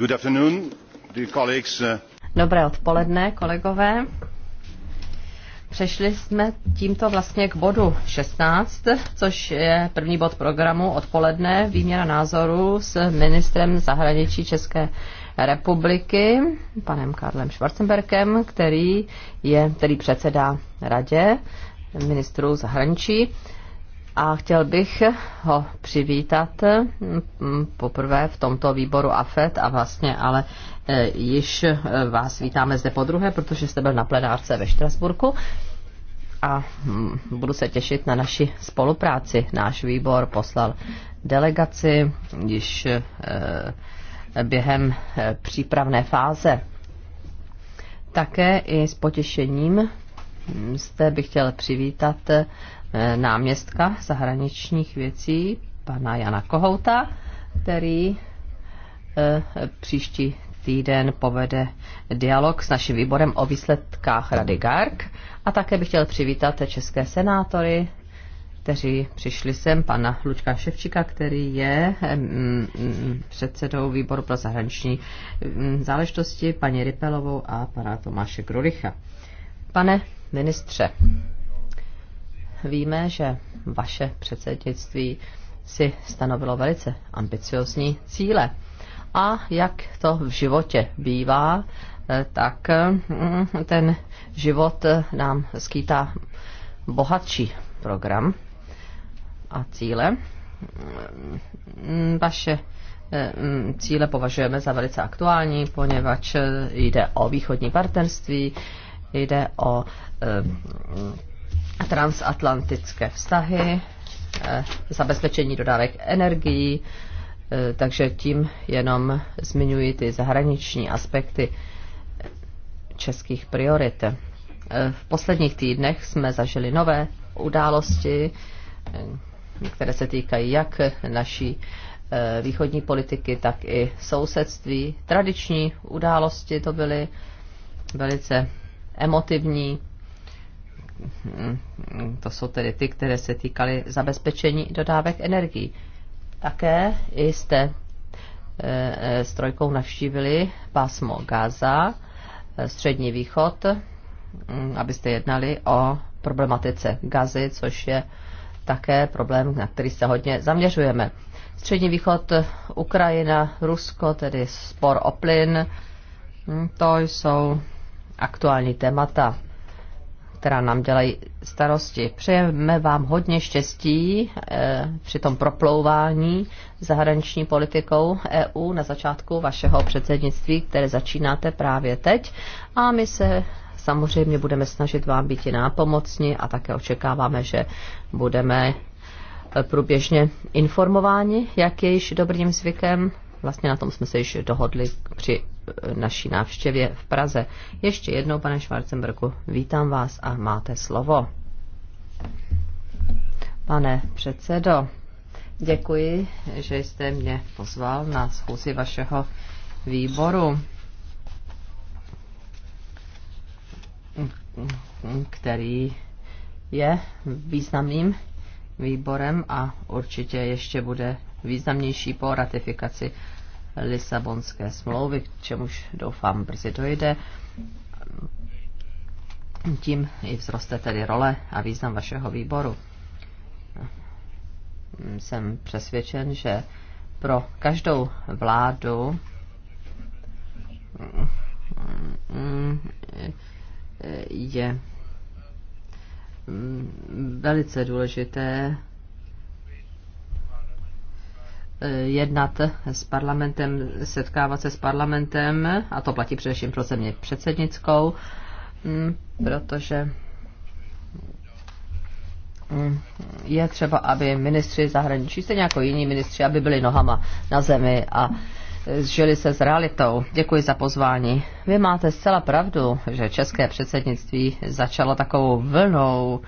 Uh, Dobré odpoledne, kolegové. Přešli jsme tímto vlastně k bodu 16, což je první bod programu odpoledne, výměna názoru s ministrem zahraničí České republiky, panem Karlem Schwarzenberkem, který, je, který předsedá radě ministrů zahraničí a chtěl bych ho přivítat mm, poprvé v tomto výboru AFET a vlastně ale e, již e, vás vítáme zde po druhé, protože jste byl na plenárce ve Štrasburku a mm, budu se těšit na naši spolupráci. Náš výbor poslal delegaci již e, během přípravné fáze. Také i s potěšením mm, zde bych chtěl přivítat Eh, náměstka zahraničních věcí, pana Jana Kohouta, který eh, příští týden povede dialog s naším výborem o výsledkách Rady GARK. A také bych chtěl přivítat české senátory, kteří přišli sem, pana Lučka Ševčíka, který je mm, předsedou výboru pro zahraniční mm, záležitosti, paní Rypelovou a pana Tomáše Grulicha. Pane ministře, víme, že vaše předsednictví si stanovilo velice ambiciozní cíle. A jak to v životě bývá, eh, tak mm, ten život eh, nám skýtá bohatší program a cíle. Mm, vaše eh, mm, cíle považujeme za velice aktuální, poněvadž jde o východní partnerství, jde o transatlantické vztahy, eh, zabezpečení dodávek energií, eh, takže tím jenom zmiňuji ty zahraniční aspekty českých priorit. Eh, v posledních týdnech jsme zažili nové události, které se týkají jak naší východní politiky, tak i sousedství. Tradiční události to byly velice emotivní, Mm, to jsou tedy ty, které se týkaly zabezpečení dodávek energií. Také jste eh, eh, s trojkou navštívili pásmo Gaza, eh, Střední východ, mm, abyste jednali o problematice Gazy, což je také problém, na který se hodně zaměřujeme. Střední východ, Ukrajina, Rusko, tedy spor o plyn, mm, to jsou aktuální témata která nám dělají starosti. Přejeme vám hodně štěstí eh, při tom proplouvání zahraniční politikou EU na začátku vašeho předsednictví, které začínáte právě teď. A my se samozřejmě budeme snažit vám být i nápomocni a také očekáváme, že budeme průběžně informováni, jak je již dobrým zvykem Vlastně na tom jsme se již dohodli při eh, naší návštěvě v Praze. Ještě jednou, pane Schwarzenbergu, vítám vás a máte slovo. Pane předsedo, děkuji, že jste mě pozval na schůzi vašeho výboru, který je významným výborem a určitě ještě bude významnější po ratifikaci Lisabonské smlouvy, k čemuž doufám brzy dojde. Tím i vzroste tedy role a význam vašeho výboru. Jsem přesvědčen, že pro každou vládu je mm, velice důležité Eh, jednat s parlamentem, setkávat se s parlamentem, a to platí především pro země předsednickou, mm, protože mm, je třeba, aby ministři zahraničí, stejně jako jiní ministři, aby byli nohama na zemi a eh, žili se s realitou. Děkuji za pozvání. Vy máte zcela pravdu, že české předsednictví začalo takovou vlnou,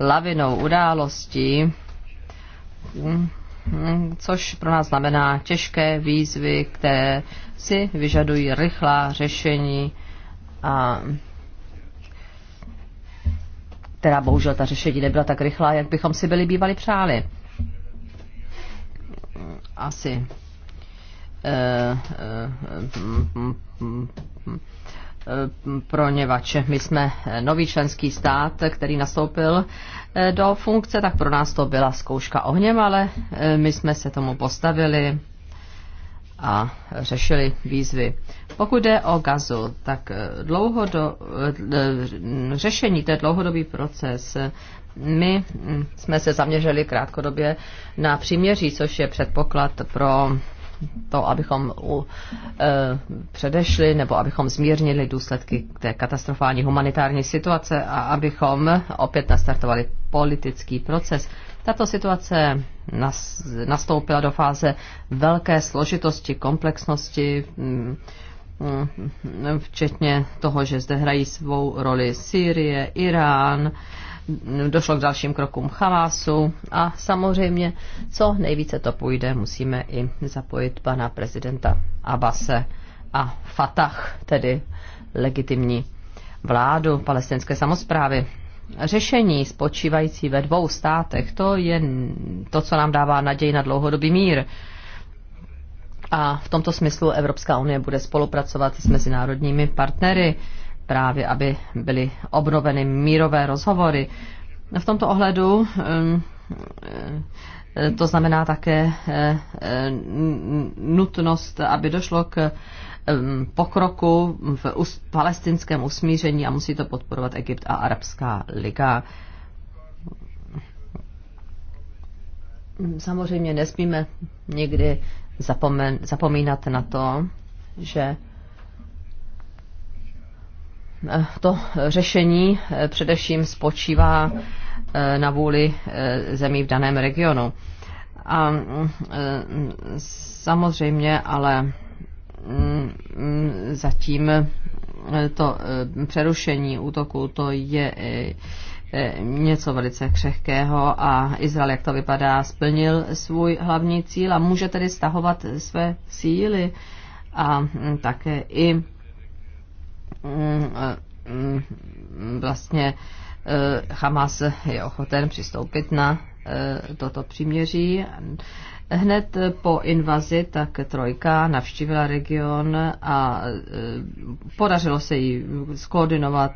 lavinou událostí, mm, Mm, což pro nás znamená těžké výzvy, které si vyžadují rychlá řešení a která bohužel ta řešení nebyla tak rychlá, jak bychom si byli bývali přáli. Asi. E, e, pro něvač. My jsme nový členský stát, který nastoupil eh, do funkce, tak pro nás to byla zkouška ohněm, ale eh, my jsme se tomu postavili a řešili výzvy. Pokud jde o gazu, tak eh, dlouhodo, řešení, to je dlouhodobý proces. My hm, jsme se zaměřili krátkodobě na příměří, což je předpoklad pro to, abychom u, e, předešli nebo abychom zmírnili důsledky té katastrofální humanitární situace a abychom opět nastartovali politický proces. Tato situace nas, nastoupila do fáze velké složitosti, komplexnosti, mm, mm, včetně toho, že zde hrají svou roli Sýrie, Irán, e, došlo k dalším krokům chavásu a samozřejmě, co nejvíce to půjde, musíme i zapojit pana prezidenta Abase a Fatah, tedy legitimní vládu palestinské samozprávy. Řešení spočívající ve dvou státech, to je to, co nám dává naději na dlouhodobý mír. A v tomto smyslu Evropská unie bude spolupracovat s mezinárodními partnery právě, aby byly obnoveny mírové rozhovory. V tomto ohledu um, eh, to znamená také eh, eh, nutnost, aby došlo k um, pokroku v palestinském usmíření a musí to podporovat Egypt a Arabská liga. Samozřejmě nesmíme někdy zapomínat na to, že Eh, to řešení eh, především spočívá eh, na vůli zemí v daném regionu. A mm, samozřejmě, ale mm, zatím to přerušení útoku, to je něco velice křehkého a Izrael, jak to vypadá, splnil svůj hlavní cíl a může tedy stahovat své síly a mm, také i Mm, mm, vlastně eh, Hamas je ochoten přistoupit na eh, toto příměří. Hned po invazi tak Trojka navštívila region a eh, podařilo se jí skoordinovat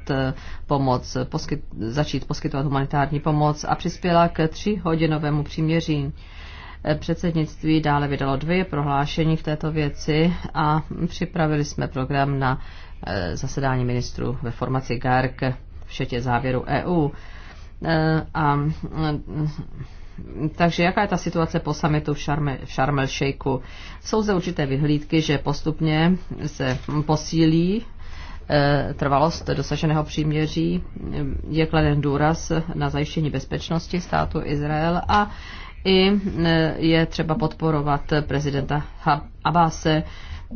pomoc, poskyt, začít poskytovat humanitární pomoc a přispěla k tříhodinovému příměří. Předsednictví dále vydalo dvě prohlášení v této věci a připravili jsme program na Eh, zasedání ministrů ve formaci GARC, šetě závěru EU. Eh, a, eh, takže jaká je ta situace po samitu v Sharm el Sheikhu? Jsou zde určité vyhlídky, že postupně se posílí trvalost dosaženého příměří, je kladen důraz na zajištění bezpečnosti státu Izrael a i je třeba podporovat prezidenta Abase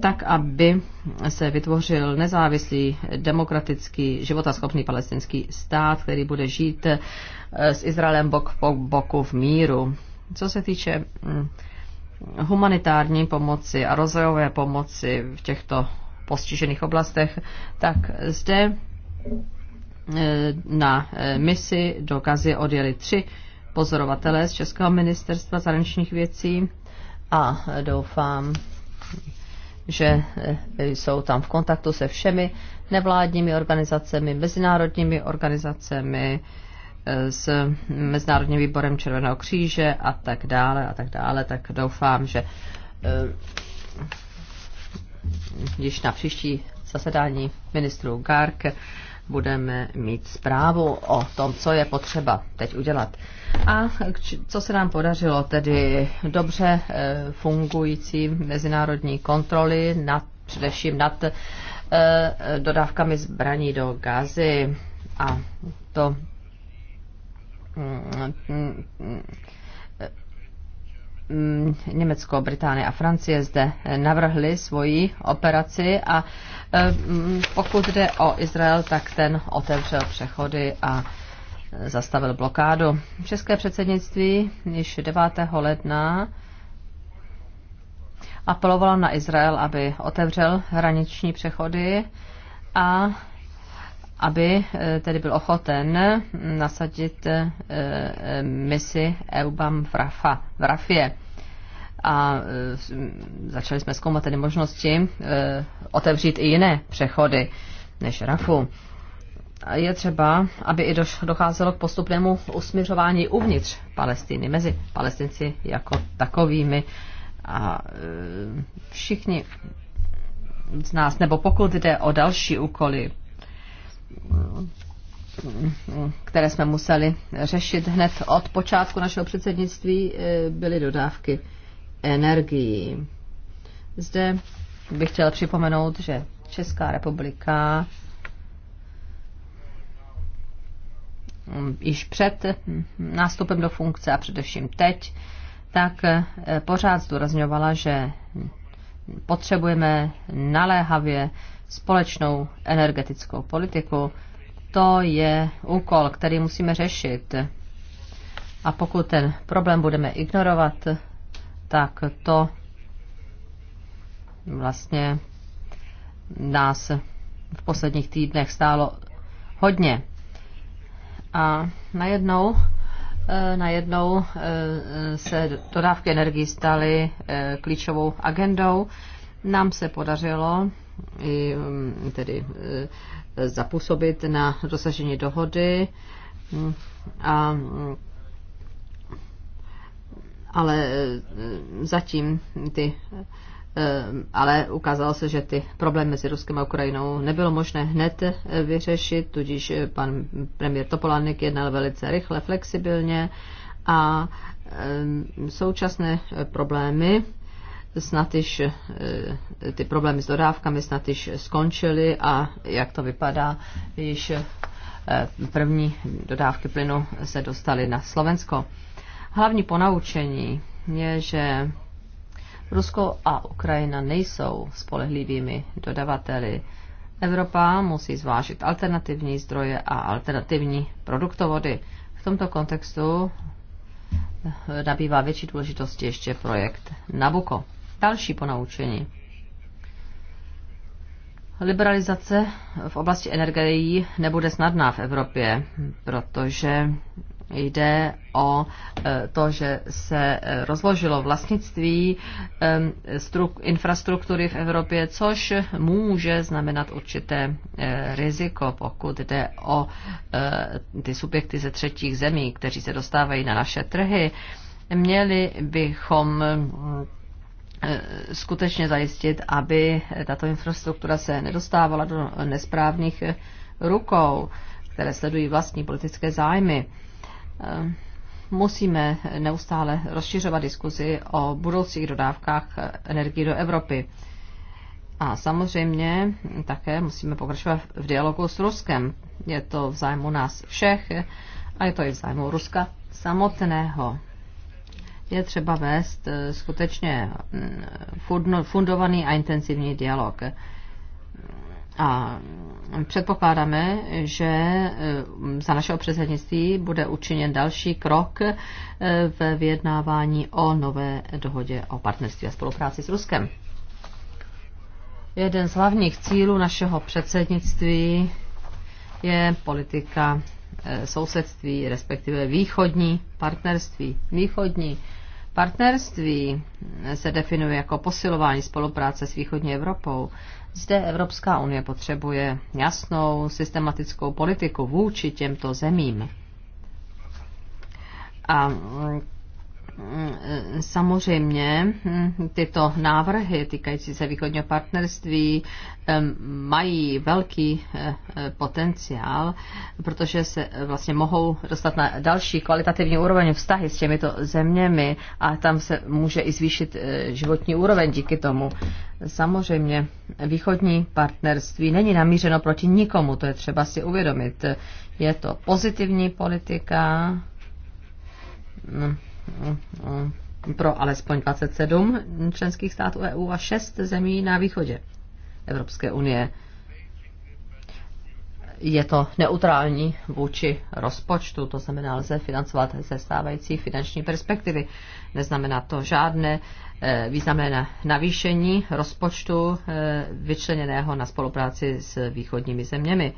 tak, aby se vytvořil nezávislý, demokratický, životaschopný palestinský stát, který bude žít eh, s Izraelem bok po boku v míru. Co se týče mm, humanitární pomoci a rozvojové pomoci v těchto postižených oblastech, tak zde eh, na eh, misi do Gazy odjeli tři pozorovatelé z Českého ministerstva zahraničních věcí a doufám, že eh, jsou tam v kontaktu se všemi nevládními organizacemi, mezinárodními organizacemi, eh, s Mezinárodním výborem Červeného kříže a tak dále a tak dále, tak doufám, že když eh, na příští zasedání ministrů GARK budeme mít zprávu o tom, co je potřeba teď udělat. A co se nám podařilo, tedy dobře eh, fungující mezinárodní kontroly nad, především nad eh, dodávkami zbraní do Gazy a to mm, mm, Mm, Německo, Británie a Francie zde navrhly svoji operaci a e, mm, pokud jde o Izrael, tak ten otevřel přechody a e, zastavil blokádu. České předsednictví již 9. ledna apelovalo na Izrael, aby otevřel hraniční přechody a aby eh, tedy byl ochoten eh, nasadit eh, misi EUBAM v, Rafa, v Rafie. A začali jsme zkoumat tedy možnosti otevřít i jiné přechody než Rafu. Je třeba, aby i docházelo k postupnému usměřování uvnitř Palestiny, mezi palestinci jako takovými. A všichni z nás, nebo pokud jde o další úkoly, které jsme museli řešit hned od počátku našeho předsednictví, eh, byly dodávky energií. Zde bych chtěl připomenout, že Česká republika mm, již před nástupem do funkce a především teď, tak eh, pořád zdůrazňovala, že potřebujeme naléhavě společnou energetickou politiku. To je úkol, který musíme řešit. A pokud ten problém budeme ignorovat, tak to vlastně nás v posledních týdnech stálo hodně. A najednou, eh, najednou eh, se dodávky energii staly eh, klíčovou agendou. Nám se podařilo i mm, tedy e, zapůsobit na dosažení dohody a mm, ale e, zatím ty e, ale ukázalo se, že ty problémy mezi Ruskem a Ukrajinou nebylo možné hned vyřešit, tudíž pan premiér Topolánek jednal velice rychle, flexibilně a současné problémy snad již eh, ty problémy s dodávkami snad již skončily a jak to vypadá, již eh, první dodávky plynu se dostaly na Slovensko. Hlavní ponaučení je, že Rusko a Ukrajina nejsou spolehlivými dodavateli. Evropa musí zvážit alternativní zdroje a alternativní produktovody. V tomto kontextu nabývá větší důležitosti ještě projekt Nabuko. Další ponaučení. Liberalizace v oblasti energií nebude snadná v Evropě, protože jde o e, to, že se e, rozložilo vlastnictví e, infrastruktury v Evropě, což může znamenat určité riziko, pokud jde o ty subjekty ze třetích zemí, kteří se dostávají na naše trhy. Měli bychom Eh, skutečně zajistit, aby tato infrastruktura se nedostávala do nesprávných rukou, které sledují vlastní politické zájmy. Eh, musíme neustále rozšiřovat diskuzi o budoucích dodávkách energii do Evropy. A samozřejmě také musíme pokračovat v dialogu s Ruskem. Je to v zájmu nás všech a je to i v zájmu Ruska samotného je třeba vést eh, skutečně mm, fundovaný a intenzivní dialog. A předpokládáme, že eh, za našeho předsednictví bude učiněn další krok eh, ve vyjednávání o nové dohodě o partnerství a spolupráci s Ruskem. Jeden z hlavních cílů našeho předsednictví je politika sousedství, respektive východní partnerství. Východní Partnerství se definuje jako posilování spolupráce s východní Evropou. Zde Evropská unie potřebuje jasnou systematickou politiku vůči těmto zemím. A Mm, samozřejmě mm, tyto návrhy týkající se východního partnerství mají velký eh, eh, potenciál, protože se eh, vlastně mohou dostat na další kvalitativní úroveň vztahy s těmito zeměmi a tam se může i zvýšit životní úroveň díky tomu. Samozřejmě východní partnerství není namířeno proti nikomu, to je třeba si uvědomit. Je to pozitivní politika, mm pro alespoň 27 členských států EU a 6 zemí na východě Evropské unie. Je to neutrální vůči rozpočtu, to znamená, lze financovat ze stávající finanční perspektivy. Neznamená to žádné eh, významné navýšení rozpočtu eh, vyčleněného na spolupráci s východními zeměmi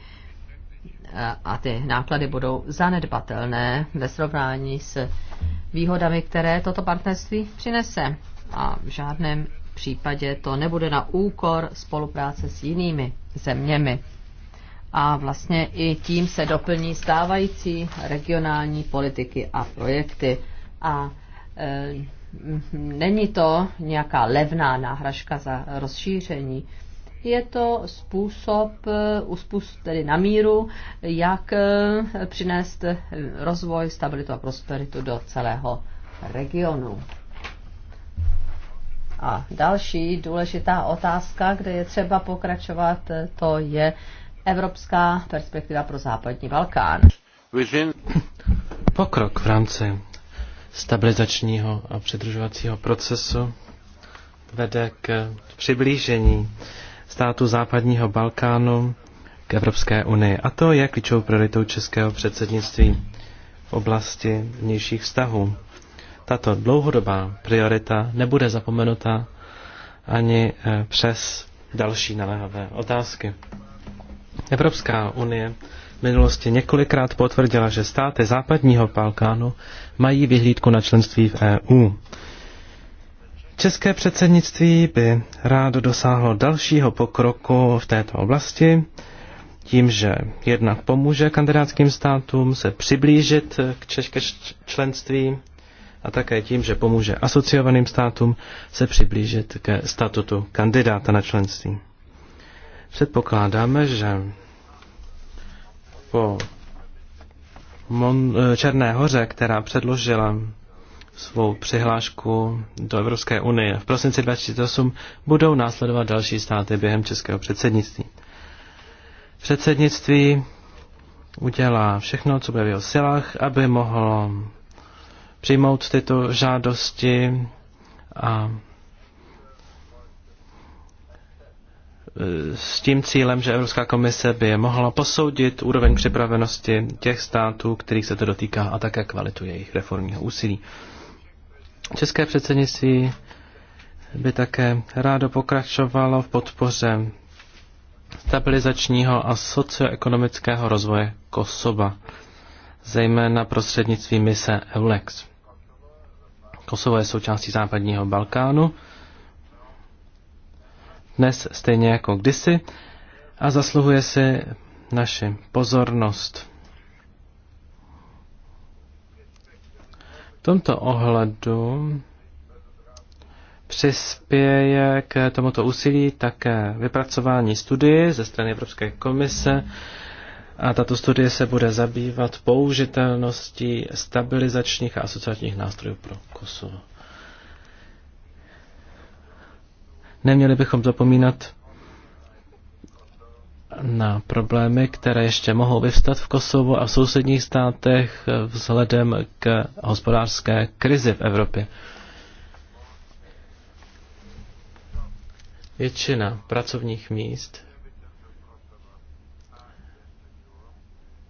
a ty náklady budou zanedbatelné ve srovnání s výhodami, které toto partnerství přinese. A v žádném případě to nebude na úkor spolupráce s jinými zeměmi. A vlastně i tím se doplní stávající regionální politiky a projekty. A e, není to nějaká levná náhražka za rozšíření. Je to způsob, eh, tedy na míru, jak eh, přinést eh, rozvoj, stabilitu a prosperitu do celého regionu. A další důležitá otázka, kde je třeba pokračovat, to je evropská perspektiva pro západní Balkán. Pokrok v rámci stabilizačního a předružovacího procesu vede k přiblížení států západního Balkánu k Evropské unii. A to je klíčovou prioritou českého předsednictví v oblasti vnějších vztahů. Tato dlouhodobá priorita nebude zapomenuta ani eh, přes další naléhavé otázky. Evropská unie v minulosti několikrát potvrdila, že státy západního Balkánu mají vyhlídku na členství v EU. České předsednictví by rádo dosáhlo dalšího pokroku v této oblasti tím, že jednak pomůže kandidátským státům se přiblížit k české členství a také tím, že pomůže asociovaným státům se přiblížit ke statutu kandidáta na členství. Předpokládáme, že po Mon- Černé hoře, která předložila svou přihlášku do Evropské unie. V prosinci 2008 budou následovat další státy během českého předsednictví. Předsednictví udělá všechno, co bude v jeho silách, aby mohlo přijmout tyto žádosti a e, s tím cílem, že Evropská komise by mohla posoudit úroveň připravenosti těch států, kterých se to dotýká, a také kvalitu jejich reformního úsilí. České předsednictví by také rádo pokračovalo v podpoře stabilizačního a socioekonomického rozvoje Kosova, zejména prostřednictvím mise EULEX. Kosovo je součástí západního Balkánu, dnes stejně jako kdysi, a zasluhuje si naši pozornost. tomto ohledu přispěje k tomuto úsilí také vypracování studie ze strany Evropské komise a tato studie se bude zabývat použitelností stabilizačních a asociačních nástrojů pro Kosovo. Neměli bychom zapomínat na problémy, které ještě mohou vyvstat v Kosovu a v sousedních státech vzhledem k hospodářské krizi v Evropě. Většina pracovních míst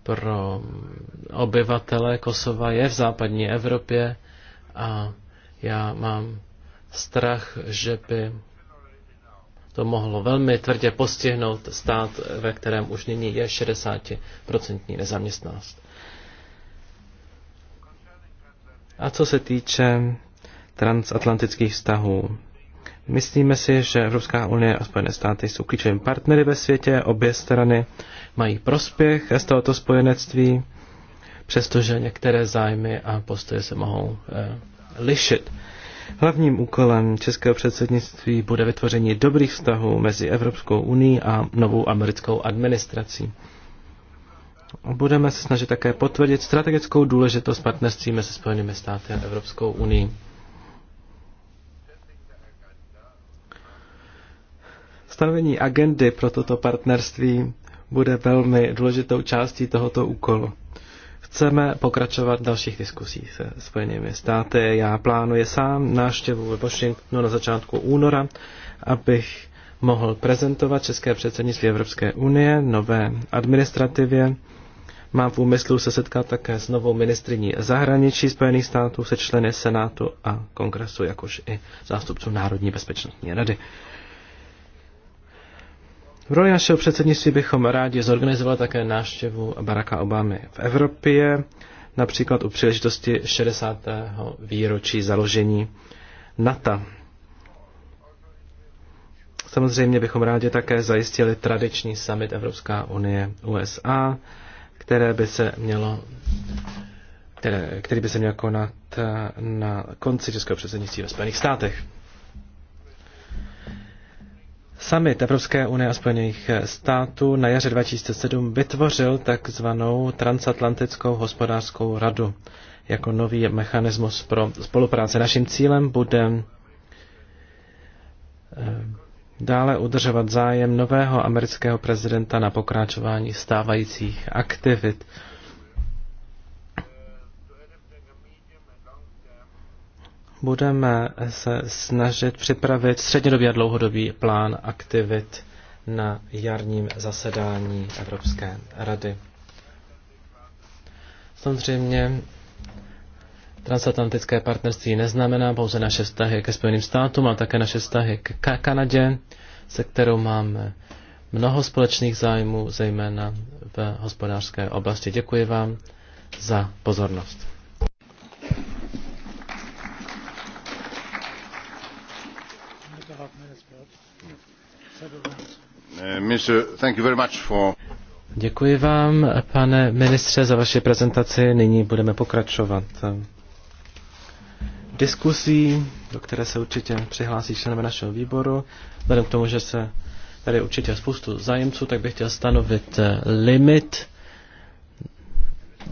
pro obyvatele Kosova je v západní Evropě a já mám strach, že by to mohlo velmi tvrdě postihnout stát, ve kterém už nyní je 60% nezaměstnanost. A co se týče transatlantických vztahů, myslíme si, že Evropská unie a Spojené státy jsou klíčovými partnery ve světě, obě strany mají prospěch z tohoto spojenectví, přestože některé zájmy a postoje se mohou eh, lišit. Eh, Hlavním úkolem českého předsednictví bude vytvoření dobrých vztahů mezi Evropskou unii a novou americkou administrací. Budeme se snažit také potvrdit strategickou důležitost partnerství mezi Spojenými státy a Evropskou unii. Stanovení agendy pro toto partnerství bude velmi důležitou částí tohoto úkolu. Chceme pokračovat v dalších diskusích se Spojenými státy. Já plánuji sám návštěvu ve Washingtonu na začátku února, abych mohl prezentovat České předsednictví Evropské unie nové administrativě. Mám v úmyslu se setkat také s novou ministriní zahraničí Spojených států, se členy Senátu a Kongresu, jakož i zástupců Národní bezpečnostní rady. V roli našeho předsednictví bychom rádi zorganizovali také návštěvu Baracka Obamy v Evropě, například u příležitosti 60. výročí založení NATO. Samozřejmě bychom rádi také zajistili tradiční summit Evropská unie USA, které by se mělo, které, který by se měl konat eh, na konci českého předsednictví ve Spojených státech. Summit Evropské unie a Spojených eh, států na jaře 2007 vytvořil takzvanou transatlantickou hospodářskou radu jako nový mechanismus pro spolupráci. Naším cílem bude eh, dále udržovat zájem nového amerického prezidenta na pokračování stávajících aktivit. budeme se snažit připravit střednědobý a dlouhodobý plán aktivit na jarním zasedání Evropské rady. Samozřejmě transatlantické partnerství neznamená pouze naše vztahy ke Spojeným státům, ale také naše vztahy k Kanadě, se kterou máme mnoho společných zájmů, zejména v hospodářské oblasti. Děkuji vám za pozornost. Uh, Děkuji vám, pane ministře, za vaši prezentaci. Nyní budeme pokračovat eh, diskusí, do které se určitě přihlásí členové našeho výboru. Vzhledem k tomu, že se tady je určitě spoustu zájemců, tak bych chtěl stanovit eh, limit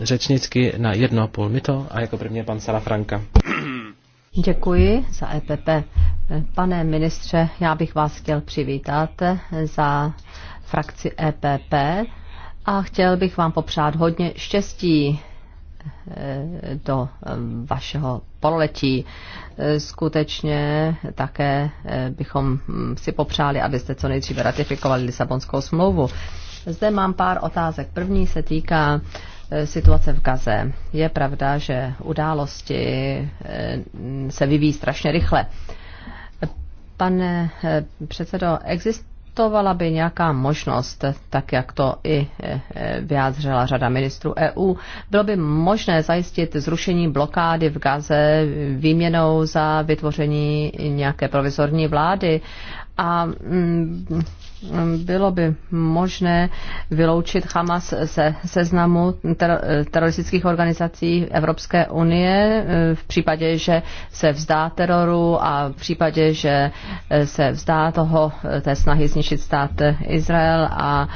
řečnicky na jedno a půl mito a jako první je pan Sara Franka. Děkuji za EPP. Pane ministře, já bych vás chtěl přivítat za frakci EPP a chtěl bych vám popřát hodně štěstí eh, do eh, vašeho pololetí. Eh, skutečně také bychom hm, si popřáli, abyste co nejdříve ratifikovali Lisabonskou smlouvu. Zde mám pár otázek. První se týká Eh, situace v Gaze. Je pravda, že události eh, se vyvíjí strašně rychle. Pane eh, předsedo, existovala by nějaká možnost, tak jak to i vyjádřila řada ministrů EU, bylo by možné zajistit zrušení blokády v Gaze výměnou za vytvoření nějaké provizorní vlády a mm, bylo by možné vyloučit Hamas ze seznamu ter- teroristických organizací Evropské unie eh, v případě, že se vzdá teroru a v případě, že eh, se vzdá toho eh, té snahy zničit stát Izrael a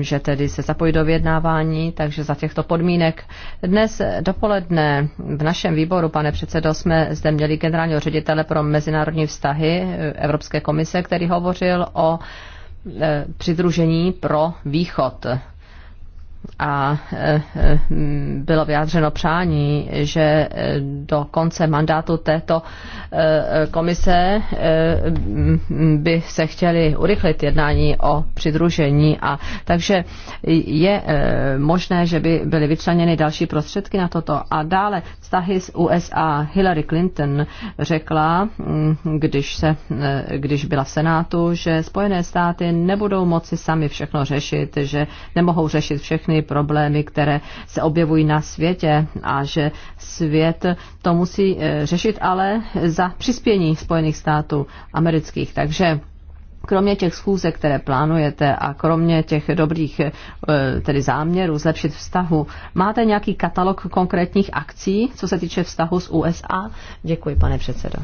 že tedy se zapojí do vyjednávání, takže za těchto podmínek. Dnes dopoledne v našem výboru, pane předsedo, jsme zde měli generálního ředitele pro mezinárodní vztahy Evropské komise, který hovořil o e, přidružení pro východ a e, e, bylo vyjádřeno přání, že e, do konce mandátu této komise by se chtěli urychlit jednání o přidružení a takže je možné, že by byly vyčleněny další prostředky na toto. A dále vztahy z USA Hillary Clinton řekla, když, se, když byla v Senátu, že Spojené státy nebudou moci sami všechno řešit, že nemohou řešit všechny všechny problémy, které se objevují na světě a že svět to musí eh, řešit ale za přispění Spojených států amerických. Takže kromě těch schůzek, které plánujete a kromě těch dobrých eh, tedy záměrů zlepšit vztahu, máte nějaký katalog konkrétních akcí, co se týče vztahu s USA? Děkuji, pane předsedo.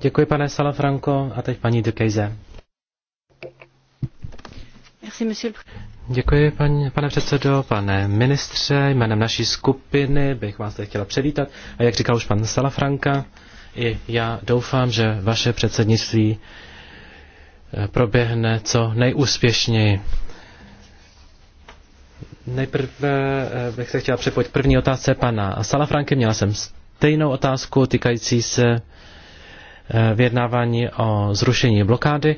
Děkuji, pane Salafranco. A teď paní de Děkuji, paní, pane předsedo, pane ministře. Jménem naší skupiny bych vás tady chtěla přivítat. A jak říkal už pan Salafranka, i já doufám, že vaše předsednictví eh, proběhne co nejúspěšněji. Nejprve eh, bych se chtěla připojit k první otázce pana Salafranky. Měla jsem stejnou otázku týkající se eh, vyjednávání o zrušení blokády.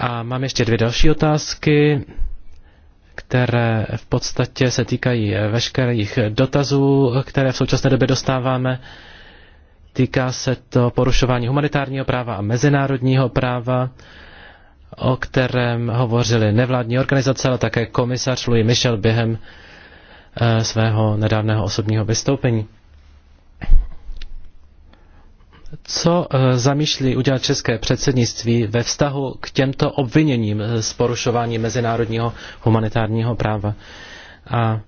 A mám ještě dvě další otázky, které v podstatě se týkají veškerých dotazů, které v současné době dostáváme. Týká se to porušování humanitárního práva a mezinárodního práva, o kterém hovořili nevládní organizace, ale také komisař Louis Michel během eh, svého nedávného osobního vystoupení. Co e, zamýšlí udělat české předsednictví ve vztahu k těmto obviněním e, z porušování mezinárodního humanitárního práva? A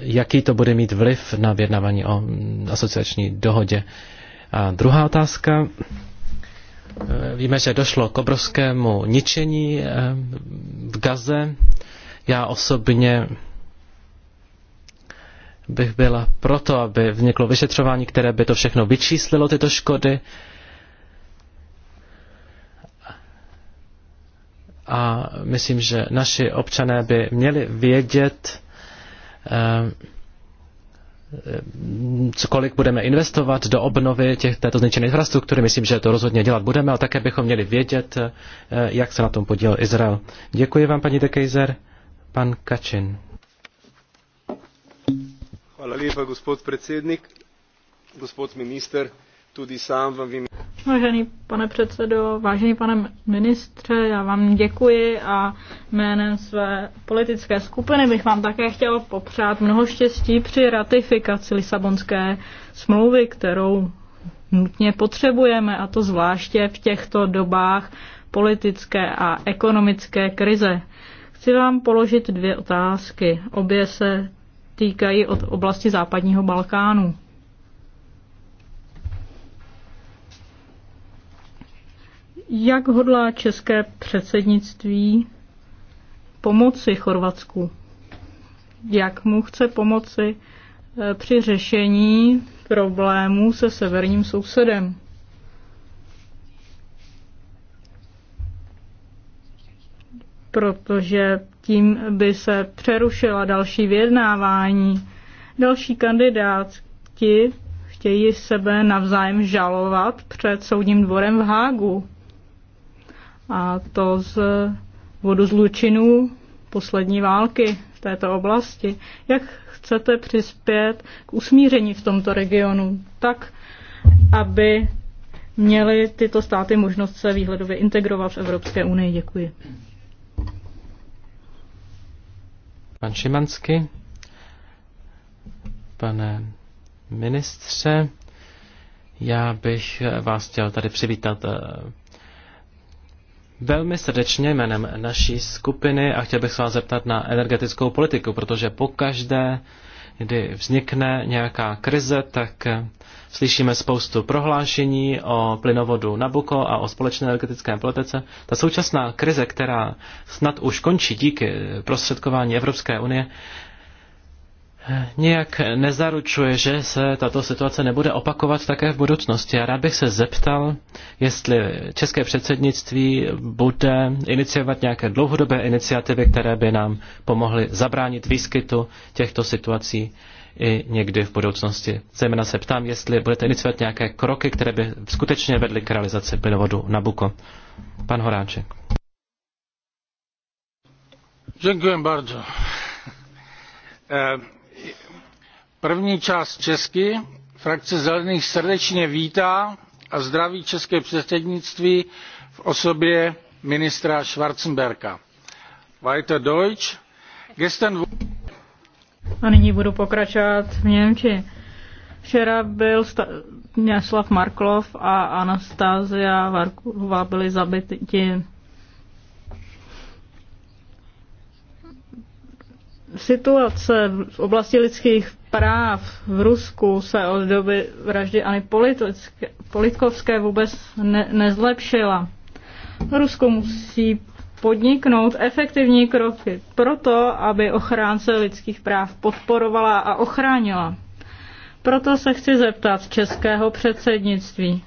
jaký to bude mít vliv na vyjednávání o mm, asociační dohodě? A druhá otázka. E, víme, že došlo k obrovskému ničení v Gaze. Já osobně bych byla proto, aby vzniklo vyšetřování, které by to všechno vyčíslilo, tyto škody. A myslím, že naši občané by měli vědět, eh, kolik budeme investovat do obnovy těch, této zničené infrastruktury. Myslím, že to rozhodně dělat budeme, ale také bychom měli vědět, eh, jak se na tom podílel Izrael. Děkuji vám, paní de Kejzer. Pan Kačin. Lepa, gospod predsednik, gospod minister, sám vám vím. Vážený pane předsedo, vážený pane ministře, já vám děkuji a jménem své politické skupiny bych vám také chtěl popřát mnoho štěstí při ratifikaci Lisabonské smlouvy, kterou nutně potřebujeme, a to zvláště v těchto dobách politické a ekonomické krize. Chci vám položit dvě otázky. Obě se týkají od oblasti západního Balkánu. Jak hodlá české předsednictví pomoci Chorvatsku? Jak mu chce pomoci eh, při řešení problémů se severním sousedem? protože tím by se přerušila další vyjednávání. Další kandidáti chtějí sebe navzájem žalovat před soudním dvorem v Hágu. A to z vodu zlučinů poslední války v této oblasti. Jak chcete přispět k usmíření v tomto regionu tak, aby měly tyto státy možnost se výhledově integrovat v Evropské unii? Děkuji. Pan Šimansky, pane ministře, já bych vás chtěl tady přivítat eh, velmi srdečně jménem naší skupiny a chtěl bych se vás zeptat na energetickou politiku, protože po každé kdy vznikne nějaká krize, tak slyšíme spoustu prohlášení o plynovodu Nabuko a o společné energetické politice. Ta současná krize, která snad už končí díky prostředkování Evropské unie, nějak nezaručuje, že se tato situace nebude opakovat také v budoucnosti. Já rád bych se zeptal, jestli české předsednictví bude iniciovat nějaké dlouhodobé iniciativy, které by nám pomohly zabránit výskytu těchto situací i někdy v budoucnosti. Zejména se ptám, jestli budete iniciovat nějaké kroky, které by skutečně vedly k realizaci plynovodu Nabuko. Pan Horáček. Děkuji bardzo. E, První část Česky frakce Zelených srdečně vítá a zdraví české předsednictví v osobě ministra Schwarzenberga. Weiter Deutsch. Gestern... A nyní budu pokračovat v Němči. Včera byl sta- Jaslav Marklov a Anastázia Varkova byli zabiti. Situace v oblasti lidských práv v Rusku se od doby vraždy Ani Politkovské vůbec ne, nezlepšila. Rusko musí podniknout efektivní kroky proto, aby ochránce lidských práv podporovala a ochránila. Proto se chci zeptat českého předsednictví.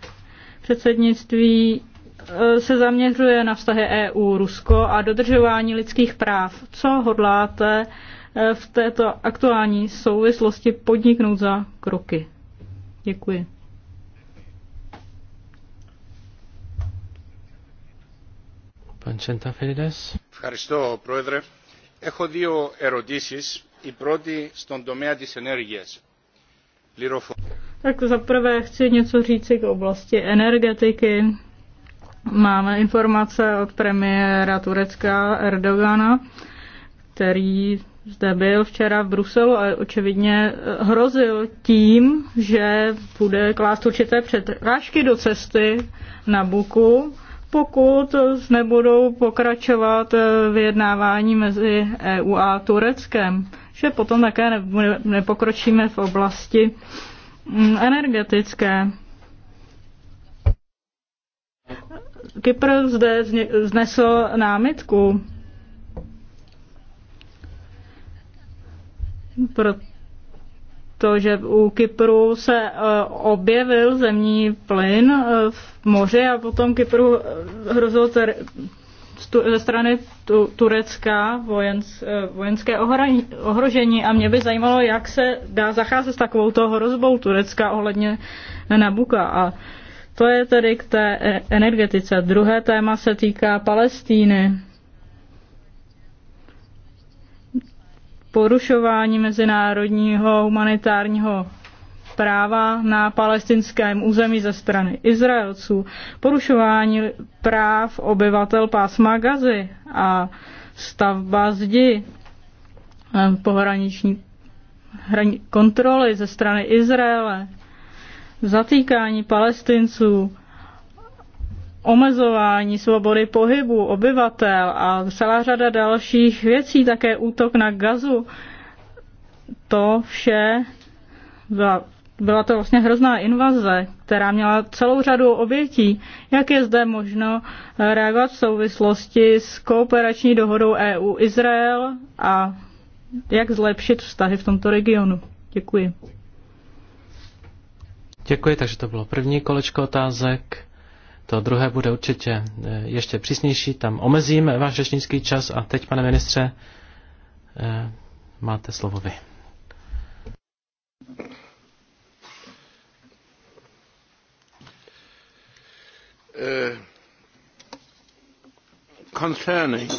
Předsednictví e, se zaměřuje na vztahy EU-Rusko a dodržování lidských práv. Co hodláte Eh, v této aktuální souvislosti podniknout za kroky. Děkuji. Pan Čentafilides. Ευχαριστώ, Πρόεδρε. Έχω δύο ερωτήσεις. Η πρώτη στον τομέα της ενέργειας. Tak zaprvé chci něco říci k oblasti energetiky. Máme informace od premiéra Turecka Erdogana, který zde byl včera v Bruselu a očividně eh, hrozil tím, že bude klást určité překážky do cesty na Buku, pokud nebudou pokračovat eh, vyjednávání mezi EU a Tureckem, že potom také nepokročíme v oblasti mm, energetické. Kypr zde znesl námitku protože u Kypru se e, objevil zemní plyn e, v moři a potom Kypru e, hrozil ter, ze strany tu, Turecka vojens, vojenské ohrožení a mě by zajímalo, jak se dá zacházet s takovou hrozbou Turecka ohledně Nabuka. A to je tedy k té energetice. Druhé téma se týká Palestíny. porušování mezinárodního humanitárního práva na palestinském území ze strany Izraelců, porušování práv obyvatel pásma Gazy a stavba zdi, eh, pohraniční kontroly ze strany Izraele, zatýkání palestinců, omezování svobody pohybu obyvatel a celá řada dalších věcí, také útok na gazu, to vše byla, byla to vlastně hrozná invaze, která měla celou řadu obětí. Jak je zde možno reagovat v souvislosti s kooperační dohodou EU-Izrael a jak zlepšit vztahy v tomto regionu? Děkuji. Děkuji, takže to bylo první kolečko otázek. To druhé bude určitě eh, ještě přísnější, tam omezím váš řečnický čas a teď, pane ministře, eh, máte slovo vy. Eh, concerning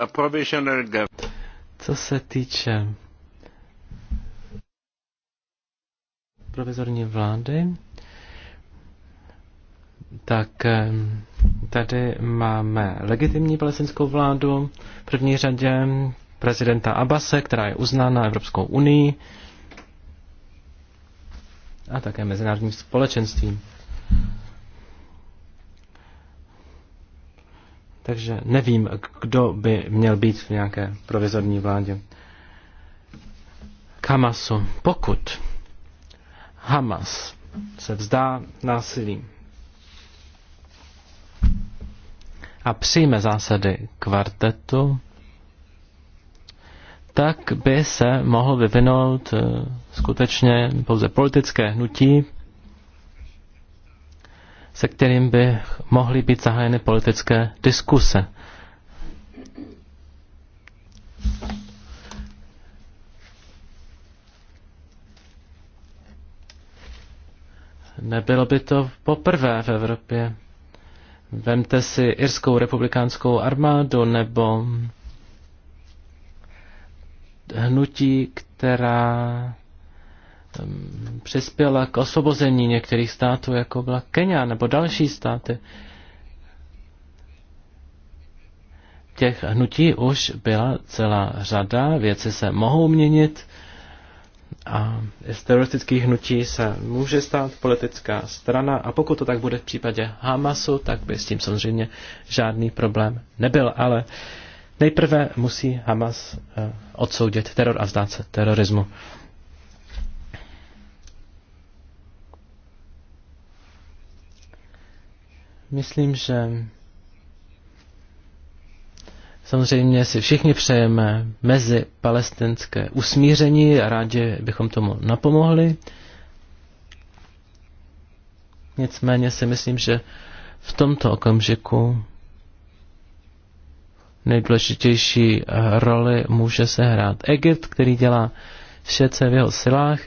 a provisional government. Co se týče provizorní vlády, tak tady máme legitimní palestinskou vládu, v první řadě prezidenta Abase, která je uznána Evropskou unii a také mezinárodním společenstvím. Takže nevím, kdo by měl být v nějaké provizorní vládě. Hamasu pokud Hamas se vzdá násilím, a přijme zásady kvartetu, tak by se mohl vyvinout eh, skutečně pouze politické hnutí, se kterým by mohly být zahájeny politické diskuse. Nebylo by to poprvé v Evropě. Vemte si Irskou republikánskou armádu nebo hnutí, která přispěla k osvobození některých států, jako byla Kenia nebo další státy. Těch hnutí už byla celá řada, věci se mohou měnit a z teroristických hnutí se může stát politická strana a pokud to tak bude v případě Hamasu, tak by s tím samozřejmě žádný problém nebyl. Ale nejprve musí Hamas eh, odsoudit teror a vzdát se terorismu. Myslím, že Samozřejmě si všichni přejeme mezi palestinské usmíření a rádi bychom tomu napomohli. Nicméně si myslím, že v tomto okamžiku nejdůležitější eh, roli může se hrát Egypt, který dělá vše, co je v jeho silách.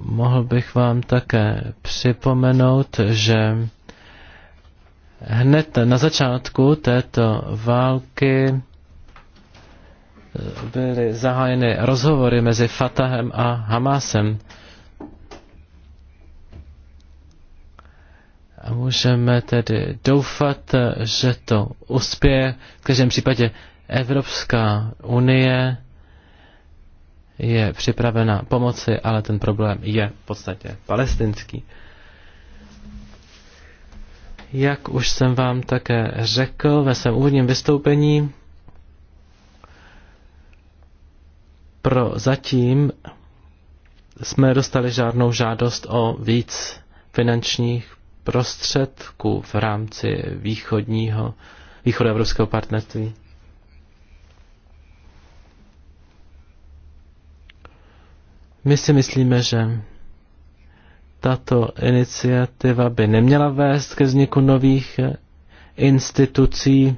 Mohl bych vám také připomenout, že Hned na začátku této války eh, byly zahájeny rozhovory mezi Fatahem a Hamásem. A můžeme tedy doufat, že to uspěje. V každém případě Evropská unie je připravena pomoci, ale ten problém je v podstatě palestinský. Jak už jsem vám také řekl ve svém úvodním vystoupení, pro zatím jsme dostali žádnou žádost o víc finančních prostředků v rámci východního, východoevropského partnerství. My si myslíme, že tato iniciativa by neměla vést ke vzniku nových eh, institucí,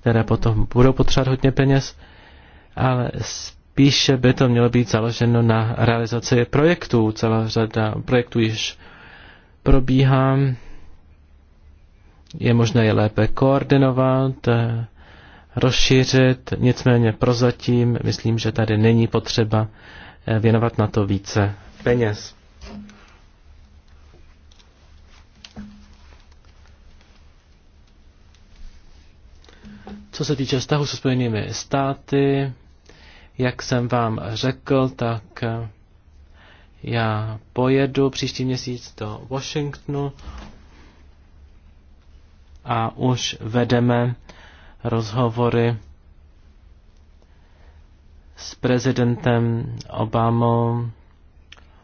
které potom budou potřebovat hodně peněz, ale spíše by to mělo být založeno na realizaci projektů. Celá řada projektů již probíhá, je možné je lépe koordinovat, eh, rozšířit, nicméně prozatím myslím, že tady není potřeba eh, věnovat na to více peněz. Co se týče vztahu se Spojenými státy, jak jsem vám řekl, tak já pojedu příští měsíc do Washingtonu a už vedeme rozhovory s prezidentem Obamou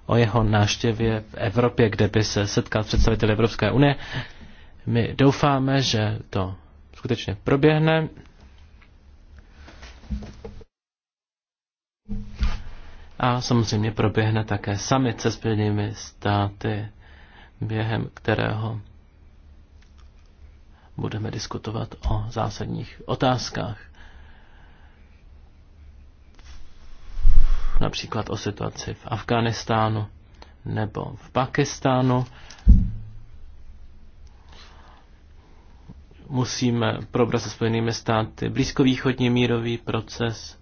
o jeho náštěvě v Evropě, kde by se setkal představitel Evropské unie. My doufáme, že to skutečně proběhne. A samozřejmě proběhne také summit se Spojenými státy, během kterého budeme diskutovat o zásadních otázkách. Například o situaci v Afghánistánu nebo v Pakistánu. musíme probrat se Spojenými státy blízkovýchodní mírový proces,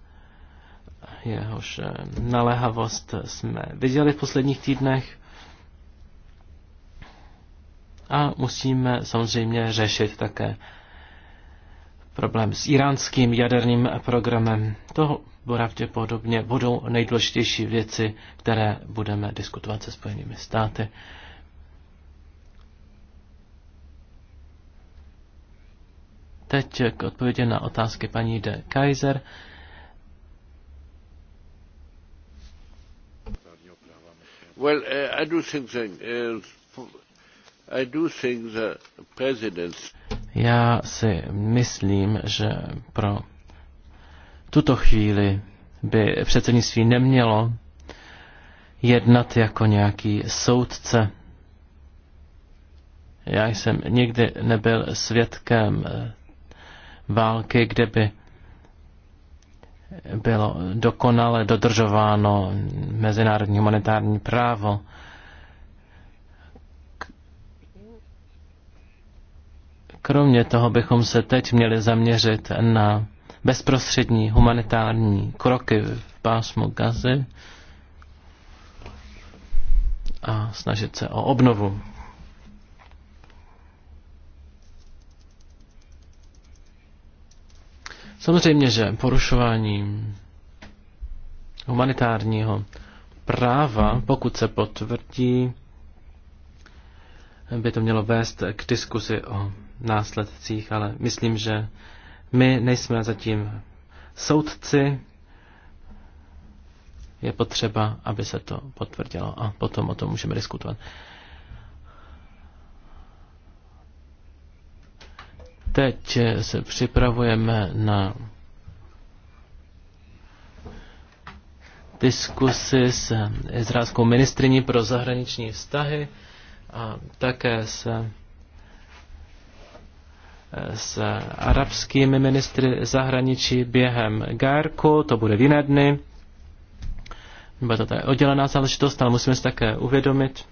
jehož eh, naléhavost jsme viděli v posledních týdnech. A musíme samozřejmě řešit také problém s iránským jaderným programem. To pravděpodobně budou nejdůležitější věci, které budeme diskutovat se Spojenými státy. Teď k odpovědi na otázky paní de Kaiser. Well, uh, I do think that, uh, I do think the presidents... Já si myslím, že pro tuto chvíli by předsednictví nemělo jednat jako nějaký soudce. Já jsem nikdy nebyl svědkem eh, války, kde by bylo dokonale dodržováno mezinárodní humanitární právo. Kromě toho bychom se teď měli zaměřit na bezprostřední humanitární kroky v pásmu Gazy a snažit se o obnovu Samozřejmě, že porušování humanitárního práva, pokud se potvrdí, by to mělo vést k diskuzi o následcích, ale myslím, že my nejsme zatím soudci. Je potřeba, aby se to potvrdilo a potom o tom můžeme diskutovat. Teď se připravujeme na diskusy s izraelskou ministriní pro zahraniční vztahy a také s, s arabskými ministry zahraničí během Gárku, to bude v jiné dny. Bude to oddělená záležitost, ale musíme si také uvědomit,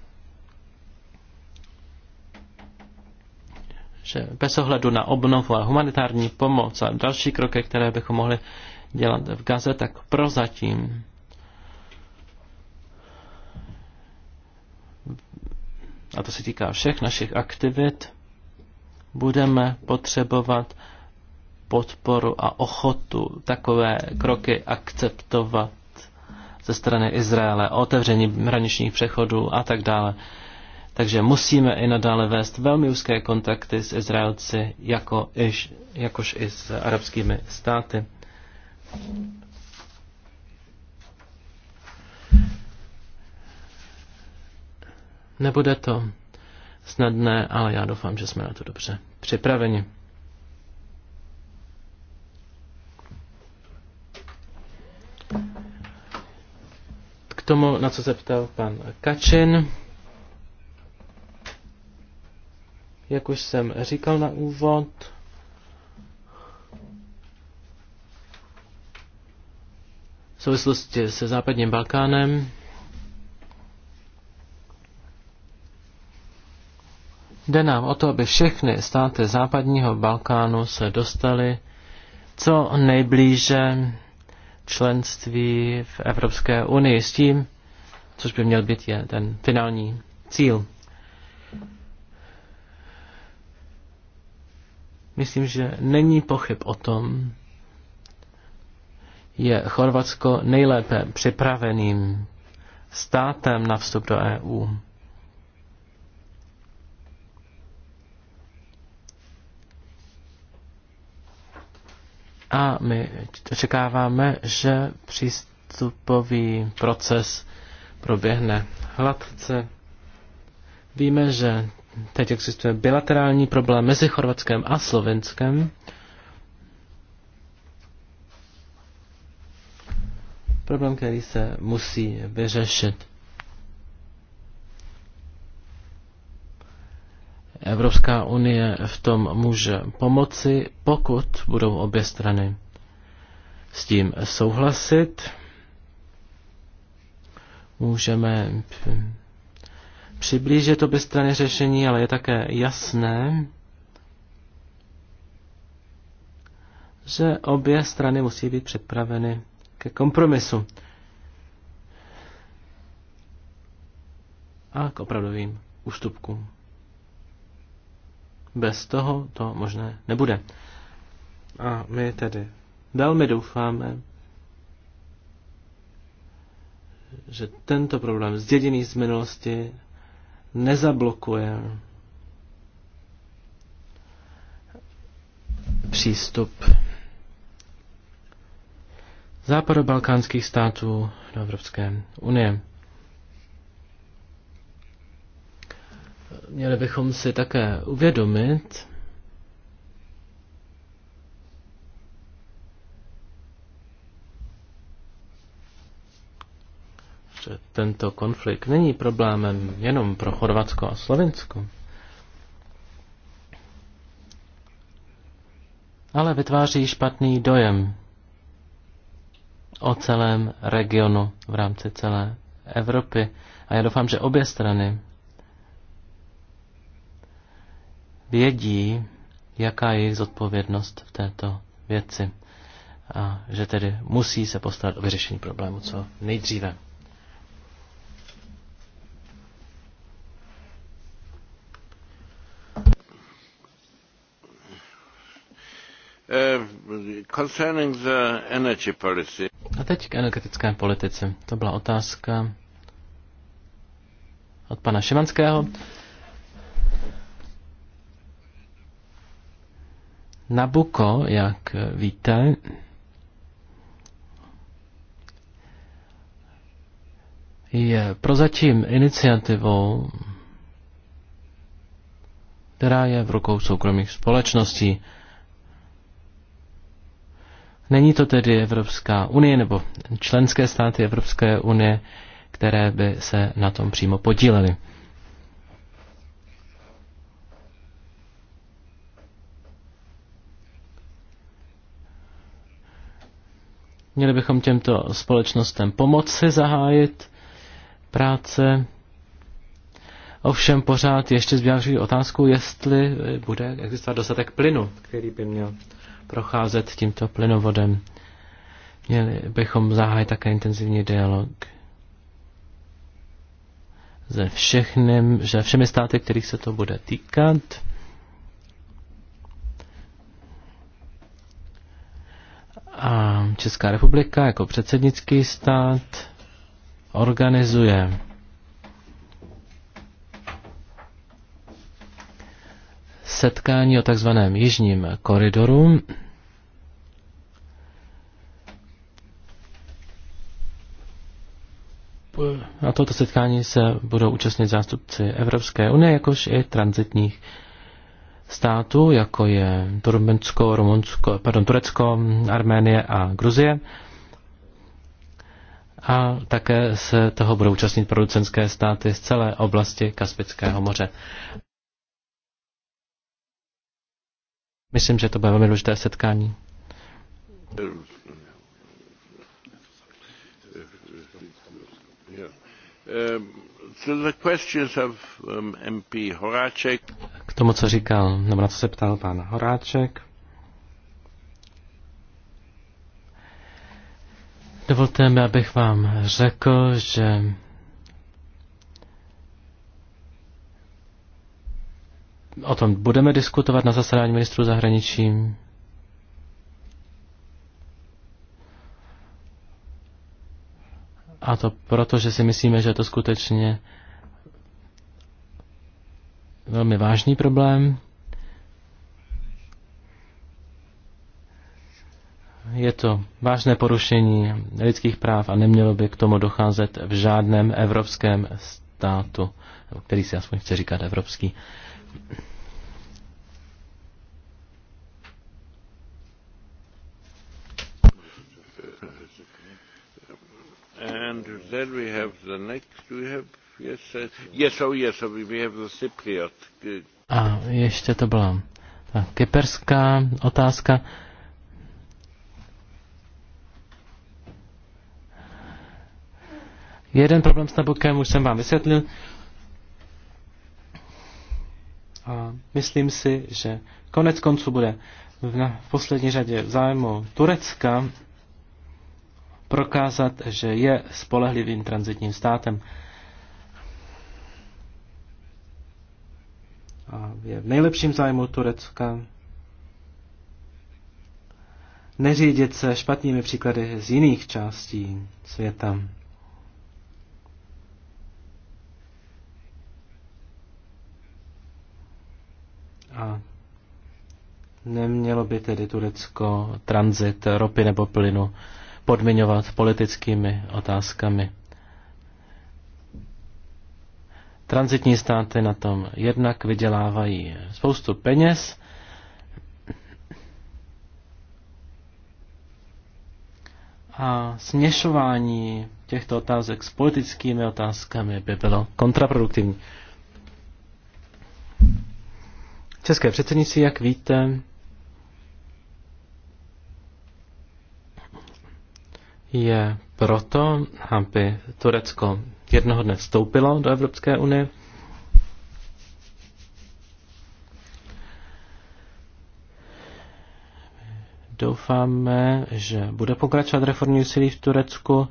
že bez ohledu na obnovu a humanitární pomoc a další kroky, které bychom mohli dělat v Gaze, tak prozatím a to se týká všech našich aktivit, budeme potřebovat podporu a ochotu takové kroky akceptovat ze strany Izraele, otevření hraničních přechodů a tak dále. Takže musíme i nadále vést velmi úzké kontakty s Izraelci, jako iž, jakož i s arabskými státy. Nebude to snadné, ale já doufám, že jsme na to dobře připraveni. K tomu, na co se ptal pan Kačin. Jak už jsem říkal na úvod, v souvislosti se západním Balkánem Jde nám o to, aby všechny státy západního Balkánu se dostaly co nejblíže členství v Evropské unii s tím, což by měl být je ten finální cíl. Myslím, že není pochyb o tom, je Chorvatsko nejlépe připraveným státem na vstup do EU. A my očekáváme, že přístupový proces proběhne hladce. Víme, že Teď existuje bilaterální problém mezi Chorvatskem a Slovenskem. Problém, který se musí vyřešit. Evropská unie v tom může pomoci, pokud budou obě strany s tím souhlasit. Můžeme přiblížit to strany řešení, ale je také jasné, že obě strany musí být připraveny ke kompromisu a k opravdovým ústupkům. Bez toho to možné nebude. A my tedy velmi doufáme, že tento problém zděděný z minulosti nezablokuje přístup západobalkánských států do Evropské unie. Měli bychom si také uvědomit, že tento konflikt není problémem jenom pro Chorvatsko a Slovinsko, ale vytváří špatný dojem o celém regionu v rámci celé Evropy. A já doufám, že obě strany vědí, jaká je jejich zodpovědnost v této věci a že tedy musí se postarat o vyřešení problému co nejdříve. Eh, concerning the energy policy. A teď k energetické politice. To byla otázka od pana Šimanského. Nabuko, jak víte, je prozatím iniciativou, která je v rukou soukromých společností. Není to tedy Evropská unie nebo členské státy Evropské unie, které by se na tom přímo podílely. Měli bychom těmto společnostem pomoci zahájit práce. Ovšem pořád ještě zbývá otázku, jestli bude existovat dostatek plynu, který by měl procházet tímto plynovodem. Měli bychom zahájit také intenzivní dialog se, všechny, se všemi státy, kterých se to bude týkat. A Česká republika jako předsednický stát organizuje setkání o takzvaném jižním koridoru. Na toto setkání se budou účastnit zástupci Evropské unie, jakož i transitních států, jako je Turmensko, Rumunsko, pardon, Turecko, Arménie a Gruzie. A také se toho budou účastnit producenské státy z celé oblasti Kaspického moře. Myslím, že to bude velmi důležité setkání. Um, K tomu, co říkal, nebo na co se ptal pan Horáček. Dovolte mi, abych vám řekl, že O tom budeme diskutovat na zasedání ministrů zahraničí. A to proto, že si myslíme, že je to skutečně velmi vážný problém. Je to vážné porušení lidských práv a nemělo by k tomu docházet v žádném evropském státu, který si aspoň chce říkat evropský. and then we have the next, we have, yes, uh, yes, oh yes, oh, we have the Cypriot. Good. A ještě to byla ta kyperská otázka. Jeden problém s Nabokem už jsem vám vysvětlil. A myslím si, že konec konců bude v, na, v poslední řadě zájmu Turecka prokázat, že je spolehlivým transitním státem. A je v nejlepším zájmu Turecka neřídit se špatnými příklady z jiných částí světa. A nemělo by tedy Turecko tranzit ropy nebo plynu podmiňovat politickými otázkami. Transitní státy na tom jednak vydělávají spoustu peněz, a směšování těchto otázek s politickými otázkami by bylo kontraproduktivní. České předsednictví, jak víte, je proto, aby Turecko jednoho dne vstoupilo do Evropské unie. Doufáme, že bude pokračovat reformní úsilí v Turecku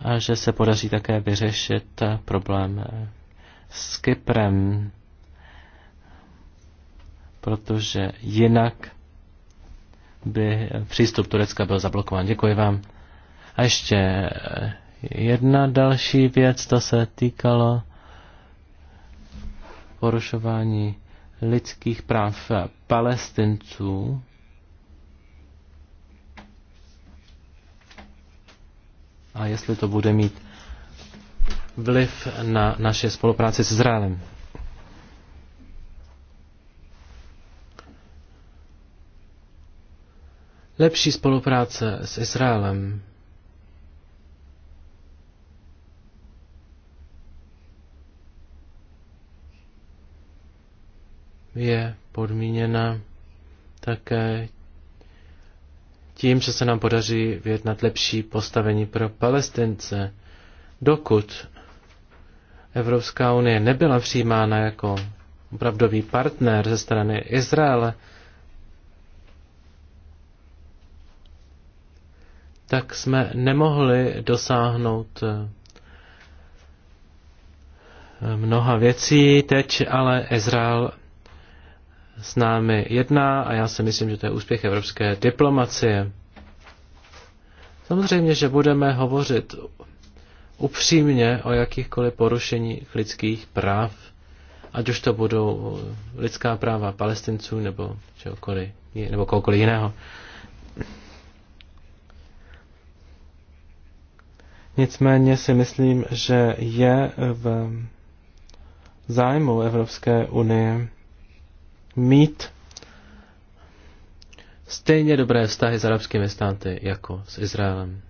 a že se podaří také vyřešit problém s Kyprem, protože jinak by přístup Turecka byl zablokován. Děkuji vám. A ještě jedna další věc, to se týkalo porušování lidských práv palestinců. A jestli to bude mít vliv na naše spolupráci s Izraelem. lepší spolupráce s Izraelem. je podmíněna také tím, že se nám podaří vyjednat lepší postavení pro Palestince. Dokud Evropská unie nebyla přijímána jako opravdový partner ze strany Izraele, tak jsme nemohli dosáhnout eh, mnoha věcí. Teď ale Izrael s námi jedná a já si myslím, že to je úspěch evropské diplomacie. Samozřejmě, že budeme hovořit upřímně o jakýchkoliv porušení lidských práv, ať už to budou lidská práva palestinců nebo, nebo kohokoliv jiného. Nicméně si myslím, že je v zájmu Evropské unie mít stejně dobré vztahy s arabskými státy jako s Izraelem.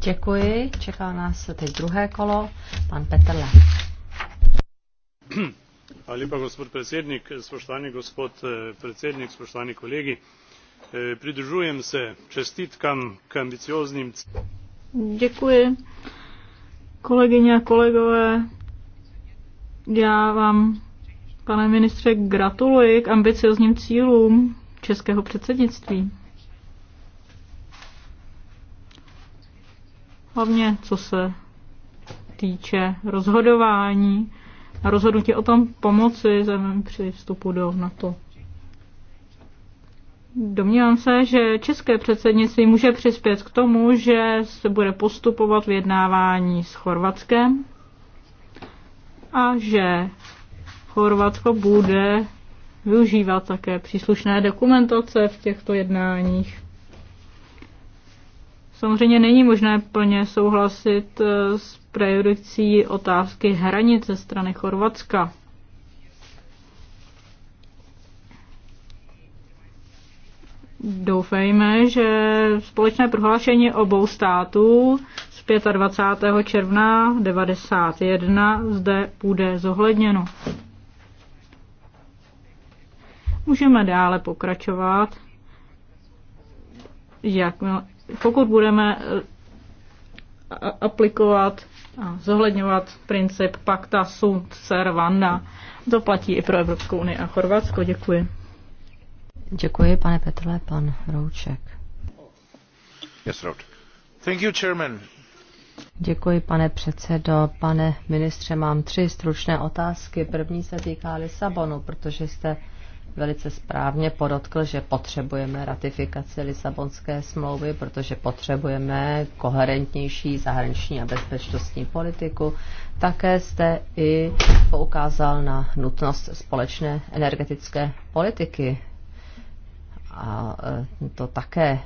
Děkuji. Čeká nás teď druhé kolo. Pan Petrle. Hvala lepa, gospod predsednik, spoštovani gospod eh, predsednik, spoštovani kolegi. E, pridružujem se čestitkam k ambicioznim Děkuji. Kolegyně a kolegové, já vám, pane ministře, gratuluji k ambiciozním cílům českého předsednictví. Hlavně co se týče rozhodování a rozhodnutí o tom pomoci zemím při vstupu do NATO. Domnívám se, že české předsednictví může přispět k tomu, že se bude postupovat v jednávání s Chorvatskem a že Chorvatsko bude využívat také příslušné dokumentace v těchto jednáních. Samozřejmě není možné plně souhlasit eh, s prioricí otázky hranice strany Chorvatska. Doufejme, že společné prohlášení obou států z 25. června 1991 zde bude zohledněno. Můžeme dále pokračovat. Jak, pokud budeme eh, aplikovat a zohledňovat princip pacta sunt servanda, to platí i pro Evropskou unii a Chorvatsko. Děkuji. Děkuji, pane Petrle, pan Rouček. Yes, Rouček. Thank you, Chairman. Děkuji, pane předsedo. Pane ministře, mám tři stručné otázky. První se týká Lisabonu, protože jste velice správně podotkl, že potřebujeme ratifikaci Lisabonské smlouvy, protože potřebujeme koherentnější zahraniční a bezpečnostní politiku. Také jste i poukázal na nutnost společné energetické politiky a e, to také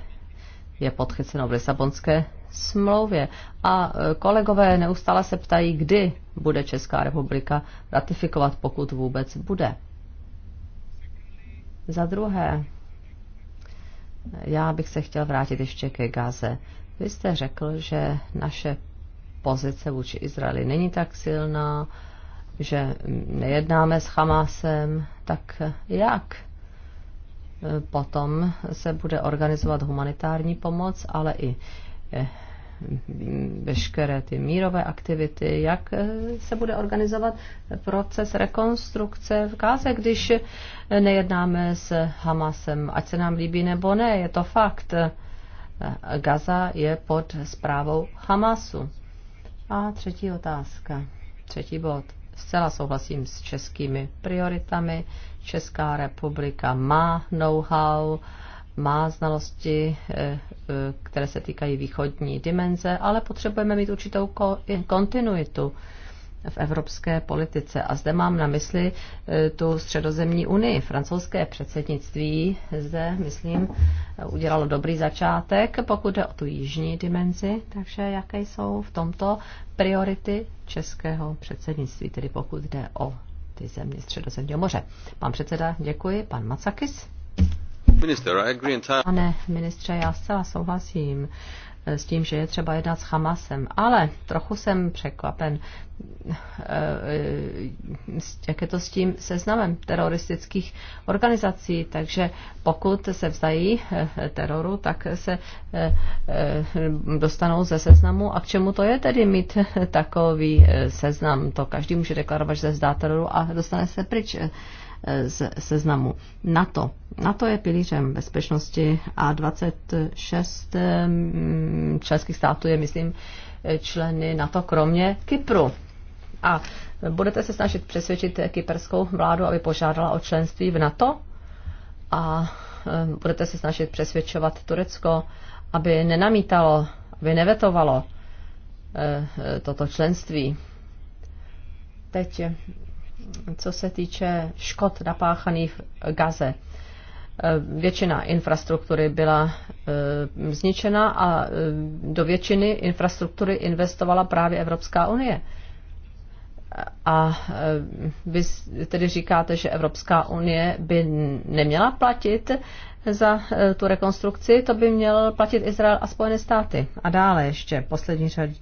je podchyceno v Lisabonské smlouvě. A e, kolegové neustále se ptají, kdy bude Česká republika ratifikovat, pokud vůbec bude. Za druhé, já bych se chtěl vrátit ještě ke Gaze. Vy jste řekl, že naše pozice vůči Izraeli není tak silná, že nejednáme s Hamasem, tak jak potom se bude organizovat humanitární pomoc, ale i eh, veškeré ty mírové aktivity, jak eh, se bude organizovat proces rekonstrukce v Gáze, když eh, nejednáme s Hamasem, ať se nám líbí nebo ne, je to fakt. Gaza je pod zprávou Hamasu. A třetí otázka, třetí bod. Zcela souhlasím s českými prioritami, Česká republika má know-how, má znalosti, eh, eh, které se týkají východní dimenze, ale potřebujeme mít určitou kontinuitu v evropské politice. A zde mám na mysli eh, tu středozemní unii. Francouzské předsednictví zde, myslím, udělalo dobrý začátek, pokud jde o tu jižní dimenzi. Takže jaké jsou v tomto priority českého předsednictví, tedy pokud jde o ty země Středozemního moře. Pan předseda, děkuji. Pan Macakis. Pane ministře, já zcela souhlasím Eh, s tím, že je třeba jednat s Hamasem. Ale trochu jsem překvapen, eh, jak je to s tím seznamem teroristických organizací. Takže pokud se vzdají eh, teroru, tak se dostanou ze seznamu. A k čemu to je tedy mít takový seznam? To každý může deklarovat, že se vzdá teroru a dostane se pryč z seznamu NATO. NATO je pilířem bezpečnosti a 26 mm, členských států je, myslím, členy NATO, kromě Kypru. A budete se snažit přesvědčit kyperskou vládu, aby požádala o členství v NATO? A eh, budete se snažit přesvědčovat Turecko, aby nenamítalo, aby nevetovalo eh, eh, toto členství. Teď co se týče škod napáchaných v Gaze. E, většina infrastruktury byla e, zničena a e, do většiny infrastruktury investovala právě Evropská unie. A vy tedy říkáte, že Evropská unie by neměla platit za tu rekonstrukci, to by měl platit Izrael a Spojené státy. A dále ještě, poslední řadě,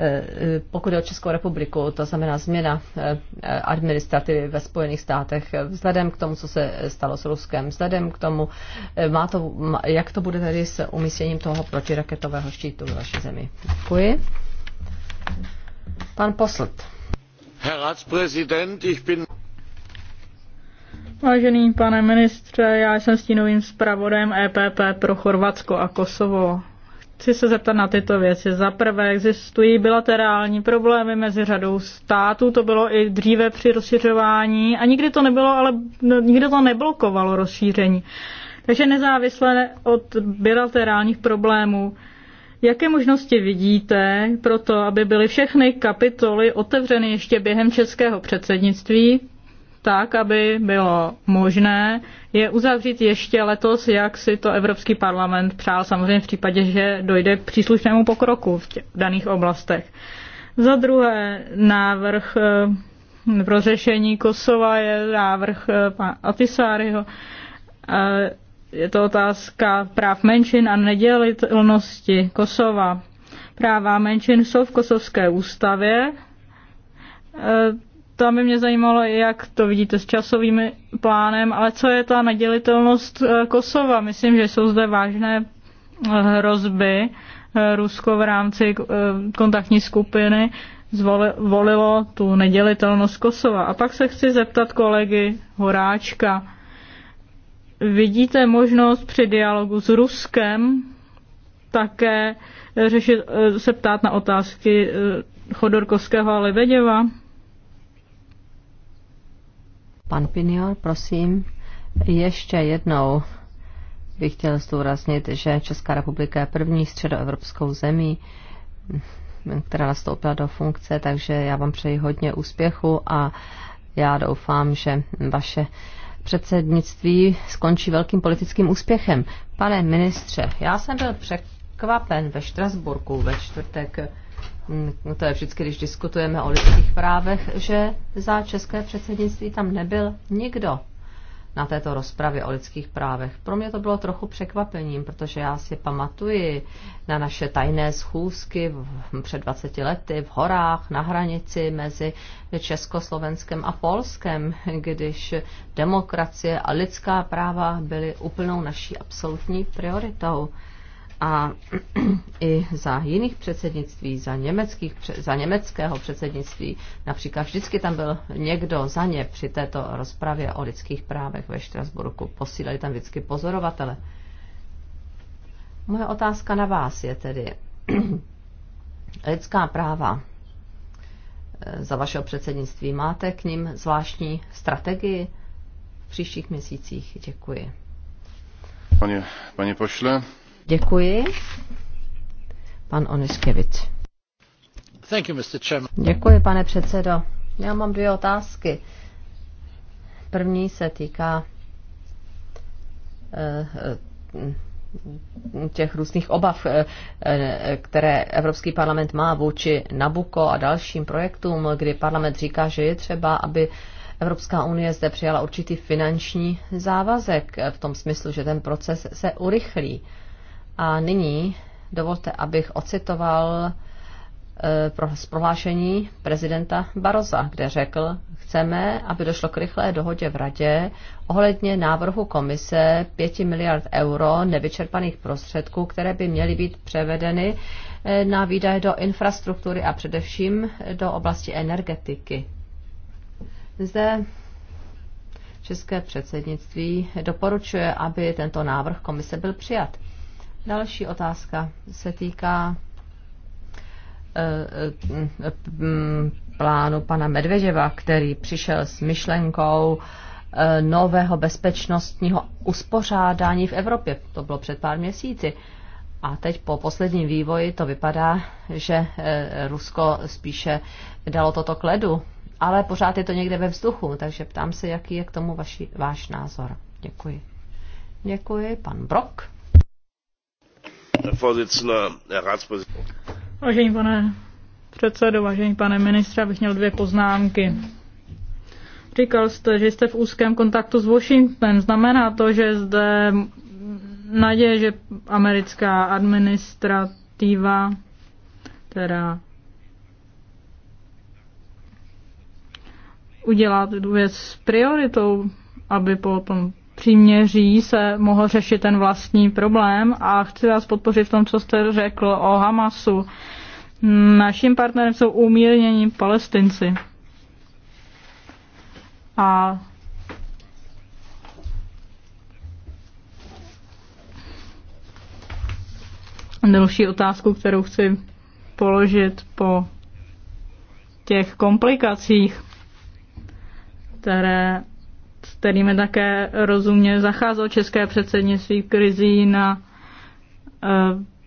Eh, eh, pokud je o Českou republiku, to znamená změna eh, administrativy ve Spojených státech, vzhledem k tomu, co se stalo s Ruskem, vzhledem k tomu, má to, jak to bude tedy s umístěním toho protiraketového štítu v vaší zemi. Děkuji. Pan Poslt. Herr Ratspräsident, ich bin... Vážený pane ministře, já jsem stínovým zpravodem EPP pro Chorvatsko a Kosovo. Chci se zeptat na tyto věci. Za prvé, existují bilaterální problémy mezi řadou států, to bylo i dříve při rozšiřování a nikdy to nebylo, ale no, nikdy to neblokovalo rozšíření. Takže nezávisle od bilaterálních problémů, jaké možnosti vidíte pro to, aby byly všechny kapitoly otevřeny ještě během českého předsednictví, tak, aby bylo možné je uzavřít ještě letos, jak si to Evropský parlament přál, samozřejmě v případě, že dojde k příslušnému pokroku v, tě, v daných oblastech. Za druhé, návrh eh, pro řešení Kosova je návrh eh, pana Atisáryho. Eh, je to otázka práv menšin a nedělitelnosti Kosova. Práva menšin jsou v kosovské ústavě tam by mě zajímalo, jak to vidíte s časovým plánem, ale co je ta nedělitelnost eh, Kosova? Myslím, že jsou zde vážné eh, hrozby. Eh, Rusko v rámci kontaktní skupiny zvolilo tu nedělitelnost Kosova. A pak se chci zeptat kolegy Horáčka. Vidíte možnost při dialogu s Ruskem také řešit, se ptát na otázky Chodorkovského a Lebeděva? Pan Pinior, prosím. Ještě jednou bych chtěl zdůraznit, že Česká republika je první středoevropskou zemí, která nastoupila do funkce, takže já vám přeji hodně úspěchu a já doufám, že vaše předsednictví skončí velkým politickým úspěchem. Pane ministře, já jsem byl překvapen ve Štrasburku ve čtvrtek Mm, to je vždycky, když diskutujeme o lidských právech, že za české předsednictví tam nebyl nikdo na této rozpravě o lidských právech. Pro mě to bylo trochu překvapením, protože já si pamatuji na naše tajné schůzky v, před 20 lety v horách na hranici mezi Československem a Polskem, když demokracie a lidská práva byly úplnou naší absolutní prioritou a i za jiných předsednictví, za, německých, za německého předsednictví. Například vždycky tam byl někdo za ně při této rozpravě o lidských právech ve Štrasburku. Posílali tam vždycky pozorovatele. Moje otázka na vás je tedy lidská práva e, za vašeho předsednictví. Máte k ním zvláštní strategii v příštích měsících? Děkuji. Pane, pane pošle, Děkuji. Pan Oniskevic. Děkuji, pane předsedo. Já mám dvě otázky. První se týká eh, eh, těch různých obav, eh, které Evropský parlament má vůči Nabuko a dalším projektům, kdy parlament říká, že je třeba, aby Evropská unie zde přijala určitý finanční závazek v tom smyslu, že ten proces se urychlí. A nyní dovolte, abych ocitoval eh, z prohlášení prezidenta Baroza, kde řekl, chceme, aby došlo k rychlé dohodě v radě ohledně návrhu komise 5 miliard euro nevyčerpaných prostředků, které by měly být převedeny eh, na výdaje do infrastruktury a především do oblasti energetiky. Zde České předsednictví doporučuje, aby tento návrh komise byl přijat. Další otázka se týká eh, eh, plánu pana Medveževa, který přišel s myšlenkou eh, nového bezpečnostního uspořádání v Evropě. To bylo před pár měsíci. A teď po posledním vývoji to vypadá, že Rusko spíše dalo toto k ledu, ale pořád je to někde ve vzduchu, takže ptám se, jaký je k tomu vaši, váš názor. Děkuji. Děkuji, pan Brok. Vážený pane předsedo, vážený pane ministře, bych měl dvě poznámky. Říkal jste, že jste v úzkém kontaktu s Washingtonem. Znamená to, že zde naděje, že americká administrativa, která udělá tu věc prioritou, aby potom příměří se mohl řešit ten vlastní problém a chci vás podpořit v tom, co jste řekl o Hamasu. Naším partnerem jsou umírnění palestinci. A další otázku, kterou chci položit po těch komplikacích, které kterými také rozumně zacházelo české předsednictví krizí na eh,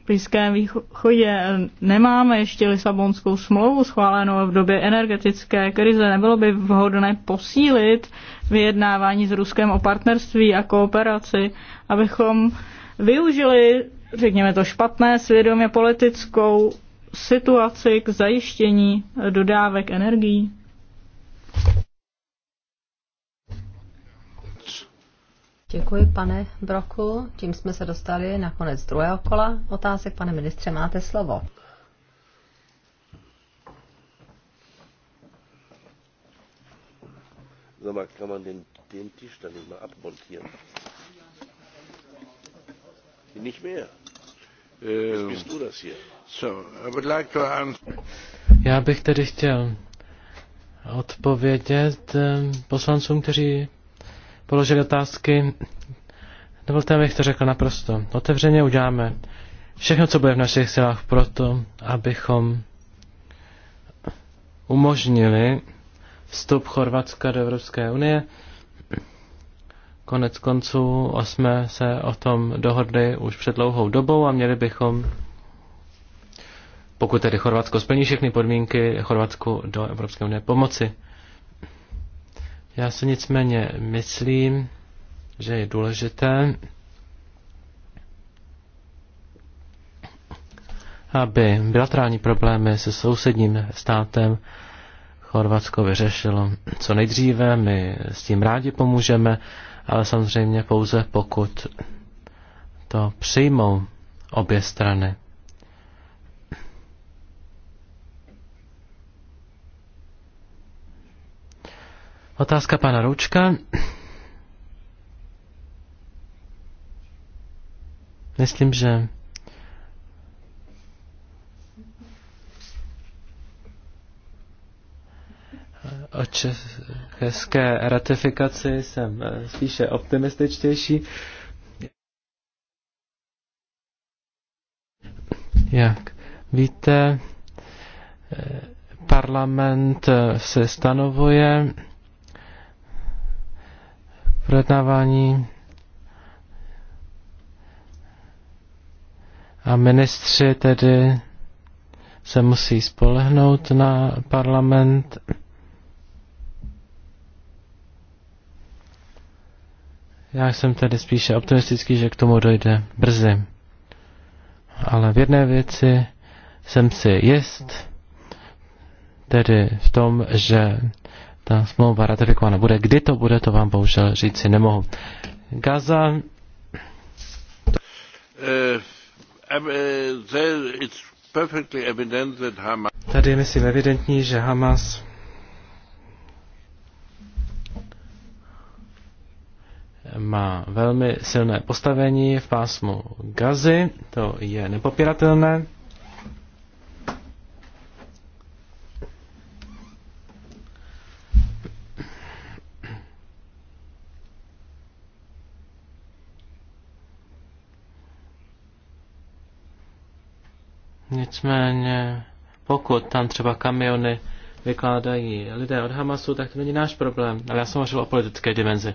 Blízkém východě. Nemáme ještě Lisabonskou smlouvu schválenou v době energetické krize. Nebylo by vhodné posílit vyjednávání s Ruskem o partnerství a kooperaci, abychom využili, řekněme to, špatné svědomě politickou situaci k zajištění dodávek energií? Děkuji, pane Broku. Tím jsme se dostali na konec druhého kola otázek. Pane ministře, máte slovo. den, Já bych tedy chtěl odpovědět eh, poslancům, kteří položili otázky. Dovolte, abych to řekl naprosto. Otevřeně uděláme všechno, co bude v našich silách proto, abychom umožnili vstup Chorvatska do Evropské unie. Konec konců jsme se o tom dohodli už před dlouhou dobou a měli bychom, pokud tedy Chorvatsko splní všechny podmínky, Chorvatsku do Evropské unie pomoci. Já se nicméně myslím, že je důležité, aby bilaterální problémy se sousedním státem Chorvatsko vyřešilo co nejdříve. My s tím rádi pomůžeme, ale samozřejmě pouze pokud to přijmou obě strany. Otázka pana Ručka. Myslím, že o české ratifikaci jsem eh, spíše optimističtější. Jak víte, eh, parlament eh, se stanovuje projednávání a ministři tedy se musí spolehnout na parlament. Já jsem tedy spíše optimistický, že k tomu dojde brzy. Ale v jedné věci jsem si jist, tedy v tom, že ta smlouva ratifikována bude. Kdy to bude, to vám bohužel říci nemohu. Gaza. Tady je myslím evidentní, že Hamas má velmi silné postavení v pásmu Gazy, to je nepopiratelné. Nicméně pokud tam třeba kamiony vykládají lidé od Hamasu, tak to není náš problém. Ale já jsem hovořil o politické dimenzi.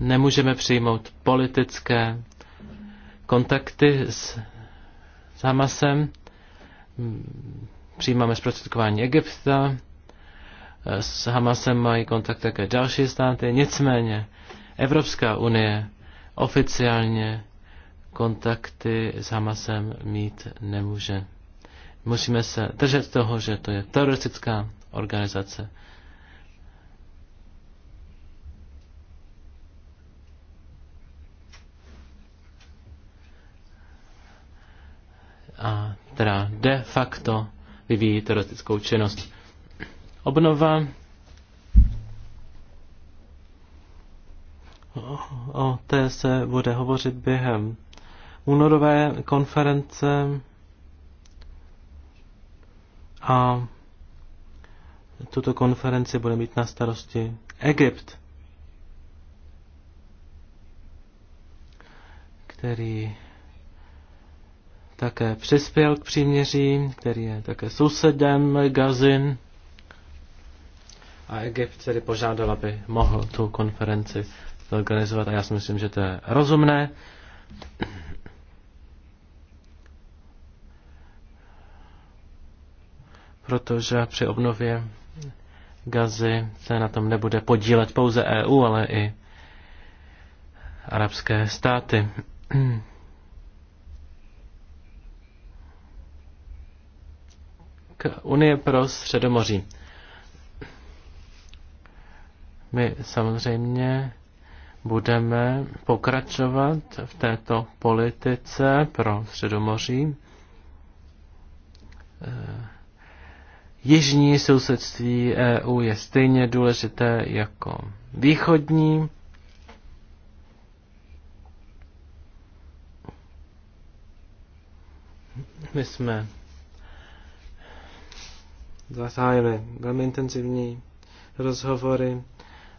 Nemůžeme přijmout politické kontakty s, s Hamasem. Přijímáme zprostředkování Egypta. S Hamasem mají kontakt také další státy. Nicméně Evropská unie oficiálně kontakty s Hamasem mít nemůže. Musíme se držet toho, že to je teroristická organizace. A která de facto vyvíjí teroristickou činnost. Obnova o té se bude hovořit během únorové konference a tuto konferenci bude mít na starosti Egypt, který také přispěl k příměří, který je také sousedem Gazin. A Egypt tedy požádal, aby mohl tu konferenci zorganizovat a já si myslím, že to je rozumné. protože při obnově Gazy se na tom nebude podílet pouze EU, ale i arabské státy. K Unie pro Středomoří. My samozřejmě budeme pokračovat v této politice pro Středomoří eh, jižní sousedství EU je stejně důležité jako východní. My jsme zahájili velmi intenzivní rozhovory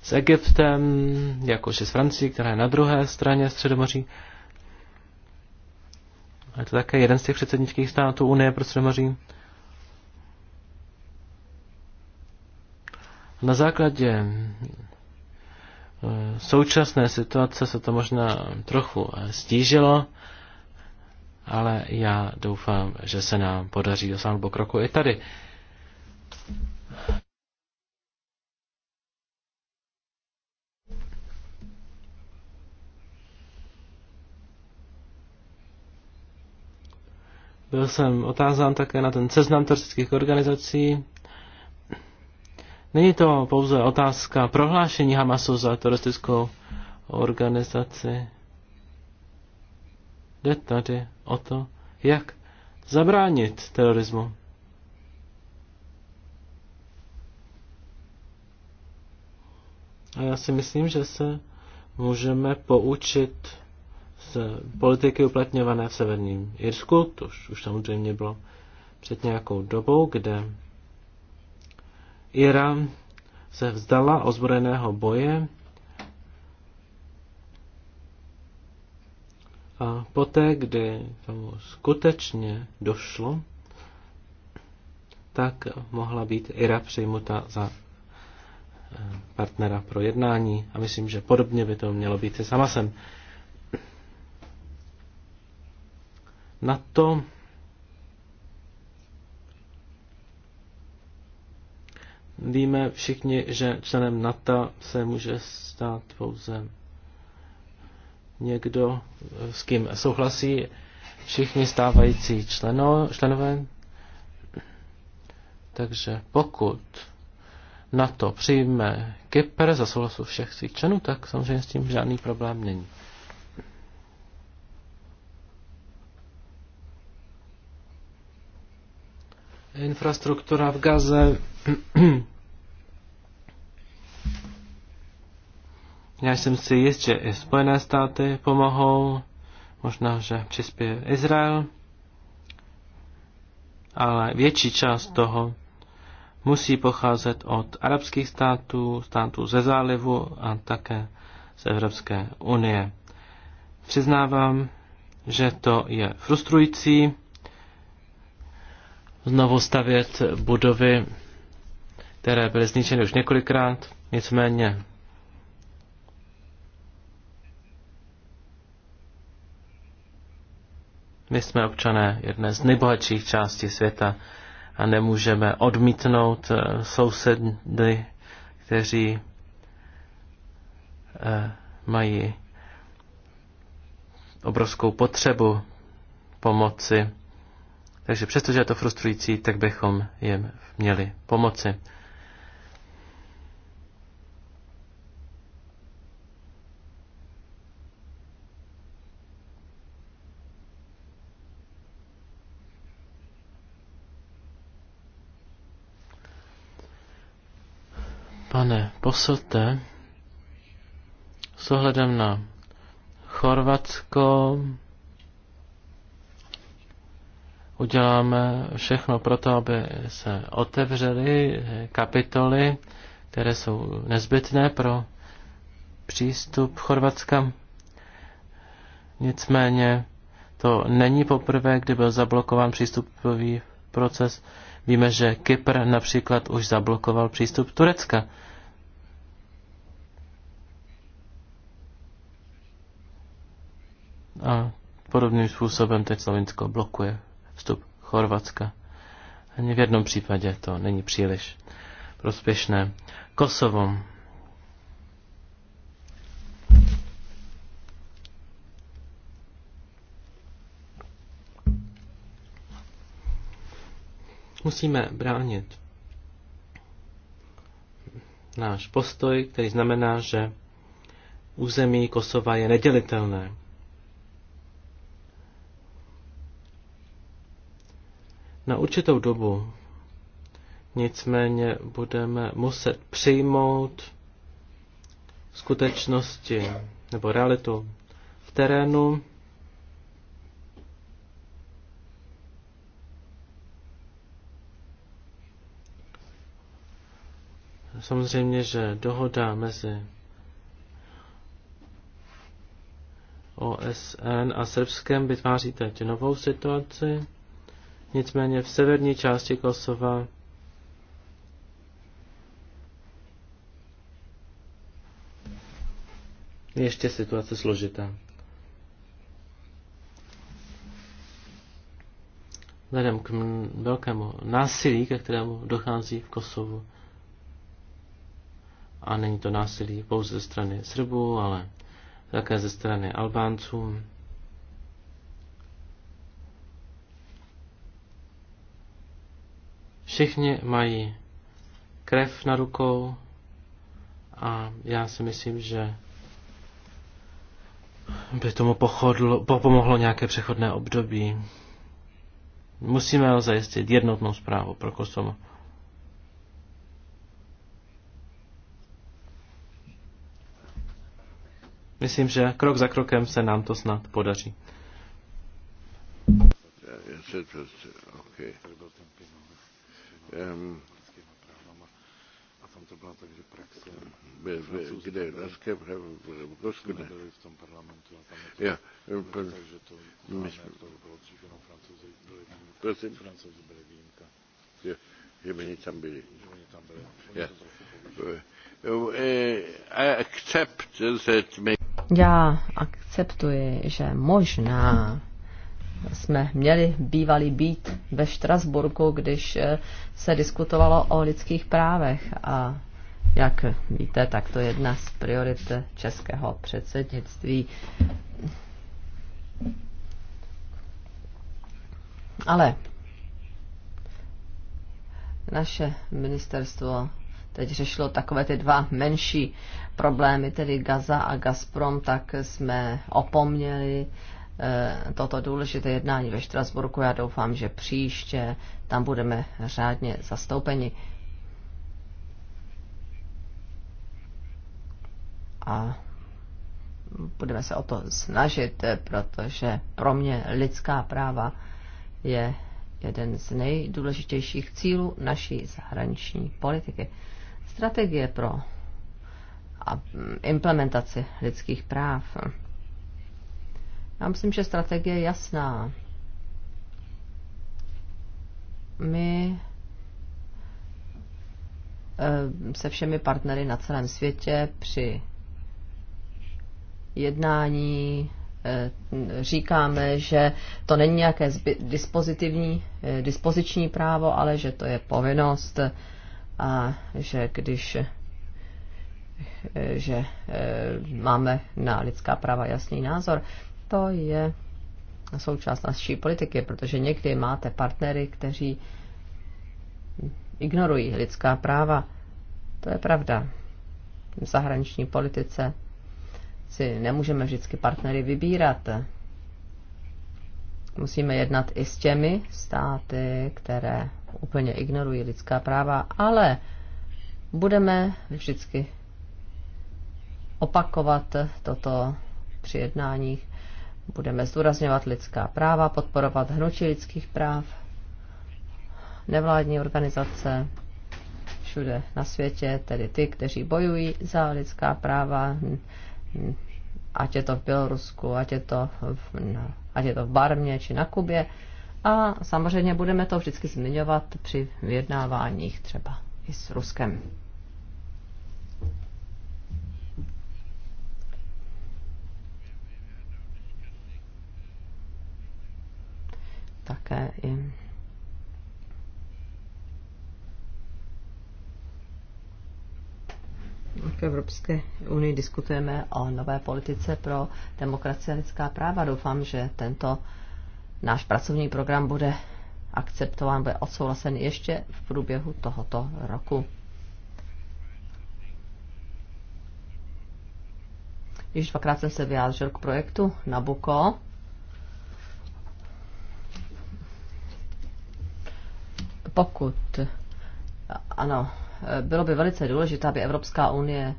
s Egyptem, jakože s Francií, která je na druhé straně Středomoří. Je to také jeden z těch předsednických států Unie pro Středomoří. Na základě eh, současné situace se to možná trochu eh, stížilo, ale já doufám, že se nám podaří dosáhnout pokroku i tady. Byl jsem otázán také na ten seznam turistických organizací, Není to pouze otázka prohlášení Hamasu za teroristickou organizaci. Jde tady o to, jak zabránit terorismu. A já si myslím, že se můžeme poučit z politiky uplatňované v Severním Irsku, to už, už samozřejmě bylo před nějakou dobou, kde Irán se vzdala ozbrojeného boje a poté, kdy tomu skutečně došlo, tak mohla být Ira přijmuta za eh, partnera pro jednání a myslím, že podobně by to mělo být se Samasem. Na to Víme všichni, že členem NATO se může stát pouze někdo, s kým souhlasí všichni stávající členo, členové. Takže pokud Nato přijme Kypr za souhlasu všech svých členů, tak samozřejmě s tím žádný problém není. infrastruktura v Gaze. Já jsem si jist, že i Spojené státy pomohou, možná, že přispěje Izrael, ale větší část toho musí pocházet od arabských států, států ze zálivu a také z Evropské unie. Přiznávám, že to je frustrující, znovu stavět budovy, které byly zničeny už několikrát, nicméně My jsme občané jedné z nejbohatších částí světa a nemůžeme odmítnout eh, sousedy, kteří eh, mají obrovskou potřebu pomoci. Takže přestože je to frustrující, tak bychom jim měli pomoci. Pane, posilte s ohledem na Chorvatsko, uděláme všechno pro to, aby se otevřely kapitoly, které jsou nezbytné pro přístup Chorvatska. Nicméně to není poprvé, kdy byl zablokován přístupový proces. Víme, že Kypr například už zablokoval přístup Turecka. A podobným způsobem teď Slovinsko blokuje vstup Chorvatska. Ani v jednom případě to není příliš prospěšné. Kosovo. Musíme bránit náš postoj, který znamená, že území Kosova je nedělitelné. na určitou dobu. Nicméně budeme muset přijmout skutečnosti nebo realitu v terénu. Samozřejmě, že dohoda mezi OSN a Srbskem vytváří teď novou situaci. Nicméně v severní části Kosova je ještě situace složitá. Vzhledem k velkému násilí, ke kterému dochází v Kosovu, a není to násilí pouze ze strany Srbů, ale také ze strany Albánců, Všichni mají krev na rukou a já si myslím, že by tomu pochodlo, pomohlo nějaké přechodné období. Musíme ale zajistit jednotnou zprávu pro Kosovo. Myslím, že krok za krokem se nám to snad podaří a tam to byla praxe... Be, be, kde? Norské právo v Rusku, ne? Byli v tom parlamentu a tam je to... Jo, pr- takže to, to, my jsme... to bylo dřív, jenom francouzi byli výjimka. Prosím? Francouzi byli výjimka. že by oni tam byli. Že oni tam byli. Eh, eh, Já akceptuji, že možná jsme měli bývalý být ve Štrasburku, když eh, se diskutovalo o lidských právech a jak víte, tak to je jedna z priorit českého předsednictví. Ale naše ministerstvo teď řešilo takové ty dva menší problémy, tedy Gaza a Gazprom, tak jsme opomněli Eh, toto důležité jednání ve Štrasburku. Já doufám, že příště tam budeme řádně zastoupeni. A budeme se o to snažit, eh, protože pro mě lidská práva je jeden z nejdůležitějších cílů naší zahraniční politiky. Strategie pro mm, implementaci lidských práv já myslím, že strategie je jasná. My eh, se všemi partnery na celém světě při jednání eh, říkáme, že to není nějaké dispozitivní, eh, dispoziční právo, ale že to je povinnost a že když že máme na lidská práva jasný názor, to je součást naší politiky, protože někdy máte partnery, kteří ignorují lidská práva. To je pravda. V zahraniční politice si nemůžeme vždycky partnery vybírat. Musíme jednat i s těmi státy, které úplně ignorují lidská práva, ale budeme vždycky opakovat toto při jednáních Budeme zdůrazňovat lidská práva, podporovat hnutí lidských práv, nevládní organizace všude na světě, tedy ty, kteří bojují za lidská práva, ať je to v Bělorusku, ať je to v, ať je to v Barmě či na Kubě. A samozřejmě budeme to vždycky zmiňovat při vyjednáváních třeba i s Ruskem. také i v Evropské unii diskutujeme o nové politice pro demokracie a lidská práva. Doufám, že tento náš pracovní program bude akceptován, bude odsouhlasen ještě v průběhu tohoto roku. Již dvakrát jsem se vyjádřil k projektu Nabuko pokud, ano, bylo by velice důležité, aby Evropská unie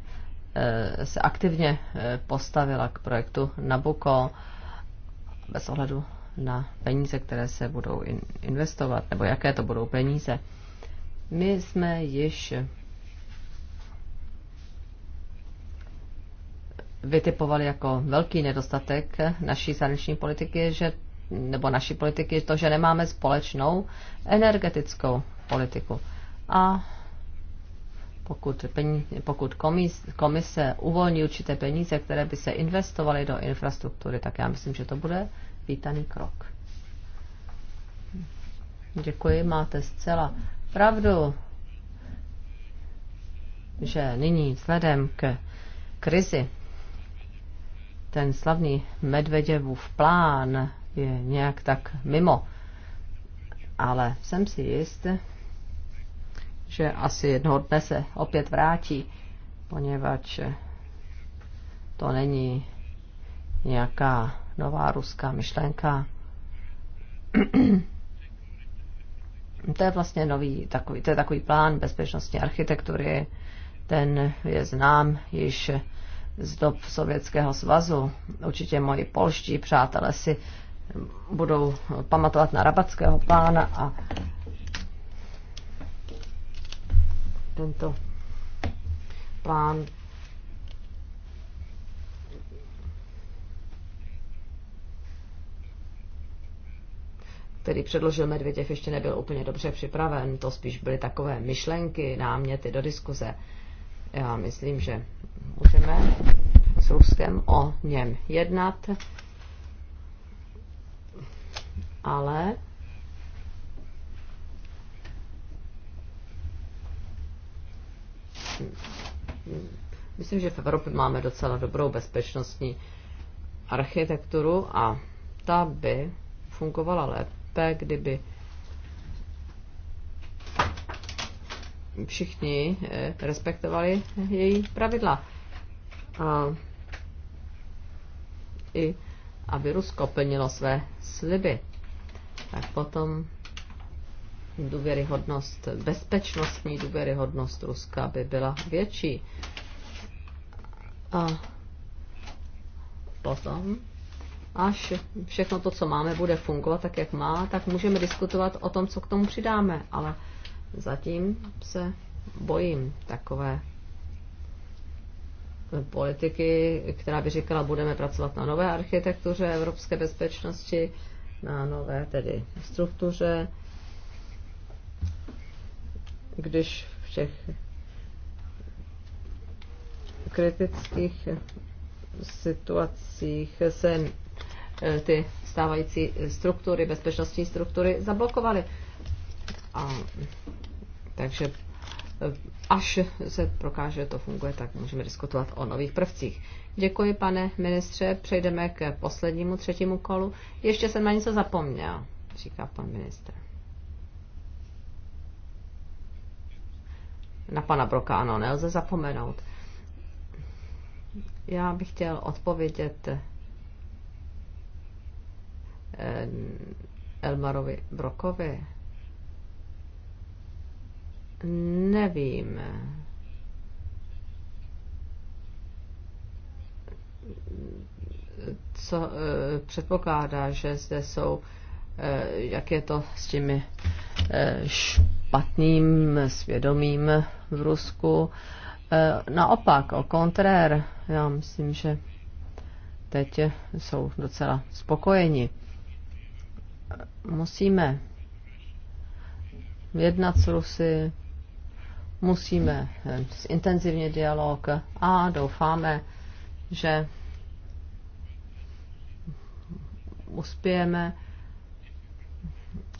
eh, se aktivně eh, postavila k projektu Nabucco bez ohledu na peníze, které se budou investovat, nebo jaké to budou peníze. My jsme již vytipovali jako velký nedostatek naší zahraniční politiky, že nebo naší politiky to, že nemáme společnou energetickou politiku. A pokud, peníze, pokud komise, komise uvolní určité peníze, které by se investovaly do infrastruktury, tak já myslím, že to bude vítaný krok. Děkuji, máte zcela pravdu, že nyní vzhledem k krizi ten slavný Medvedevův plán je nějak tak mimo. Ale jsem si jist, že asi jednoho dne se opět vrátí, poněvadž to není nějaká nová ruská myšlenka. to je vlastně nový, takový, to je takový plán bezpečnostní architektury, ten je znám již z dob Sovětského svazu. Určitě moji polští přátelé si budou pamatovat na rabatského pána a tento plán který předložil Medvěděv, ještě nebyl úplně dobře připraven. To spíš byly takové myšlenky, náměty do diskuze. Já myslím, že můžeme s Ruskem o něm jednat ale myslím, že v Evropě máme docela dobrou bezpečnostní architekturu a ta by fungovala lépe, kdyby všichni eh, respektovali její pravidla. A i aby Rusko plnilo své sliby tak potom důvěryhodnost, bezpečnostní důvěryhodnost Ruska by byla větší. A potom, až všechno to, co máme, bude fungovat tak, jak má, tak můžeme diskutovat o tom, co k tomu přidáme. Ale zatím se bojím takové politiky, která by říkala, budeme pracovat na nové architektuře evropské bezpečnosti, na nové tedy struktuře, když v těch kritických situacích se eh, ty stávající struktury, bezpečnostní struktury zablokovaly. A, takže až se prokáže, že to funguje, tak můžeme diskutovat o nových prvcích. Děkuji, pane ministře. Přejdeme k poslednímu třetímu kolu. Ještě jsem na něco zapomněl, říká pan ministr. Na pana Broka, ano, nelze zapomenout. Já bych chtěl odpovědět eh, Elmarovi Brokovi Nevím. Co e, předpokládá, že zde jsou, e, jak je to s těmi e, špatným svědomím v Rusku. E, naopak, o kontrér, já myslím, že teď jsou docela spokojeni. Musíme jednat s Rusy, musíme eh, intenzivně dialog a doufáme, že uspějeme,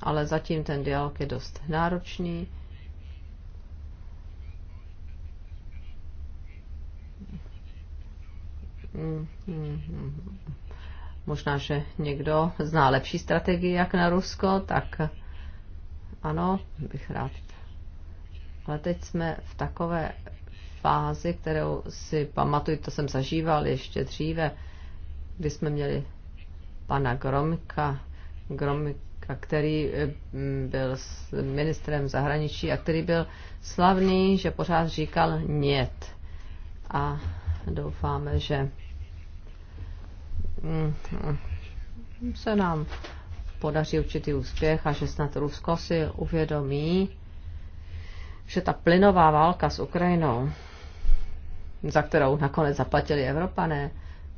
ale zatím ten dialog je dost náročný. Možná, že někdo zná lepší strategii jak na Rusko, tak ano, bych rád ale teď jsme v takové fázi, kterou si pamatuju, to jsem zažíval ještě dříve, kdy jsme měli pana Gromka, Gromka, který eh, byl ministrem zahraničí a který byl slavný, že pořád říkal nět. A doufáme, že mm, se nám podaří určitý úspěch a že snad Rusko si uvědomí, že ta plynová válka s Ukrajinou, za kterou nakonec zaplatili Evropané,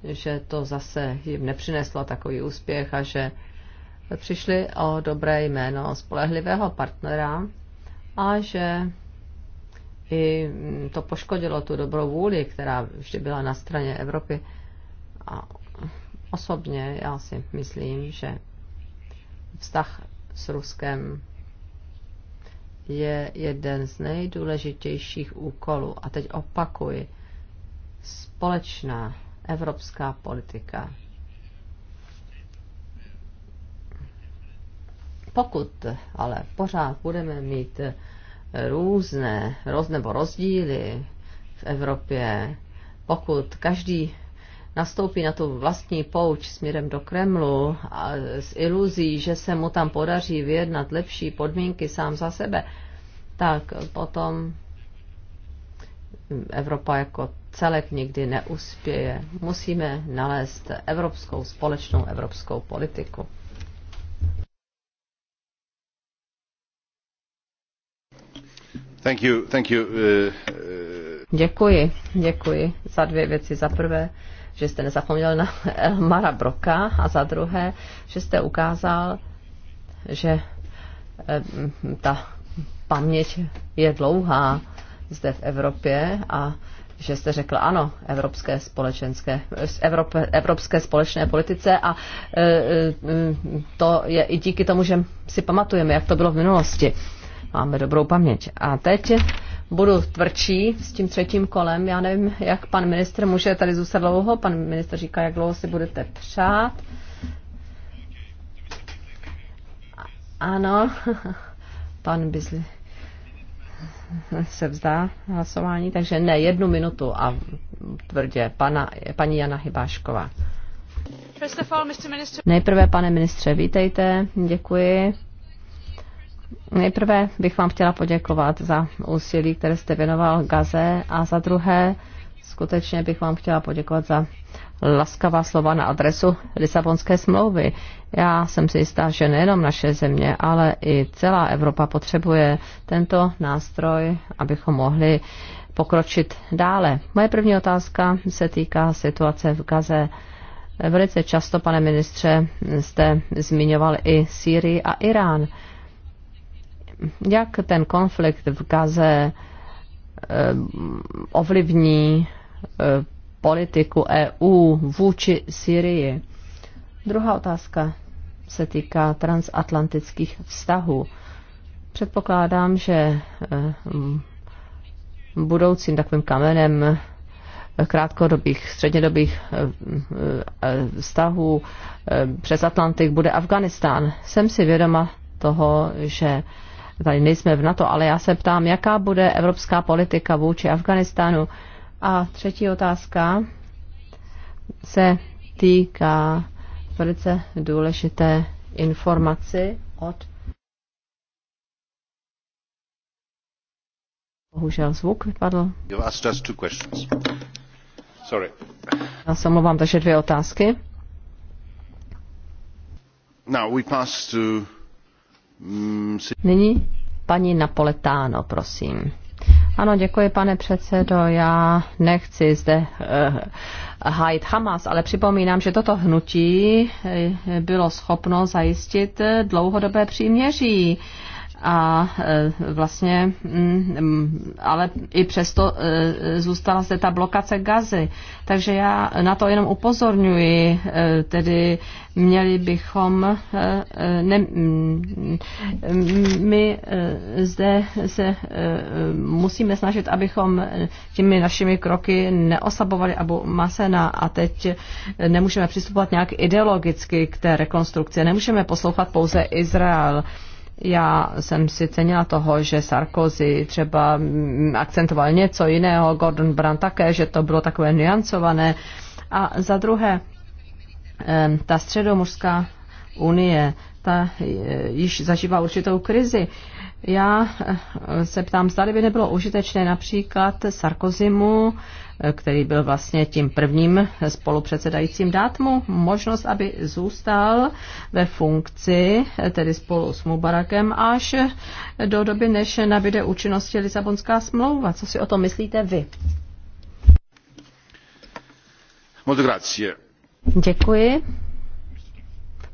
že to zase jim nepřineslo takový úspěch a že přišli o dobré jméno spolehlivého partnera a že i to poškodilo tu dobrou vůli, která vždy byla na straně Evropy. A osobně já si myslím, že vztah s Ruskem je jeden z nejdůležitějších úkolů. A teď opakuji. Společná evropská politika. Pokud ale pořád budeme mít různé roz, nebo rozdíly v Evropě, pokud každý nastoupí na tu vlastní pouč směrem do Kremlu a s iluzí, že se mu tam podaří vyjednat lepší podmínky sám za sebe, tak potom Evropa jako celek nikdy neuspěje. Musíme nalézt evropskou, společnou evropskou politiku. Thank you, thank you, uh, uh... Děkuji, děkuji za dvě věci. Za prvé, uh, že jste nezapomněl na Elmara Broka a za druhé, že jste ukázal, že eh, ta paměť je dlouhá zde v Evropě a že jste řekl ano evropské společenské, Evrop, evropské společné politice a e, to je i díky tomu, že si pamatujeme, jak to bylo v minulosti. Máme dobrou paměť. A teď budu tvrdší s tím třetím kolem. Já nevím, jak pan ministr může tady zůstat dlouho. Pan ministr říká, jak dlouho si budete přát. Ano, pan Bizli se vzdá hlasování, takže ne jednu minutu a tvrdě pana, paní Jana Hybášková. Nejprve, pane ministře, vítejte, děkuji. Nejprve bych vám chtěla poděkovat za úsilí, které jste věnoval Gaze a za druhé skutečně bych vám chtěla poděkovat za laskavá slova na adresu Lisabonské smlouvy. Já jsem si jistá, že nejenom naše země, ale i celá Evropa potřebuje tento nástroj, abychom mohli pokročit dále. Moje první otázka se týká situace v Gaze. Velice často, pane ministře, jste zmiňoval i Sýrii a Irán jak ten konflikt v Gaze eh, ovlivní eh, politiku EU vůči Syrii. Druhá otázka se týká transatlantických vztahů. Předpokládám, že eh, budoucím takovým kamenem krátkodobých, střednědobých vztahů přes Atlantik bude Afganistán. Jsem si vědoma toho, že tady nejsme v NATO, ale já se ptám, jaká bude evropská politika vůči Afganistánu. A třetí otázka se týká velice důležité informaci od Bohužel zvuk vypadl. Já se omlouvám, takže dvě otázky. Now we pass to Mm, Nyní paní Napoletáno, prosím. Ano, děkuji, pane předsedo. Já nechci zde uh, hájit Hamas, ale připomínám, že toto hnutí eh, bylo schopno zajistit dlouhodobé příměří. Uh, a e, vlastně, mm, mm, ale i přesto e, zůstala zde ta blokace gazy. Takže já na to jenom upozorňuji, e, tedy měli bychom, ne, mm, my zde se musíme snažit, abychom těmi našimi kroky neosabovali Abu Masena a teď nemůžeme přistupovat nějak ideologicky k té rekonstrukci. Nemůžeme poslouchat pouze Izrael. Já jsem si cenila toho, že Sarkozy třeba mm, akcentoval něco jiného, Gordon Brand také, že to bylo takové nuancované. A za druhé, ta středomorská unie, ta e, již zažívá určitou krizi. Já e, se ptám, zda by nebylo užitečné například Sarkozymu který byl vlastně tím prvním spolupředsedajícím, dát mu možnost, aby zůstal ve funkci, tedy spolu s Mubarakem, až do doby, než nabide účinnosti Lisabonská smlouva. Co si o tom myslíte vy? Moc grazie. Děkuji.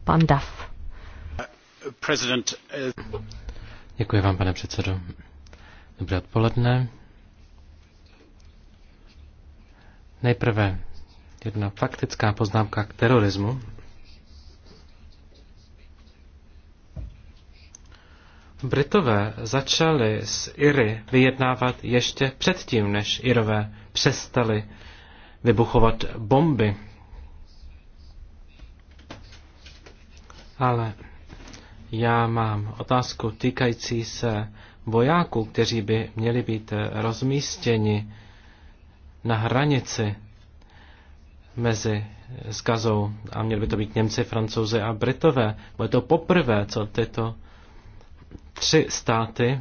Pan Duff. Eh, Děkuji vám, pane předsedo. Dobré odpoledne. Nejprve jedna faktická poznámka k terorismu. Britové začali s Iry vyjednávat ještě předtím, než Irové přestali vybuchovat bomby. Ale já mám otázku týkající se vojáků, kteří by měli být rozmístěni na hranici mezi s Gazou a měli by to být Němci, Francouzi a Britové. Bude to poprvé, co tyto tři státy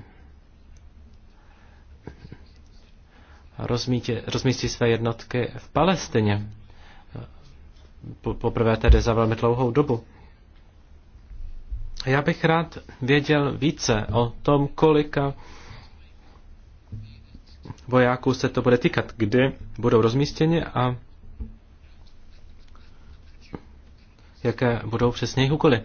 rozmítě, rozmístí své jednotky v Palestině. Poprvé tedy za velmi dlouhou dobu. Já bych rád věděl více o tom, kolika vojáků se to bude týkat, kdy budou rozmístěni a jaké budou přesně jejich úkoly.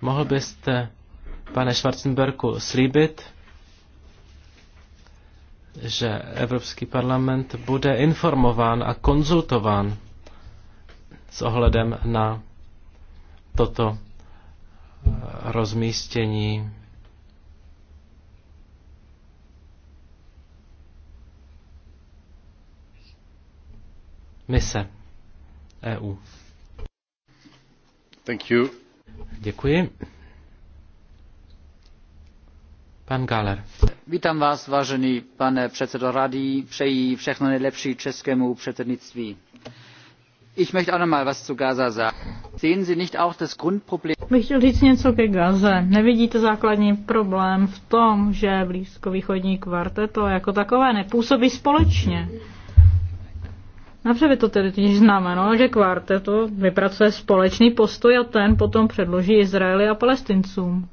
Mohl byste, pane Schwarzenberku, slíbit, že Evropský parlament bude informován a konzultován s ohledem na toto rozmístění mise EU. Thank you. Děkuji. Pan Galer. Vítám vás, vážený pane předsedo rady, přeji všechno nejlepší českému předsednictví Ich möchte auch noch mal was zu Gaza sagen. Sehen Sie nicht auch das Grundproblem? Bych chtěl říct něco ke Gaze. Nevidíte základní problém v tom, že blízkovýchodní kvarteto jako takové nepůsobí společně. Napřed by to tedy totiž znamenalo, že kvarteto vypracuje společný postoj a ten potom předloží Izraeli a palestincům.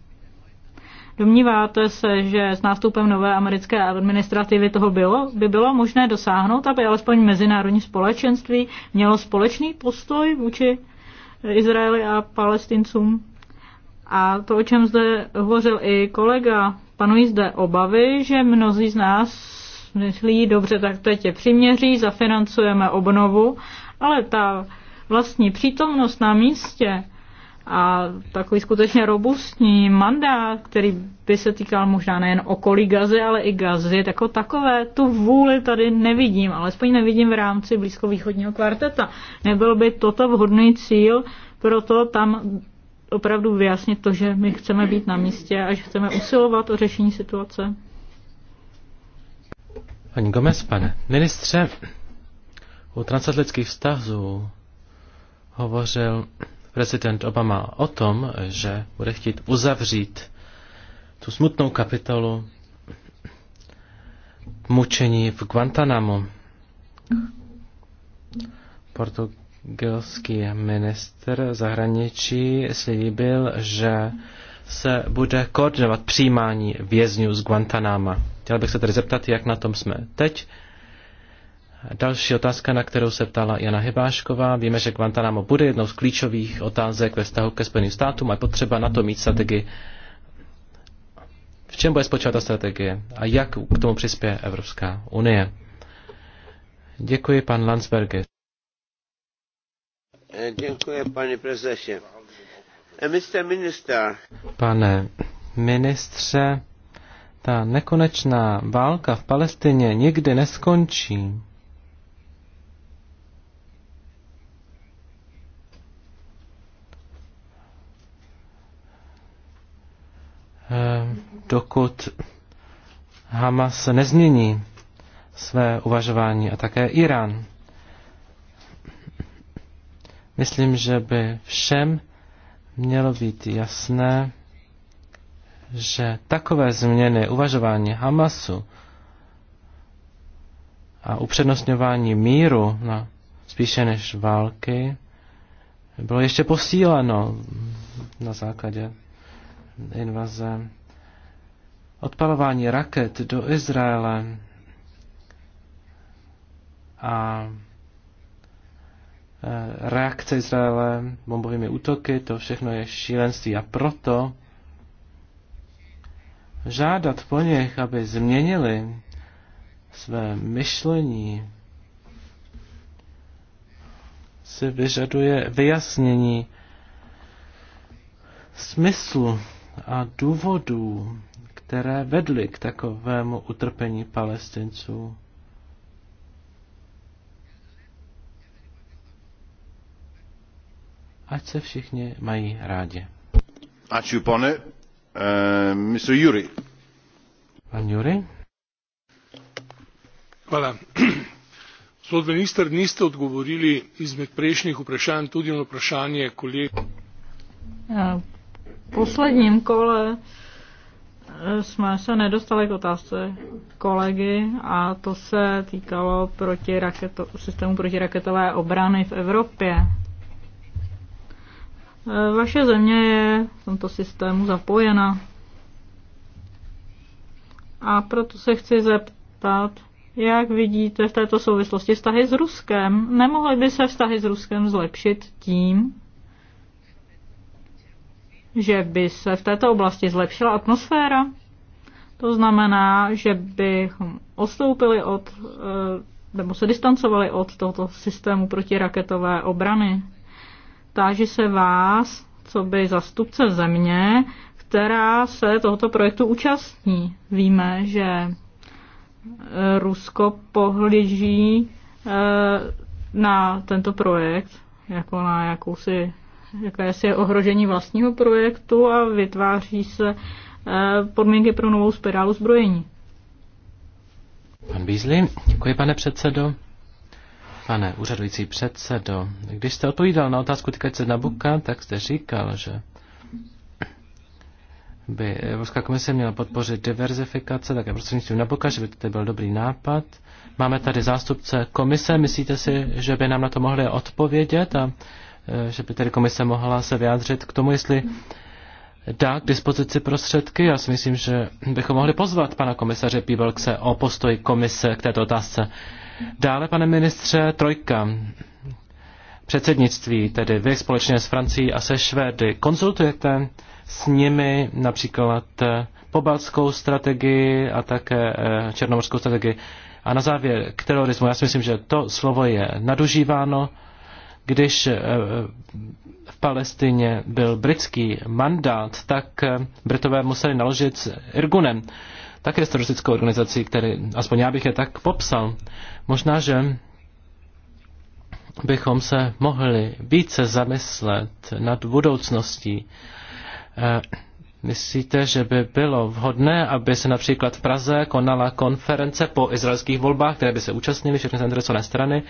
Domníváte se, že s nástupem nové americké administrativy toho bylo, by bylo možné dosáhnout, aby alespoň mezinárodní společenství mělo společný postoj vůči Izraeli a Palestincům? A to, o čem zde hovořil i kolega, panují zde obavy, že mnozí z nás myslí, dobře, tak teď je přiměří, zafinancujeme obnovu, ale ta vlastní přítomnost na místě a takový skutečně robustní mandát, který by se týkal možná nejen okolí Gazy, ale i Gazy, jako takové tu vůli tady nevidím, alespoň nevidím v rámci blízkovýchodního kvarteta. Nebyl by toto vhodný cíl, proto tam opravdu vyjasnit to, že my chceme být na místě a že chceme usilovat o řešení situace. Pani Gomez, pane ministře, u transatlantských vztahů hovořil prezident Obama o tom, že bude chtít uzavřít tu smutnou kapitolu mučení v Guantanamo. Portugalský minister zahraničí slíbil, že se bude koordinovat přijímání vězňů z Guantanama. Chtěl bych se tedy zeptat, jak na tom jsme teď Další otázka, na kterou se ptala Jana Hebášková. Víme, že Guantanamo bude jednou z klíčových otázek ve vztahu ke Spojeným státům a je potřeba na to mít strategii. V čem bude spočívat ta strategie a jak k tomu přispěje Evropská unie? Děkuji, pan Landsberg. Eh, děkuji, paní prezeše. Eh, minister. Pane ministře, ta nekonečná válka v Palestině nikdy neskončí. Eh, dokud Hamas nezmění své uvažování a také Irán. Myslím, že by všem mělo být jasné, že takové změny uvažování Hamasu a upřednostňování míru na, spíše než války bylo ještě posíleno na základě invaze, odpalování raket do Izraele a e, reakce Izraele bombovými útoky, to všechno je šílenství a proto žádat po nich, aby změnili své myšlení, se vyžaduje vyjasnění smyslu a důvodů, které vedly k takovému utrpení palestinců. Ať se všichni mají rádi. si pane. Uh, eh, Mr. Jury. Pan Jury? Hvala. Gospod minister, niste odgovorili izmed prejšnjih vprašanj tudi na vprašanje kolega posledním kole eh, jsme se nedostali k otázce kolegy a to se týkalo proti raketo, systému protiraketové obrany v Evropě. Eh, vaše země je v tomto systému zapojena. A proto se chci zeptat, jak vidíte v této souvislosti vztahy s Ruskem? Nemohly by se vztahy s Ruskem zlepšit tím, že by se v této oblasti zlepšila atmosféra. To znamená, že bychom odstoupili od, eh, nebo se distancovali od tohoto systému protiraketové obrany. Táži se vás, co by zastupce země, která se tohoto projektu účastní. Víme, že eh, Rusko pohlíží eh, na tento projekt jako na jakousi jakési ohrožení vlastního projektu a vytváří se eh, podmínky pro novou spirálu zbrojení. Pan Bízli, děkuji pane předsedo. Pane úřadující předsedo, když jste odpovídal na otázku týkající se Nabuka, tak jste říkal, že by Evropská komise měla podpořit diverzifikace, je prostřednictvím Nabuka, že by to byl dobrý nápad. Máme tady zástupce komise, myslíte si, že by nám na to mohli odpovědět a Eh, že by tedy komise mohla se vyjádřit k tomu, jestli dá k dispozici prostředky. Já si myslím, že bychom mohli pozvat pana komisaře Píbalkse o postoj komise k této otázce. Dále, pane ministře, trojka. Předsednictví, tedy vy společně s Francií a se Švédy, konzultujete s nimi například eh, pobalskou strategii a také eh, černomorskou strategii. A na závěr k terorismu, já si myslím, že to slovo je nadužíváno když eh, v Palestině byl britský mandát, tak eh, Britové museli naložit s Irgunem, také s teroristickou organizací, který, aspoň já bych je tak popsal. Možná, že bychom se mohli více zamyslet nad budoucností. Eh, myslíte, že by bylo vhodné, aby se například v Praze konala konference po izraelských volbách, které by se účastnily všechny zainteresované strany,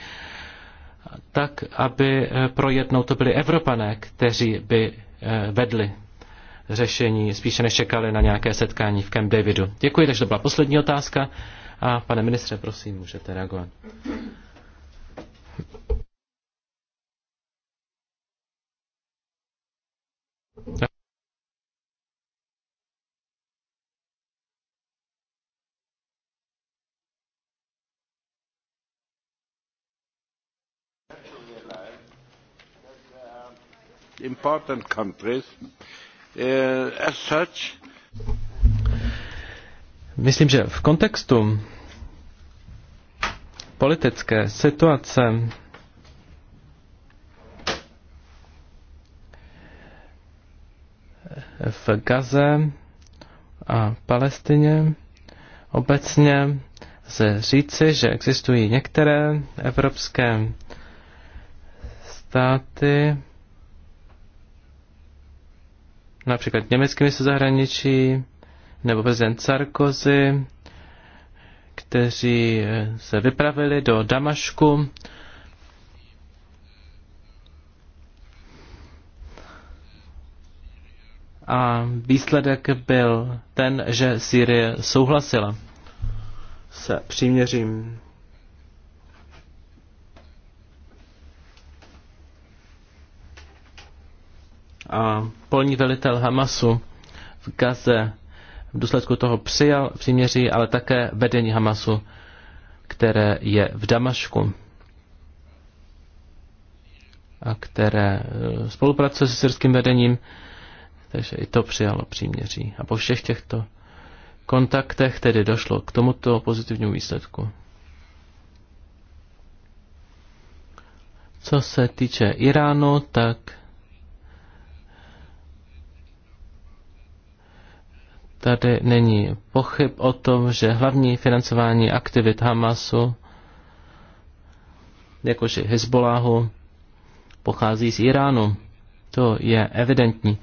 tak aby eh, pro jednou to byli Evropané, kteří by eh, vedli řešení, spíše než čekali na nějaké setkání v Camp Davidu. Děkuji, takže to byla poslední otázka. A pane ministře, prosím, můžete reagovat. important countries. Uh, as such, Myslím, že v kontextu politické situace v Gaze a Palestině obecně se říci, že existují některé evropské státy, například německými se zahraničí nebo prezident Sarkozy, kteří eh, se vypravili do Damašku. A výsledek byl ten, že Sýrie souhlasila se příměřím. a polní velitel Hamasu v Gaze v důsledku toho přijal příměří, ale také vedení Hamasu, které je v Damašku a které eh, spolupracuje se syrským vedením, takže i to přijalo příměří. A po všech těchto kontaktech tedy došlo k tomuto pozitivnímu výsledku. Co se týče Iránu, tak Tady není pochyb o tom, že hlavní financování aktivit Hamasu, jakože Hezboláhu, pochází z Iránu. To je evidentní.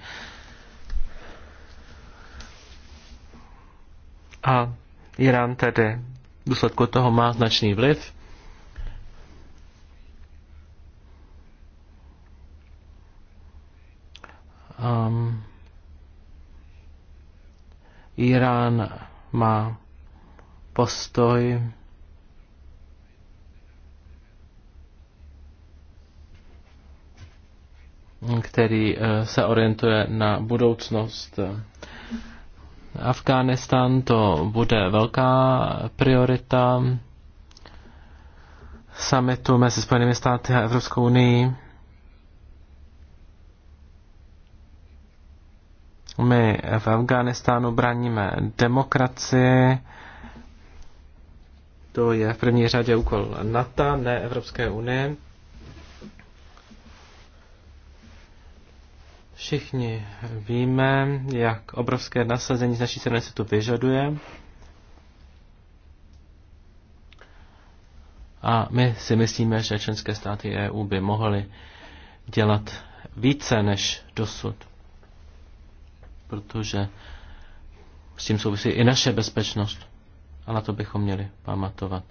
A Irán tedy v důsledku toho má značný vliv. Um, Irán má postoj který eh, se orientuje na budoucnost. Afghánistán to bude velká priorita summitu mezi Spojenými státy a Evropskou unii. My v Afghánistánu bráníme demokracii. To je v první řadě úkol NATO, ne Evropské unie. Všichni víme, jak obrovské nasazení z naší strany se tu vyžaduje. A my si myslíme, že členské státy EU by mohly dělat více než dosud protože s tím souvisí i naše bezpečnost. A na to bychom měli pamatovat.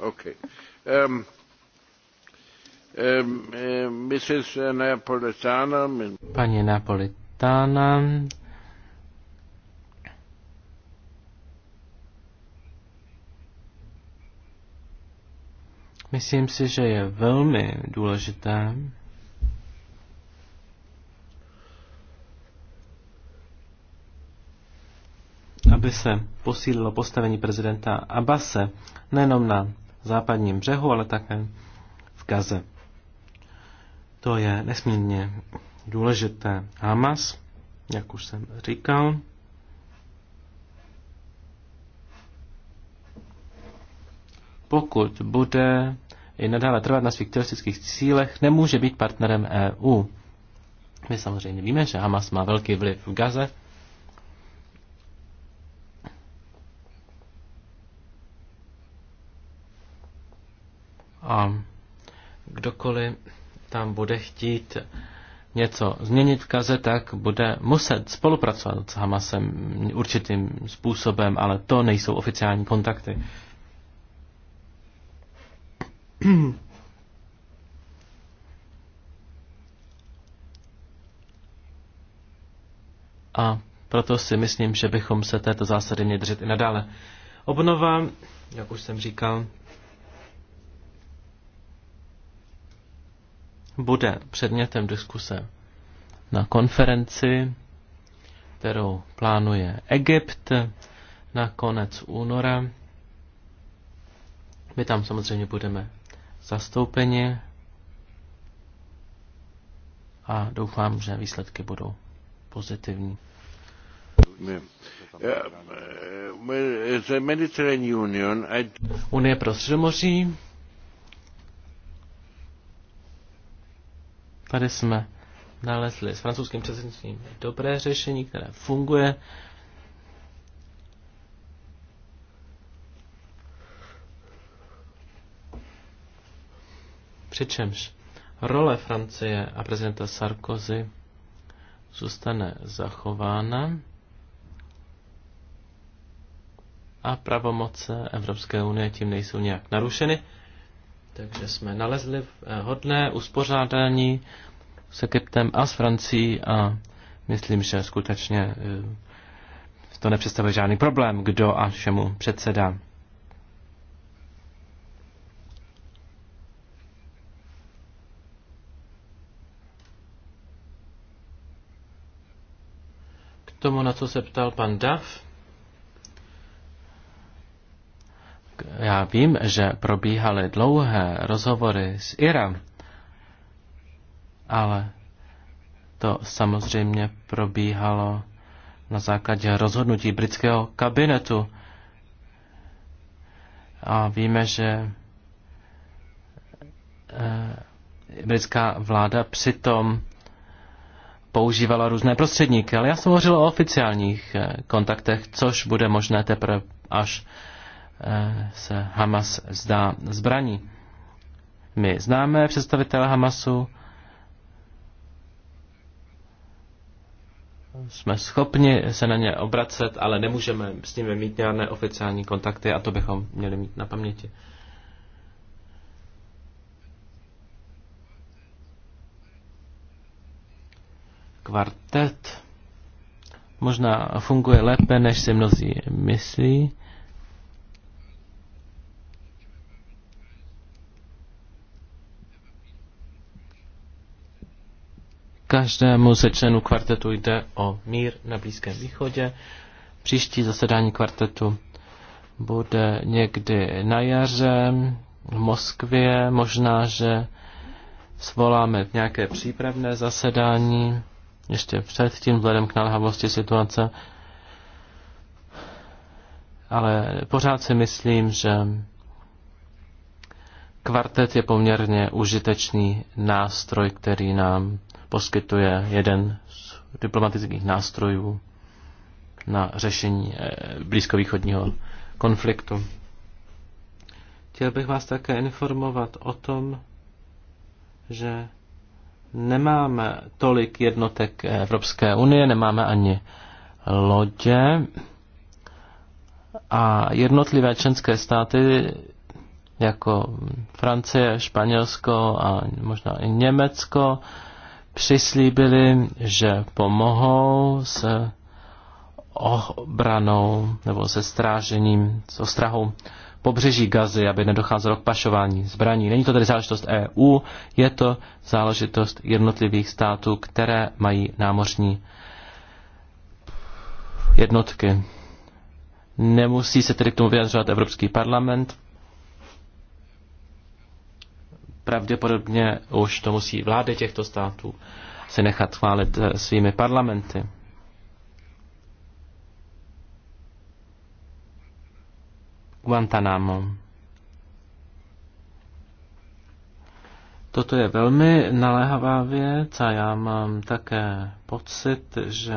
Okay. Um, um, Mrs. Paní Napolitana. Myslím si, že je velmi důležité, aby se posílilo postavení prezidenta Abase nejenom na západním břehu, ale také v Gaze. To je nesmírně důležité. Hamas, jak už jsem říkal, pokud bude i nadále trvat na svých teroristických cílech, nemůže být partnerem EU. My samozřejmě víme, že Hamas má velký vliv v Gaze, a kdokoliv tam bude chtít něco změnit v Gaze, tak bude muset spolupracovat s Hamasem určitým způsobem, ale to nejsou oficiální kontakty. A proto si myslím, že bychom se této zásady měli držet i nadále. Obnova, jak už jsem říkal, bude předmětem diskuse na konferenci, kterou plánuje Egypt na konec února. My tam samozřejmě budeme zastoupeni a doufám, že výsledky budou pozitivní. Uh, uh, Unie pro Středomoří Tady jsme nalezli s francouzským předsednictvím dobré řešení, které funguje. Přičemž role Francie a prezidenta Sarkozy zůstane zachována a pravomoce Evropské unie tím nejsou nějak narušeny. Takže jsme nalezli eh, hodné uspořádání s Egyptem a s Francií a myslím, že skutečně eh, to nepředstavuje žádný problém, kdo a čemu předsedá. K tomu, na co se ptal pan Duff, já vím, že probíhaly dlouhé rozhovory s Irem, ale to samozřejmě probíhalo na základě rozhodnutí britského kabinetu. A víme, že eh, britská vláda přitom používala různé prostředníky, ale já jsem hovořil o oficiálních eh, kontaktech, což bude možné teprve až Eh, se Hamas zdá zbraní. My známe představitele Hamasu, jsme schopni se na ně obracet, ale nemůžeme s nimi mít žádné oficiální kontakty a to bychom měli mít na paměti. Kvartet možná funguje lépe, než si mnozí myslí. Každému ze členů kvartetu jde o mír na Blízkém východě. Příští zasedání kvartetu bude někdy na jaře v Moskvě. Možná, že svoláme nějaké přípravné zasedání ještě předtím, vzhledem k nalhavosti situace. Ale pořád si myslím, že kvartet je poměrně užitečný nástroj, který nám poskytuje jeden z diplomatických nástrojů na řešení eh, blízkovýchodního konfliktu. Chtěl bych vás také informovat o tom, že nemáme tolik jednotek Evropské unie, nemáme ani lodě a jednotlivé členské státy jako Francie, Španělsko a možná i Německo přislíbili, že pomohou s obranou nebo se strážením, s ostrahou pobřeží Gazy, aby nedocházelo k pašování zbraní. Není to tedy záležitost EU, je to záležitost jednotlivých států, které mají námořní jednotky. Nemusí se tedy k tomu vyjadřovat Evropský parlament, pravděpodobně už to musí vlády těchto států se nechat chválit eh, svými parlamenty. Guantanamo. Toto je velmi naléhavá věc a já mám také pocit, že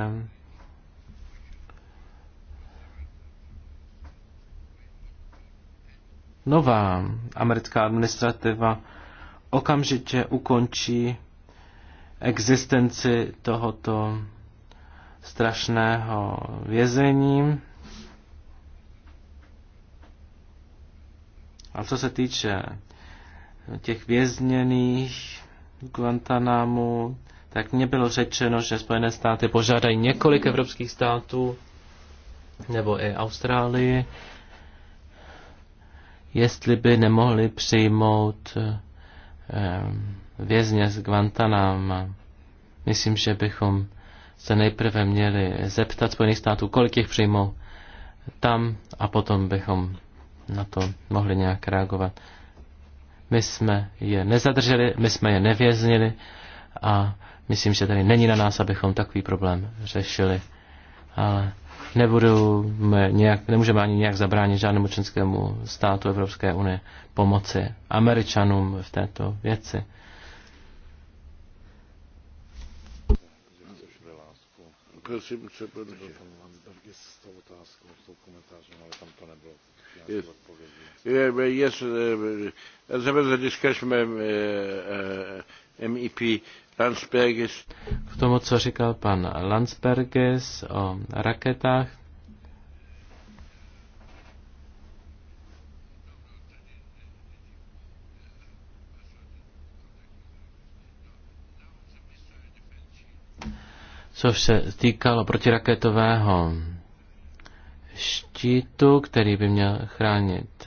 nová americká administrativa okamžitě ukončí existenci tohoto strašného vězení. A co se týče těch vězněných v Guantanamu, tak mně bylo řečeno, že Spojené státy požádají několik evropských států, nebo i Austrálii, jestli by nemohli přijmout Ehm, vězně z Guantanama. Myslím, že bychom se nejprve měli zeptat Spojených států, kolik jich přijmou tam a potom bychom na to mohli nějak reagovat. My jsme je nezadrželi, my jsme je nevěznili a myslím, že tady není na nás, abychom takový problém řešili. Ale nebudeme nějak, nemůžeme ani nějak zabránit žádnému členskému státu Evropské unie pomoci američanům v této věci. Prosím, co Yes. uh, there was a discussion with uh, uh, MEP Landsbergis. K tomu, co říkal pan Landsbergis o raketách, co se týkalo protiraketového štítu, který by měl chránit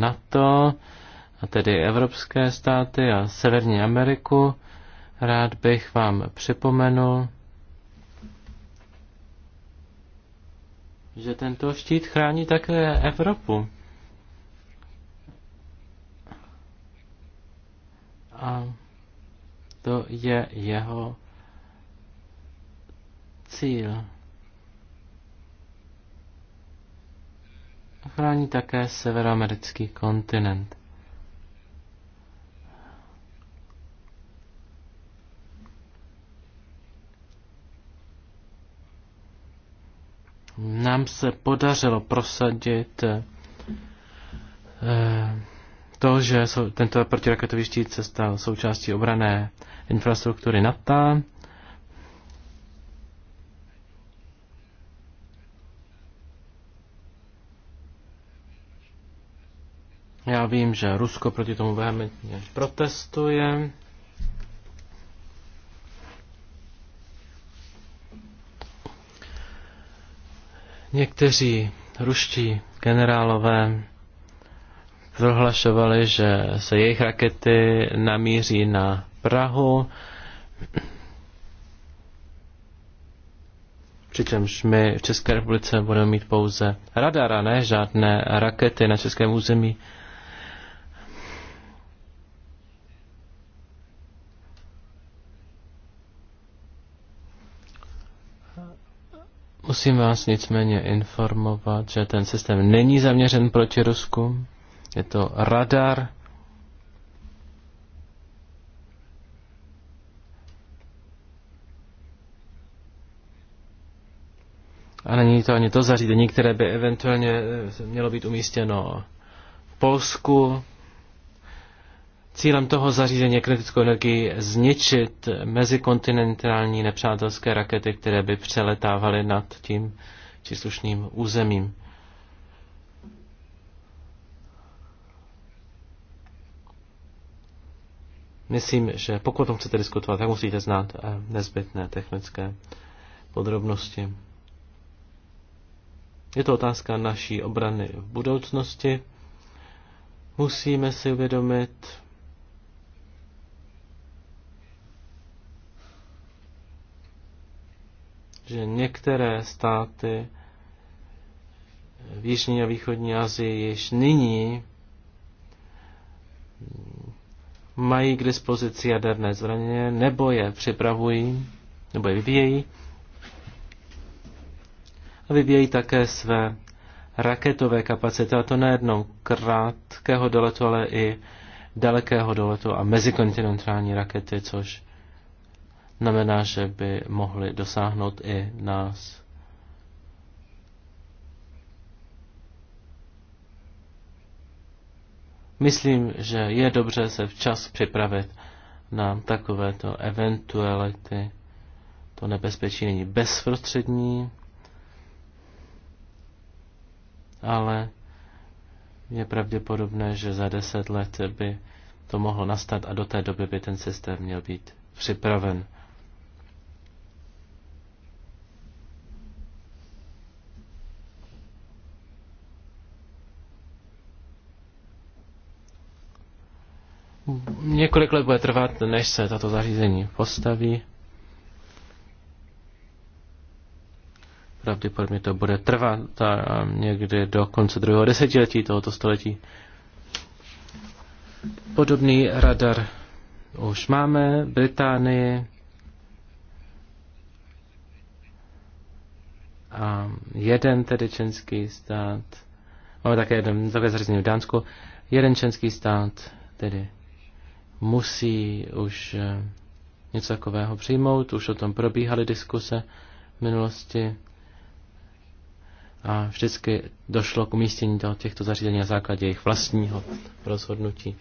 NATO, a tedy evropské státy a Severní Ameriku. Rád bych vám připomenul, že tento štít chrání také Evropu. A to je jeho cíl. Chrání také severoamerický kontinent. nám se podařilo prosadit eh, to, že tento protiraketový štít se stal součástí obrané infrastruktury NATO. Já vím, že Rusko proti tomu vehementně protestuje. Někteří ruští generálové prohlašovali, že se jejich rakety namíří na Prahu, přičemž my v České republice budeme mít pouze radar a ne žádné rakety na českém území. Musím vás nicméně informovat, že ten systém není zaměřen proti Rusku. Je to radar. A není to ani to zařízení, které by eventuálně eh, mělo být umístěno v Polsku. Cílem toho zařízení je kritickou energii zničit mezikontinentální nepřátelské rakety, které by přeletávaly nad tím příslušným územím. Myslím, že pokud o tom chcete diskutovat, tak musíte znát eh, nezbytné technické podrobnosti. Je to otázka naší obrany v budoucnosti. Musíme si uvědomit, že některé státy v Jižní a Východní Asii již nyní mají k dispozici jaderné zbraně, nebo je připravují, nebo je vyvíjejí. A vyvíjejí také své raketové kapacity, a to nejednou krátkého doletu, ale i dalekého doletu a mezikontinentální rakety, což znamená, že by mohli dosáhnout i nás. Myslím, že je dobře se včas připravit na takovéto eventuality. To nebezpečí není bezprostřední, ale je pravděpodobné, že za deset let by to mohlo nastat a do té doby by ten systém měl být připraven. několik let bude trvat, než se tato zařízení postaví. Pravděpodobně to bude trvat a někdy do konce druhého desetiletí tohoto století. Podobný radar už máme v Británii. A jeden tedy čenský stát, máme také jeden takové zařízení v Dánsku, jeden čenský stát tedy musí už eh, něco takového přijmout. Už o tom probíhaly diskuse v minulosti a vždycky došlo k umístění do těchto zařízení na základě jejich vlastního rozhodnutí.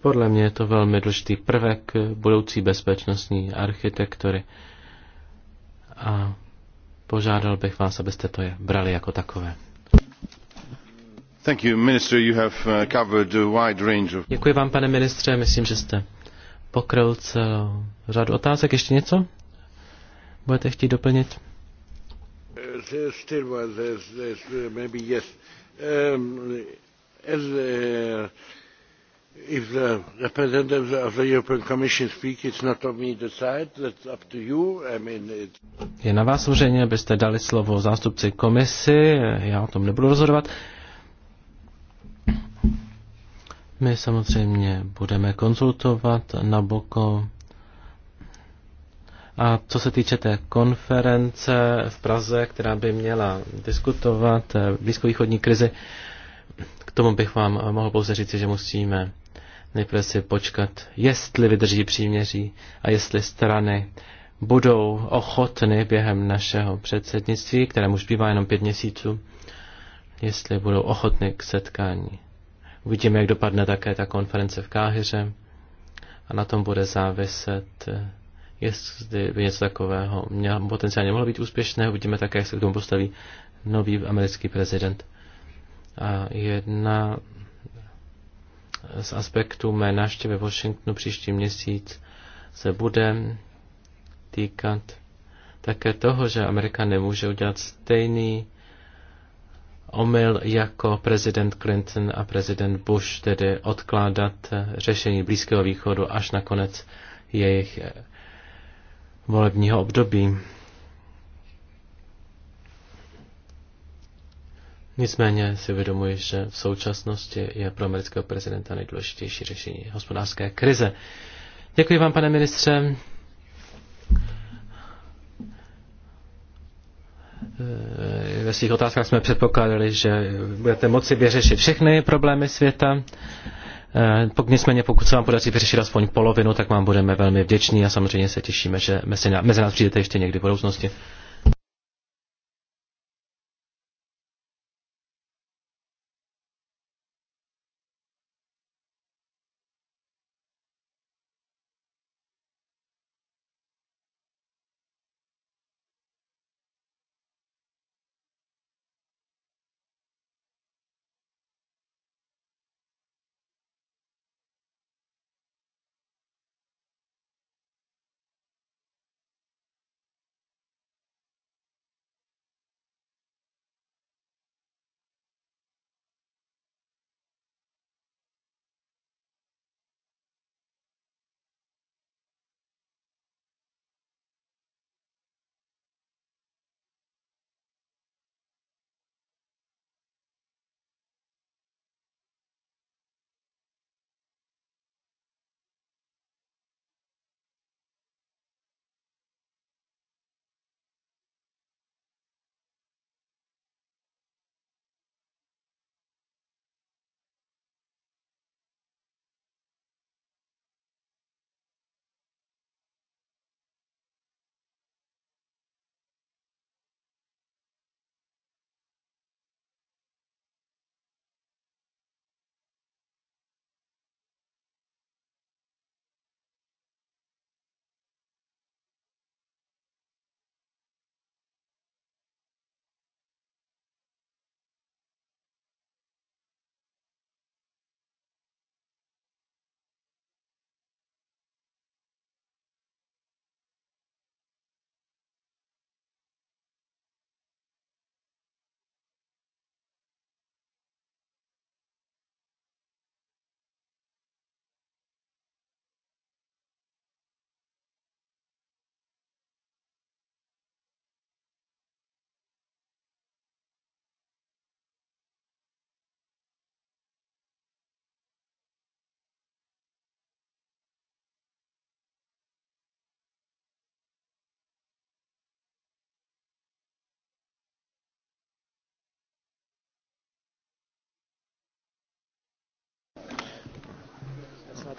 Podle mě je to velmi důležitý prvek budoucí bezpečnostní architektury a požádal bych vás, abyste to je brali jako takové. Děkuji vám, pane ministře, myslím, že jste pokryl celou řadu otázek. Ještě něco? Budete chtít doplnit? If the representatives of the European Commission speak, it's not on me to decide. That's up to you. I mean, it... Je na vás samozřejmě, abyste dali slovo zástupci komisy. Já o tom nebudu rozhodovat. My samozřejmě budeme konzultovat na boko. A co se týče té konference v Praze, která by měla diskutovat eh, blízkovýchodní krizi, k tomu bych vám mohl pouze říct, že musíme nejprve si počkat, jestli vydrží příměří a jestli strany budou ochotny během našeho předsednictví, které už bývá jenom pět měsíců, jestli budou ochotny k setkání Uvidíme, jak dopadne také ta konference v Káhyře a na tom bude záviset, jestli by něco takového měl, potenciálně mohlo být úspěšné. Uvidíme také, jak se k tomu postaví nový americký prezident. A jedna z aspektů mé návštěvy Washingtonu příští měsíc se bude týkat také toho, že Amerika nemůže udělat stejný omyl jako prezident Clinton a prezident Bush, tedy odkládat eh, řešení Blízkého východu až na konec jejich eh, volebního období. Nicméně si uvědomuji, že v současnosti je pro amerického prezidenta nejdůležitější řešení hospodářské krize. Děkuji vám, pane ministře. Eh, ve svých otázkách jsme předpokládali, že budete moci vyřešit všechny problémy světa. Eh, pokud Nicméně pokud se vám podaří vyřešit aspoň polovinu, tak vám budeme velmi vděční a samozřejmě se těšíme, že mezi nás přijdete ještě někdy v budoucnosti.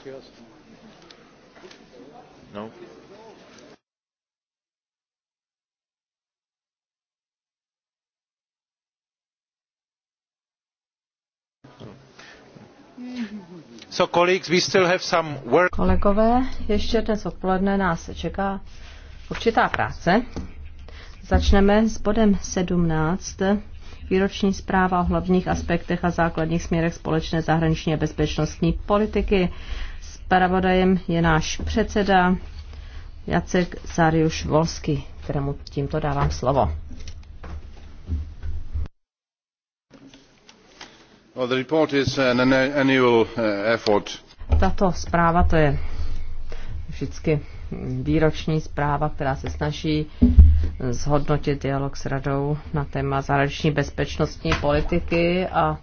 Matthias? No. So colleagues, we still have some work. Kolegové, ještě dnes odpoledne nás čeká určitá práce. Začneme s bodem 17, výroční zpráva o hlavních aspektech a základních směrech společné zahraniční a bezpečnostní politiky. Paravodajem je náš předseda Jacek Sariuš Volsky, kterému tímto dávám slovo. Well, the report is an annual uh, effort. Tato zpráva to je vždycky výroční zpráva, která se snaží zhodnotit dialog s radou na téma zahraniční bezpečnostní politiky a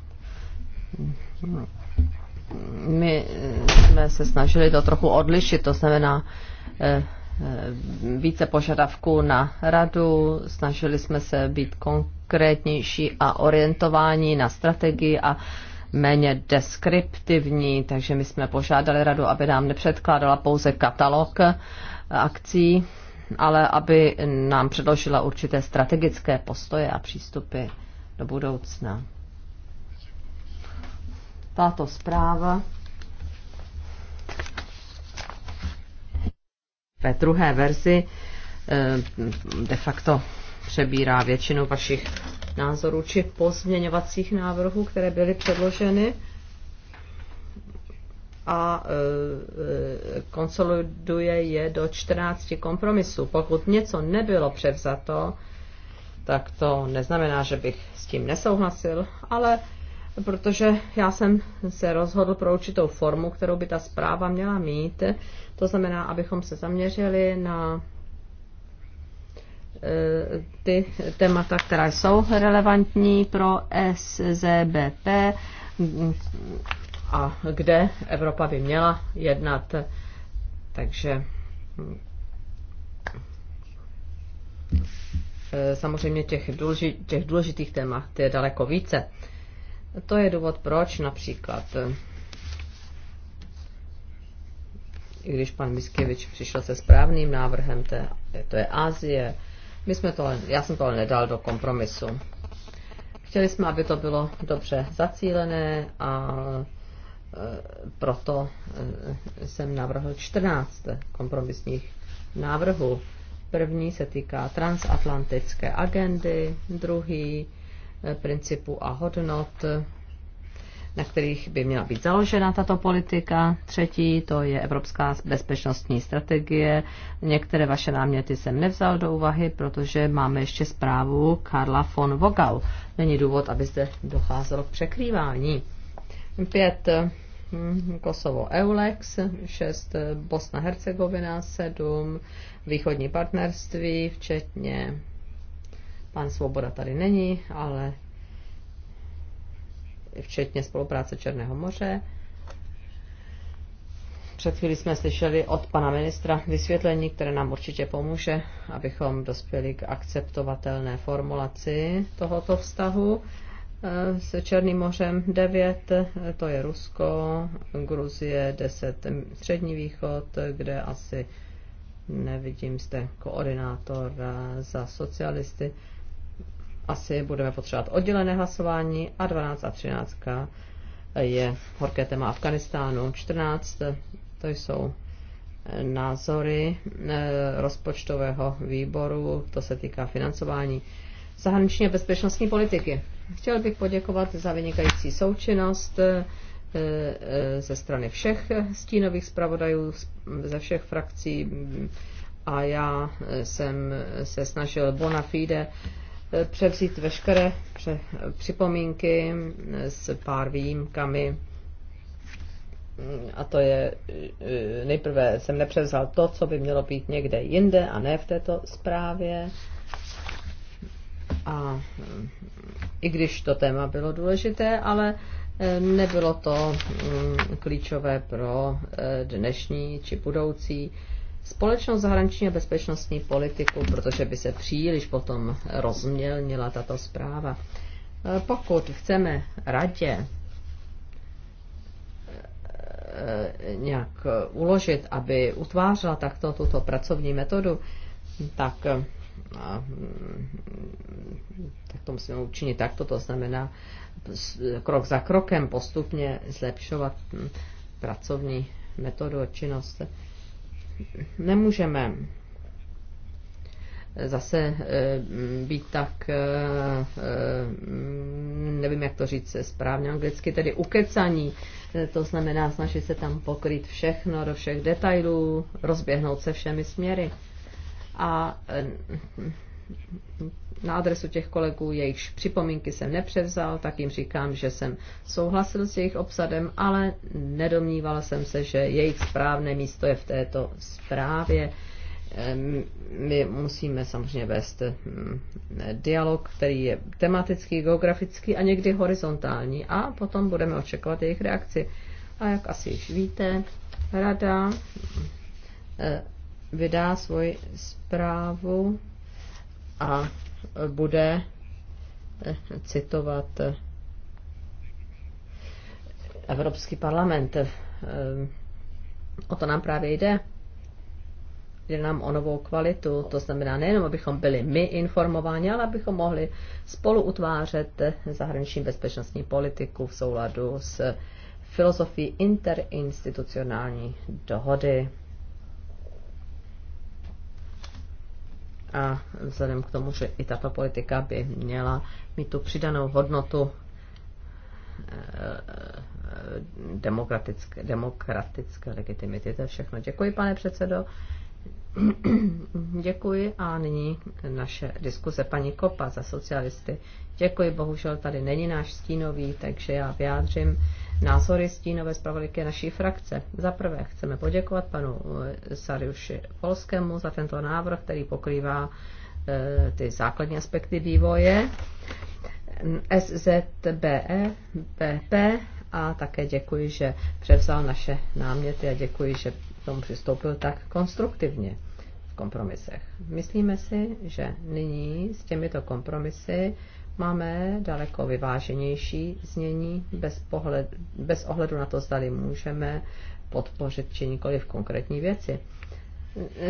my jsme se snažili to trochu odlišit, to znamená eh, eh, více požadavků na radu, snažili jsme se být konkrétnější a orientování na strategii a méně deskriptivní, takže my jsme požádali radu, aby nám nepředkládala pouze katalog eh, akcí, ale aby nám předložila určité strategické postoje a přístupy do budoucna tato zpráva ve druhé verzi eh, de facto přebírá většinu vašich názorů či pozměňovacích návrhů, které byly předloženy a eh, konsoliduje je do 14 kompromisů. Pokud něco nebylo převzato, tak to neznamená, že bych s tím nesouhlasil, ale protože já jsem se rozhodl pro určitou formu, kterou by ta zpráva měla mít. To znamená, abychom se zaměřili na eh, ty témata, která jsou relevantní pro SZBP a kde Evropa by měla jednat. Takže eh, samozřejmě těch, důležitých témat je daleko více. To je důvod, proč například, eh, i když pan Miskevič přišel se správným návrhem, to je, to je Asie, my jsme to, já jsem to ale nedal do kompromisu. Chtěli jsme, aby to bylo dobře zacílené a eh, proto eh, jsem navrhl 14 kompromisních návrhů. První se týká transatlantické agendy, druhý principů a hodnot, na kterých by měla být založena tato politika. Třetí, to je Evropská bezpečnostní strategie. Některé vaše náměty jsem nevzal do úvahy, protože máme ještě zprávu Karla von Vogau. Není důvod, aby zde docházelo k překrývání. Pět, hm, Kosovo Eulex, šest Bosna Hercegovina, sedm, východní partnerství, včetně Pan Svoboda tady není, ale včetně spolupráce Černého moře. Před chvíli jsme slyšeli od pana ministra vysvětlení, které nám určitě pomůže, abychom dospěli k akceptovatelné formulaci tohoto vztahu eh, s Černým mořem 9, eh, to je Rusko, Gruzie 10, Střední východ, kde asi nevidím zde koordinátor za socialisty asi budeme potřebovat oddělené hlasování a 12 a 13 je horké téma Afganistánu. 14 to jsou eh, názory eh, rozpočtového výboru, to se týká financování zahraniční a bezpečnostní politiky. Chtěl bych poděkovat za vynikající součinnost eh, ze strany všech stínových zpravodajů ze všech frakcí a já jsem se snažil bona fide Eh, převzít veškeré připomínky eh, s pár výjimkami. Mm, a to je, eh, nejprve jsem nepřevzal to, co by mělo být někde jinde a ne v této zprávě. A i když to téma bylo důležité, ale nebylo to mm, klíčové pro dnešní či budoucí společnou zahraniční a bezpečnostní politiku, protože by se příliš potom rozmělnila tato zpráva. E, pokud chceme radě e, nějak uložit, aby utvářela takto tuto pracovní metodu, tak, e, mm, tak to musíme učinit takto, to znamená krok za krokem postupně zlepšovat mm, pracovní metodu a činnost nemůžeme zase eh, být tak, eh, eh, nevím, jak to říct správně anglicky, tedy ukecaní. To znamená snažit se tam pokrýt všechno do všech detailů, rozběhnout se všemi směry. A na adresu těch kolegů, jejichž připomínky jsem nepřevzal, tak jim říkám, že jsem souhlasil s jejich obsadem, ale nedomníval jsem se, že jejich správné místo je v této zprávě. My musíme samozřejmě vést mm, dialog, který je tematický, geografický a někdy horizontální a potom budeme očekovat jejich reakci. A jak asi již víte, rada mm, e, vydá svoji zprávu a bude eh, citovat eh, Evropský parlament. Eh, o to nám právě jde. Jde nám o novou kvalitu. To znamená nejenom, abychom byli my informováni, ale abychom mohli spolu utvářet zahraniční bezpečnostní politiku v souladu s filozofii interinstitucionální dohody. a vzhledem k tomu, že i tato politika by měla mít tu přidanou hodnotu eh, demokratické, demokratické legitimity. To je všechno. Děkuji, pane předsedo. Děkuji a nyní naše diskuze paní Kopa za socialisty. Děkuji, bohužel tady není náš stínový, takže já vyjádřím názory stínové zpravodajky naší frakce. Za prvé chceme poděkovat panu eh, Sariuši Polskému za tento návrh, který pokrývá eh, ty základní aspekty vývoje SZBE, a také děkuji, že převzal naše náměty a děkuji, že k tomu přistoupil tak konstruktivně v kompromisech. Myslíme si, že nyní s těmito kompromisy máme daleko vyváženější znění bez, pohled, bez ohledu na to, zda můžeme podpořit či nikoli v konkrétní věci.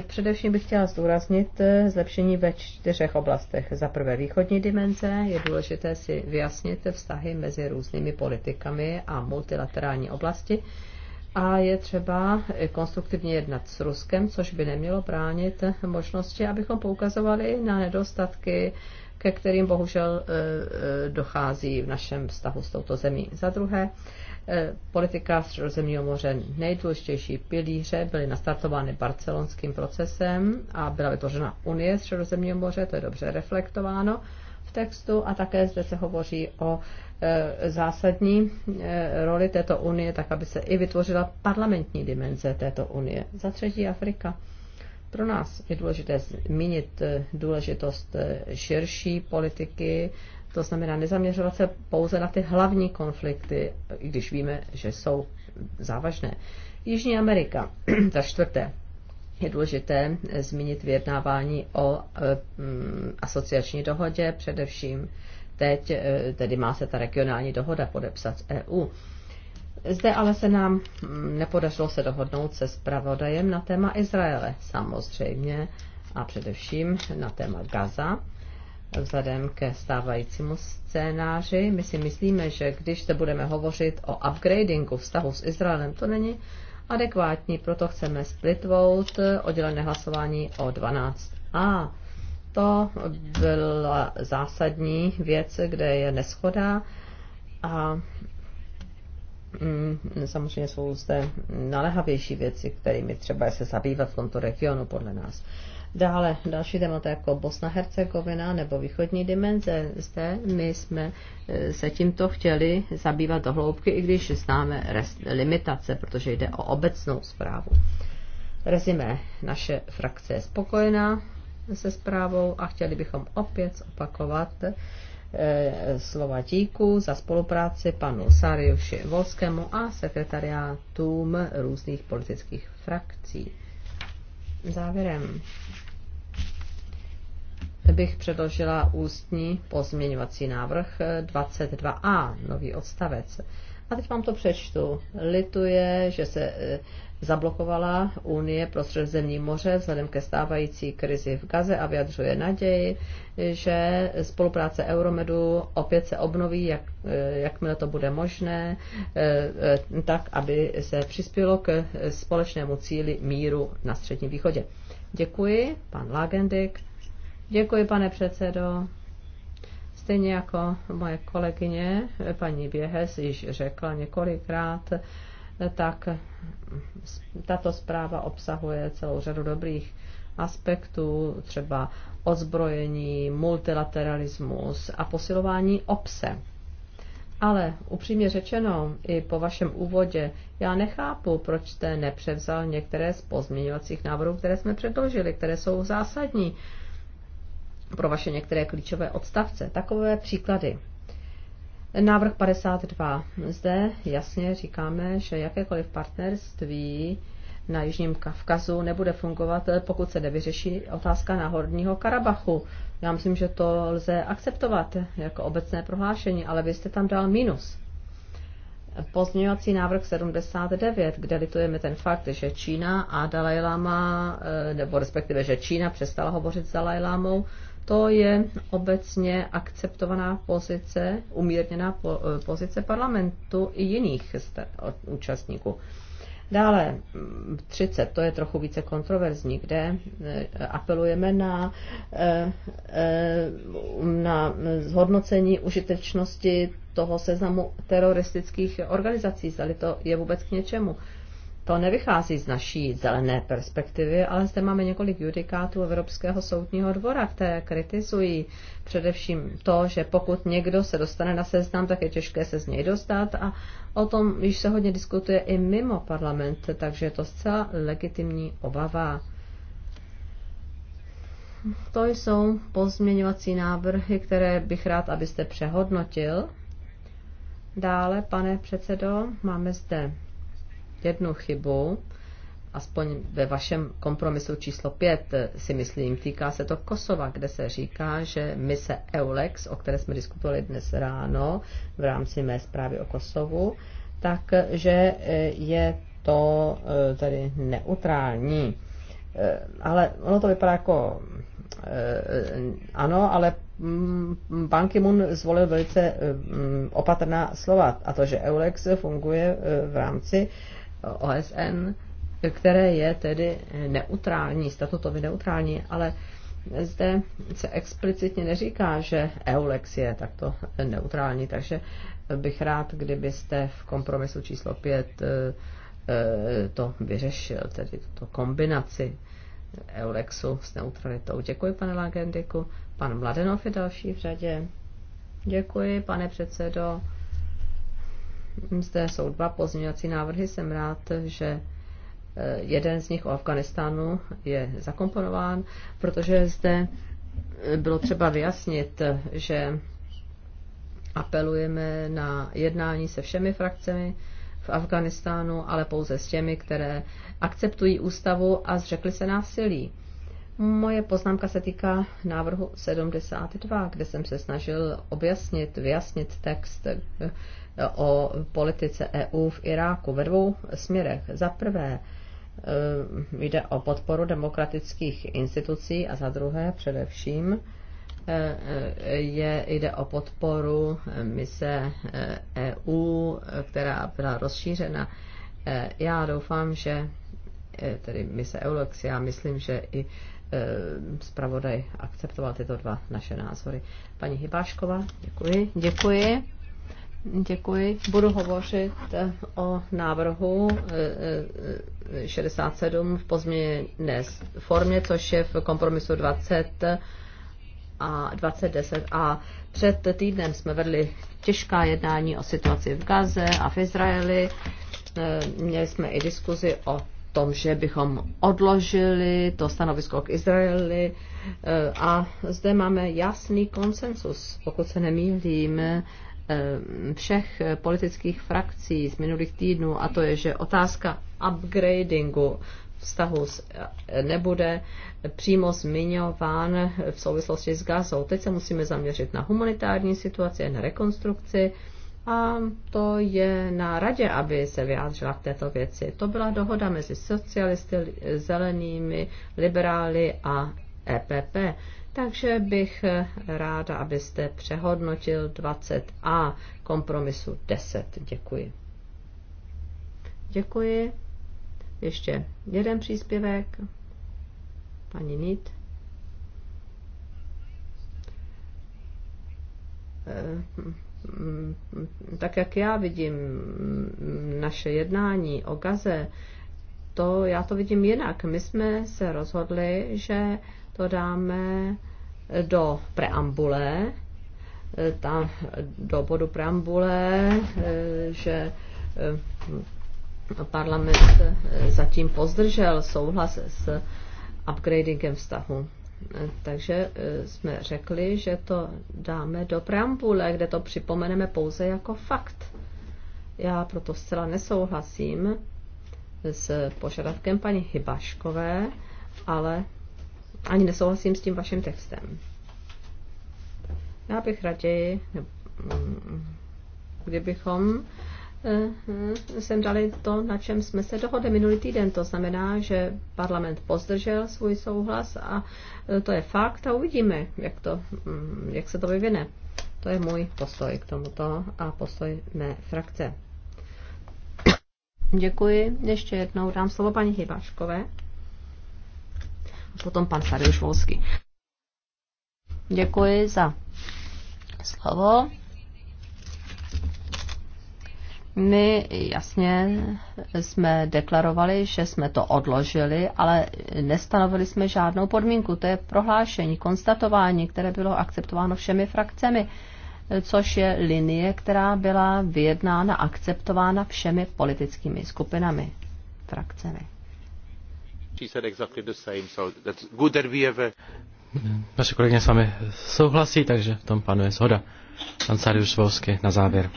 Především bych chtěla zdůraznit zlepšení ve čtyřech oblastech. Za prvé východní dimenze je důležité si vyjasnit vztahy mezi různými politikami a multilaterální oblasti a je třeba konstruktivně jednat s Ruskem, což by nemělo bránit možnosti, abychom poukazovali na nedostatky ke kterým bohužel eh, eh, dochází v našem vztahu s touto zemí. Za druhé, eh, politika Středozemního moře nejdůležitější pilíře byly nastartovány barcelonským procesem a byla vytvořena Unie Středozemního moře, to je dobře reflektováno v textu a také zde se hovoří o zásadní roli této unie, tak aby se i vytvořila parlamentní dimenze této unie. Za třetí Afrika. Pro nás je důležité zmínit eh, důležitost eh, širší politiky, to znamená nezaměřovat se pouze na ty hlavní konflikty, i když víme, že jsou závažné. Jižní Amerika, za čtvrté, je důležité eh, zmínit vyjednávání o mm, asociační dohodě, především teď, tedy má se ta regionální dohoda podepsat s EU. Zde ale se nám mm, nepodařilo se dohodnout se zpravodajem na téma Izraele, samozřejmě, a především na téma Gaza. Vzhledem ke stávajícímu scénáři, my si myslíme, že když se budeme hovořit o upgradingu vztahu s Izraelem, to není adekvátní, proto chceme split vote, eh, oddělené hlasování o 12a. To byla zásadní věc, kde je neschoda a Mm, samozřejmě jsou zde naléhavější věci, kterými třeba se zabývat v tomto regionu podle nás. Dále další témata jako Bosna Hercegovina nebo východní dimenze. Zde my jsme eh, se tímto chtěli zabývat do hloubky, i když známe limitace, protože jde o obecnou zprávu. Rezime naše frakce je spokojená se zprávou a chtěli bychom opět opakovat, Eh, slova díku za spolupráci panu Sariuši Volskému a sekretariátům různých politických frakcí. Závěrem bych předložila ústní pozměňovací návrh 22a, eh, nový odstavec. A teď vám to přečtu. Lituje, že se e, zablokovala Unie pro středozemní moře vzhledem ke stávající krizi v Gaze a vyjadřuje naději, že spolupráce Euromedu opět se obnoví, jak, e, jakmile to bude možné, e, tak, aby se přispělo k společnému cíli míru na Středním východě. Děkuji, pan Lagendik. Děkuji, pane předsedo. Stejně jako moje kolegyně, paní Běhes, již řekla několikrát, tak tato zpráva obsahuje celou řadu dobrých aspektů, třeba ozbrojení, multilateralismus a posilování obse. Ale upřímně řečeno, i po vašem úvodě, já nechápu, proč jste nepřevzal některé z pozměňovacích návrhů, které jsme předložili, které jsou zásadní pro vaše některé klíčové odstavce. Takové příklady. Návrh 52. Zde jasně říkáme, že jakékoliv partnerství na Jižním Kavkazu nebude fungovat, eh, pokud se nevyřeší otázka na Horního Karabachu. Já myslím, že to lze akceptovat jako obecné prohlášení, ale vy jste tam dal minus. Pozměňovací návrh 79, kde litujeme ten fakt, že Čína a Dalajlama eh, nebo respektive, že Čína přestala hovořit s Dalajlámou. To je obecně akceptovaná pozice, umírněná eh, pozice parlamentu i jiných účastníků. Dále 30, mm, to je trochu více kontroverzní, kde eh, apelujeme na, eh, na zhodnocení užitečnosti toho seznamu teroristických organizací, zda to je vůbec k něčemu. To nevychází z naší zelené perspektivy, ale zde máme několik judikátů Evropského soudního dvora, které kritizují především to, že pokud někdo se dostane na seznam, tak je těžké se z něj dostat a o tom již se hodně diskutuje i mimo parlament, takže je to zcela legitimní obava. To jsou pozměňovací návrhy, které bych rád, abyste přehodnotil. Dále, pane předsedo, máme zde jednu chybu, aspoň ve vašem kompromisu číslo 5 eh, si myslím, týká se to Kosova, kde se říká, že mise EULEX, o které jsme diskutovali dnes ráno v rámci mé zprávy o Kosovu, takže eh, eh, je to tady neutrální. Ale ono to vypadá jako ano, ale Ban mm, Ki-moon zvolil velice mm, opatrná slova a to, že EULEX funguje v rámci OSN, které je tedy neutrální, statutově neutrální, ale zde se explicitně neříká, že EULEX je takto neutrální, takže bych rád, kdybyste v kompromisu číslo 5 eh, eh, to vyřešil, tedy tuto kombinaci Eulexu s neutralitou. Děkuji, pane Lagendiku. Pan Mladenov je další v řadě. Děkuji, pane předsedo. Zde jsou dva pozměňovací návrhy. Jsem rád, že eh, jeden z nich o Afganistánu je zakomponován, protože zde eh, bylo třeba vyjasnit, že apelujeme na jednání se všemi frakcemi v Afganistánu, ale pouze s těmi, které akceptují ústavu a zřekli se násilí. Moje poznámka se týká návrhu 72, kde jsem se snažil objasnit, vyjasnit text, eh, o politice EU v Iráku ve dvou směrech. Za prvé eh, jde o podporu demokratických institucí a za druhé především eh, je, jde o podporu mise EU, eh, e která byla rozšířena. Já doufám, že tedy mise EULEX, já myslím, že i zpravodaj akceptoval tyto dva naše názory. Paní Hybášková, děkuji. Děkuji. Děkuji. Budu hovořit eh, o návrhu 67 eh, eh, v pozměněné formě, což je v kompromisu 20 a 2010. A před týdnem jsme vedli těžká jednání o situaci v Gaze a v Izraeli. Měli jsme i diskuzi o tom, že bychom odložili to stanovisko k Izraeli. A zde máme jasný konsensus, pokud se nemýlím Eh, všech politických frakcí z minulých týdnů, a to je, že otázka upgradingu vztahu eh, nebude přímo zmiňován v souvislosti s Gazou. Teď se musíme zaměřit na humanitární situaci, na rekonstrukci a to je na radě, aby se vyjádřila k této věci. To byla dohoda mezi socialisty, zelenými, liberály a EPP. Takže bych eh, ráda, abyste přehodnotil 20a kompromisu 10. Děkuji. Děkuji. Ještě jeden příspěvek. Paní Nit. Eh, tak jak já vidím naše jednání o Gaze, to já to vidím jinak. My jsme se rozhodli, že to dáme do preambule, eh, tam do bodu preambule, eh, že eh, parlament zatím pozdržel souhlas s upgradingem vztahu. Takže jsme řekli, že to dáme do preambule, kde to připomeneme pouze jako fakt. Já proto zcela nesouhlasím s požadavkem paní Hybaškové, ale ani nesouhlasím s tím vaším textem. Já bych raději, mm, kdybychom eh, sem dali to, na čem jsme se dohodli minulý týden. To znamená, že parlament pozdržel svůj souhlas a eh, to je fakt a uvidíme, jak, to, mm, jak se to vyvine. To je můj postoj k tomuto a postoj mé frakce. Děkuji. Ještě jednou dám slovo paní Hybáškové potom pan Sariuš Volský. Děkuji za slovo. My jasně jsme deklarovali, že jsme to odložili, ale nestanovili jsme žádnou podmínku. To je prohlášení, konstatování, které bylo akceptováno všemi frakcemi, což je linie, která byla vyjednána, akceptována všemi politickými skupinami, frakcemi. Naše kolegyně s vámi souhlasí, takže v tom panuje shoda. Pan Sariusz Volsky na závěr.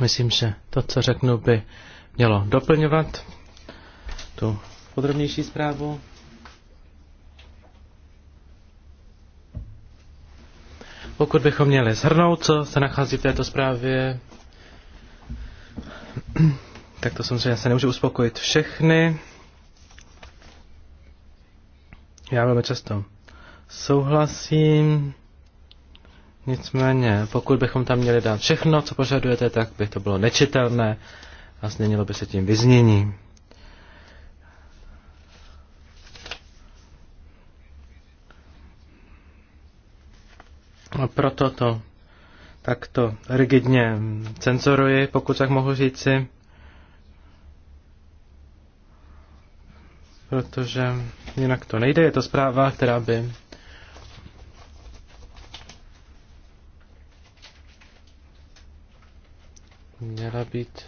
Myslím, že to, co řeknu, by mělo doplňovat tu podrobnější zprávu. Pokud bychom měli zhrnout, co se nachází v této zprávě, tak to samozřejmě se nemůže uspokojit všechny. Já velmi často souhlasím. Nicméně, pokud bychom tam měli dát všechno, co požadujete, tak by to bylo nečitelné a změnilo by se tím vyznění. Proto to takto rigidně cenzoruji, pokud tak mohu říci. Protože jinak to nejde, je to zpráva, která by měla být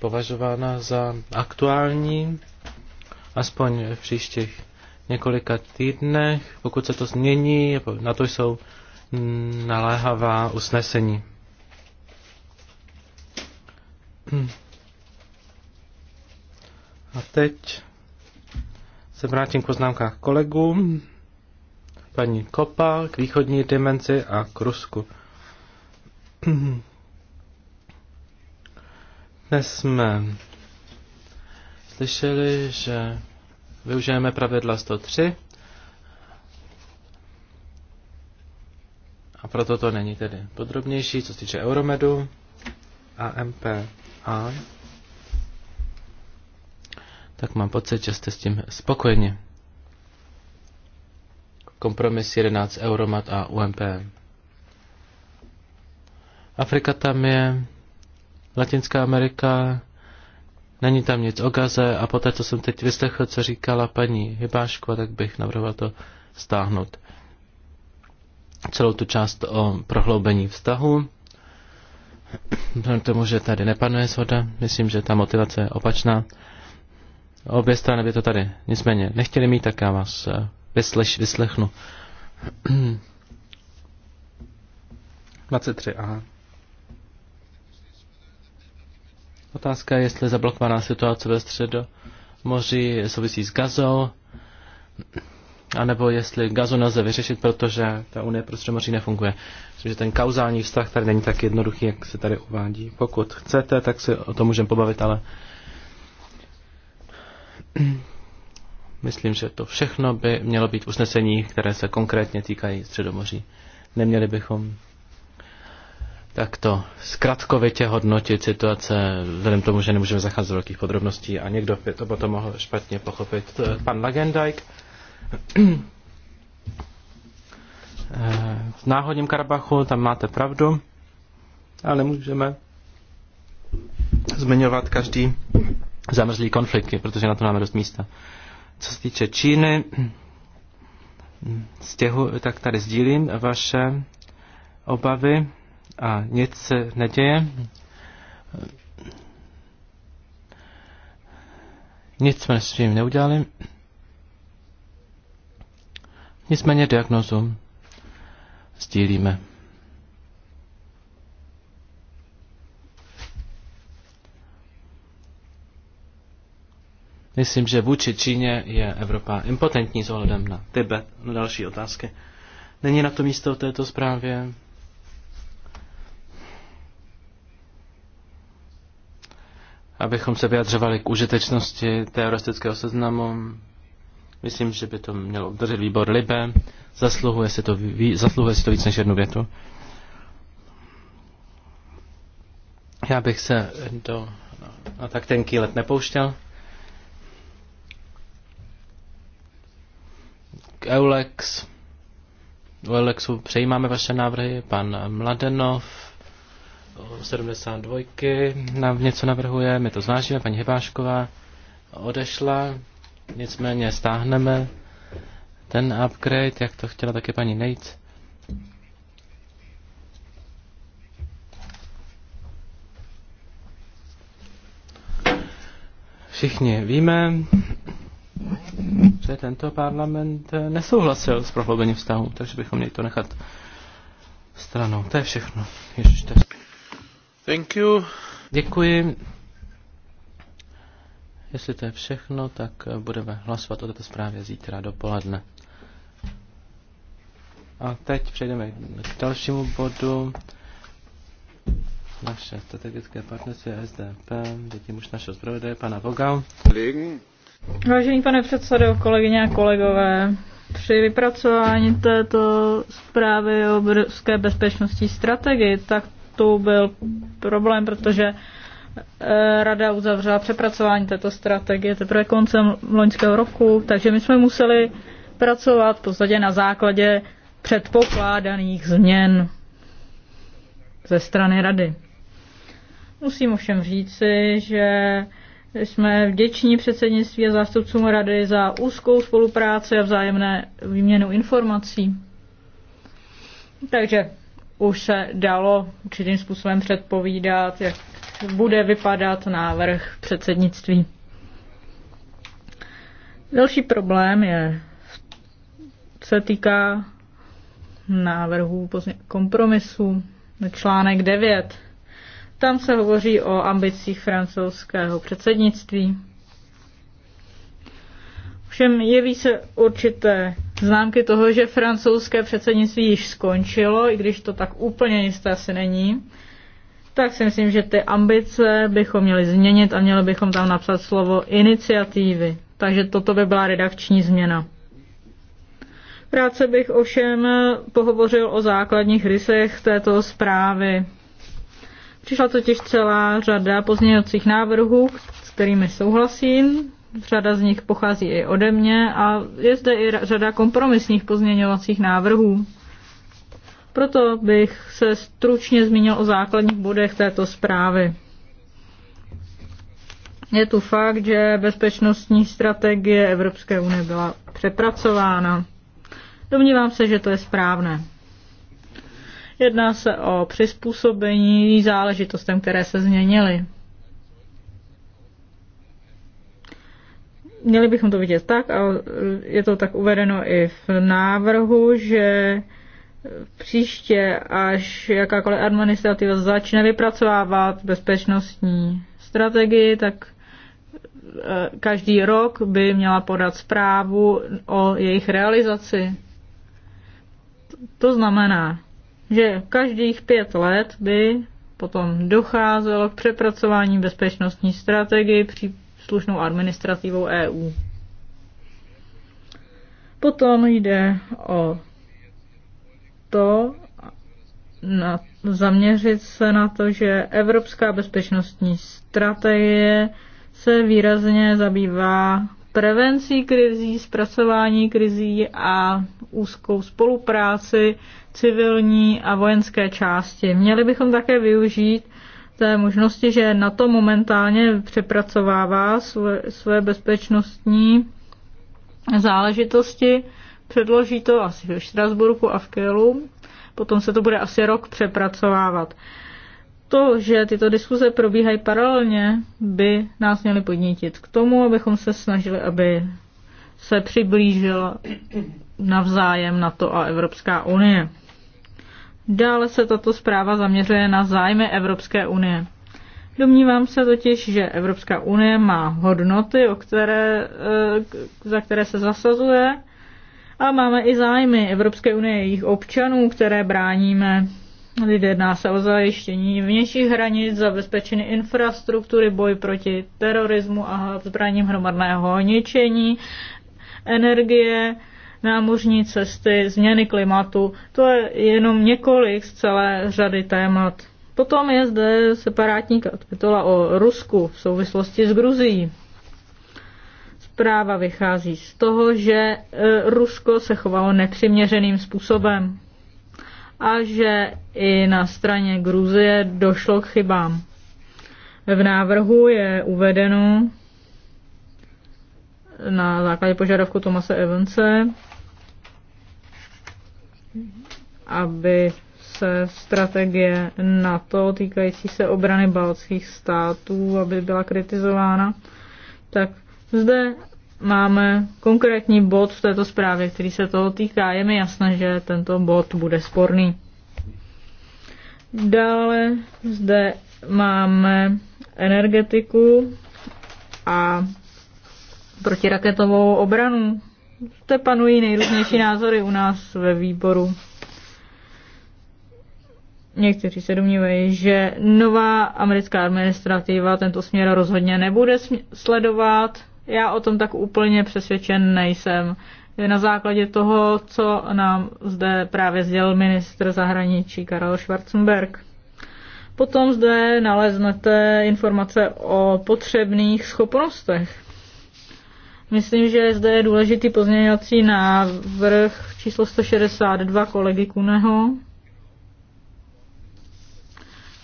považována za aktuální, aspoň v příštích několika týdnech. Pokud se to změní, na to jsou naléhavá usnesení. A teď se vrátím k poznámkách kolegů. Paní Kopa k východní dimenzi a k Rusku. Dnes jsme slyšeli, že využijeme pravidla 103 A proto to není tedy podrobnější, co se týče Euromedu a MPA. Tak mám pocit, že jste s tím spokojeni. Kompromis 11 Euromat a UMP. Afrika tam je, Latinská Amerika, není tam nic o Gaze a poté, co jsem teď vyslechl, co říkala paní Hybáško, tak bych navrhoval to stáhnout celou tu část o prohloubení vztahu. Vzhledem tomu, že tady nepanuje shoda, myslím, že ta motivace je opačná. Obě strany by to tady nicméně nechtěli mít, tak já vás eh, vysleš, vyslechnu. 23, aha. Otázka je, jestli zablokovaná situace ve středo moří souvisí s gazou anebo jestli gazu nelze vyřešit, protože ta unie pro středomoří nefunguje. Myslím, že ten kauzální vztah tady není tak jednoduchý, jak se tady uvádí. Pokud chcete, tak se o tom můžeme pobavit, ale myslím, že to všechno by mělo být usnesení, které se konkrétně týkají středomoří. Neměli bychom takto zkratkovitě hodnotit situace, vzhledem tomu, že nemůžeme zacházet do velkých podrobností a někdo by to potom mohl špatně pochopit. Pan Lagendijk v náhodním Karabachu, tam máte pravdu, ale můžeme zmiňovat každý zamrzlý konflikty, protože na to máme dost místa. Co se týče Číny, stěhu, tak tady sdílím vaše obavy a nic se neděje. Nic jsme s tím neudělali. Nicméně diagnozu sdílíme. Myslím, že vůči Číně je Evropa impotentní s ohledem na Tibet. na no, další otázky. Není na to místo v této zprávě. Abychom se vyjadřovali k užitečnosti teoretického seznamu, Myslím, že by to měl obdržet výbor Libe. Zasluhuje si to, ví, zasluhuje si to víc než jednu větu. Já bych se do a tak tenký let nepouštěl. K Eulex. U Eulexu přejímáme vaše návrhy. Pan Mladenov 72 nám něco navrhuje, my to zvážíme, paní Hebášková odešla, Nicméně stáhneme ten upgrade, jak to chtěla také paní Nate. Všichni víme, že tento parlament nesouhlasil s prohloubením vztahu, takže bychom měli to nechat stranou. To je všechno. ještě. Thank you. Děkuji. Jestli to je všechno, tak eh, budeme hlasovat o této zprávě zítra dopoledne. A teď přejdeme k dalšímu bodu. Naše strategické partnerství SDP, děti už našeho zpravodaje, pana Voga. Vážený pane předsedo, kolegyně a kolegové, při vypracování této zprávy o obrovské bezpečnostní strategii, tak to byl problém, protože Eh, Rada uzavřela přepracování této strategie teprve koncem loňského roku, takže my jsme museli pracovat v podstatě na základě předpokládaných změn ze strany Rady. Musím ovšem říci, že jsme vděční předsednictví a zástupcům Rady za úzkou spolupráci a vzájemné výměnu informací. Takže už se dalo určitým způsobem předpovídat, jak bude vypadat návrh předsednictví. Další problém je, se týká návrhů kompromisu článek 9. Tam se hovoří o ambicích francouzského předsednictví. Všem jeví se určité známky toho, že francouzské předsednictví již skončilo, i když to tak úplně jisté asi není tak si myslím, že ty ambice bychom měli změnit a měli bychom tam napsat slovo iniciativy. Takže toto by byla redakční změna. Práce bych ovšem pohovořil o základních rysech této zprávy. Přišla totiž celá řada pozměňovacích návrhů, s kterými souhlasím. Řada z nich pochází i ode mě a je zde i řada kompromisních pozměňovacích návrhů. Proto bych se stručně zmínil o základních bodech této zprávy. Je tu fakt, že bezpečnostní strategie Evropské unie byla přepracována. Domnívám se, že to je správné. Jedná se o přizpůsobení záležitostem, které se změnily. Měli bychom to vidět tak, a je to tak uvedeno i v návrhu, že příště, až jakákoliv administrativa začne vypracovávat bezpečnostní strategii, tak e, každý rok by měla podat zprávu o jejich realizaci. To znamená, že každých pět let by potom docházelo k přepracování bezpečnostní strategii slušnou administrativou EU. Potom jde o to na, zaměřit se na to, že Evropská bezpečnostní strategie se výrazně zabývá prevencí krizí, zpracování krizí a úzkou spolupráci civilní a vojenské části. Měli bychom také využít té možnosti, že na to momentálně přepracovává své, své bezpečnostní záležitosti Předloží to asi ve Štrasburku a v Kielu, Potom se to bude asi rok přepracovávat. To, že tyto diskuze probíhají paralelně, by nás měly podnítit k tomu, abychom se snažili, aby se přiblížila navzájem NATO a Evropská unie. Dále se tato zpráva zaměřuje na zájmy Evropské unie. Domnívám se totiž, že Evropská unie má hodnoty, o které, e, za které se zasazuje a máme i zájmy Evropské unie, jejich občanů, které bráníme. Jedná se o zajištění vnějších hranic, zabezpečení infrastruktury, boj proti terorismu a zbraním hromadného ničení, energie, námořní cesty, změny klimatu. To je jenom několik z celé řady témat. Potom je zde separátní kapitola o Rusku v souvislosti s Gruzií. Zpráva vychází z toho, že e, Rusko se chovalo nepřiměřeným způsobem a že i na straně Gruzie došlo k chybám. V návrhu je uvedeno na základě požadavku Tomase Evance, aby se strategie NATO týkající se obrany baltských států, aby byla kritizována, tak zde máme konkrétní bod v této zprávě, který se toho týká. Je mi jasné, že tento bod bude sporný. Dále zde máme energetiku a protiraketovou obranu. Zde panují nejrůznější názory u nás ve výboru. Někteří se domnívají, že nová americká administrativa tento směr rozhodně nebude sledovat. Já o tom tak úplně přesvědčen nejsem. Na základě toho, co nám zde právě sdělil ministr zahraničí Karel Schwarzenberg. Potom zde naleznete informace o potřebných schopnostech. Myslím, že zde je důležitý pozměňovací návrh číslo 162 kolegy Kuneho.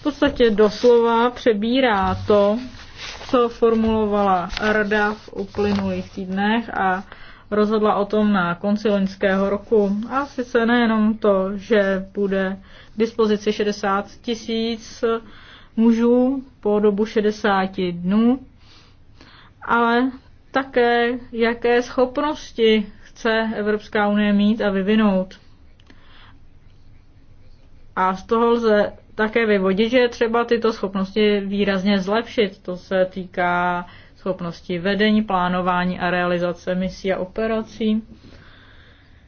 V podstatě doslova přebírá to, co formulovala Rada v uplynulých týdnech a rozhodla o tom na konci loňského roku. A sice nejenom to, že bude k dispozici 60 tisíc mužů po dobu 60 dnů, ale také, jaké schopnosti chce Evropská unie mít a vyvinout. A z toho lze také vyvodit, že je třeba tyto schopnosti výrazně zlepšit. To se týká schopnosti vedení, plánování a realizace misí a operací.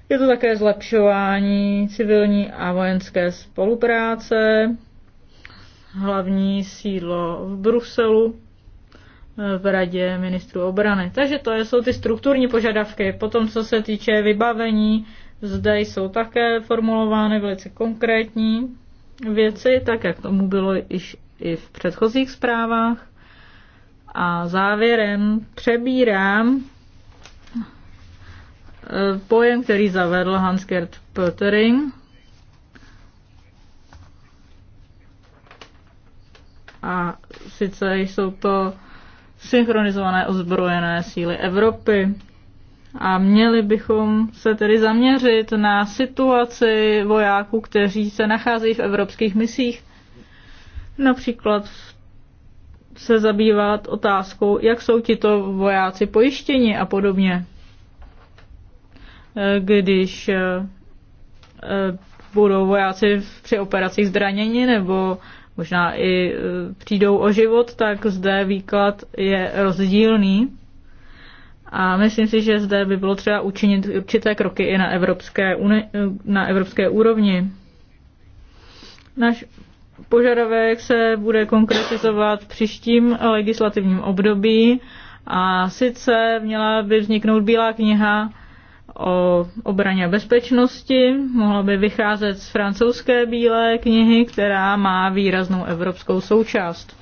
Je to také zlepšování civilní a vojenské spolupráce, hlavní sídlo v Bruselu, eh, v Radě ministrů obrany. Takže to jsou ty strukturní požadavky. Potom, co se týče vybavení, zde jsou také formulovány velice konkrétní věci, tak jak tomu bylo již i v předchozích zprávách. A závěrem přebírám eh, pojem, který zavedl Hans-Gerd Pöttering. A sice jsou to synchronizované ozbrojené síly Evropy. A měli bychom se tedy zaměřit na situaci vojáků, kteří se nacházejí v evropských misích. Například se zabývat otázkou, jak jsou tito vojáci pojištěni a podobně. Eh, když eh, eh, budou vojáci při operacích zdraněni, nebo možná i přijdou o život, tak zde výklad je rozdílný. A myslím si, že zde by bylo třeba učinit určité kroky i na evropské, uni- na evropské úrovni. Náš požadavek se bude konkretizovat v příštím legislativním období a sice měla by vzniknout bílá kniha o obraně bezpečnosti, mohla by vycházet z francouzské bílé knihy, která má výraznou evropskou součást.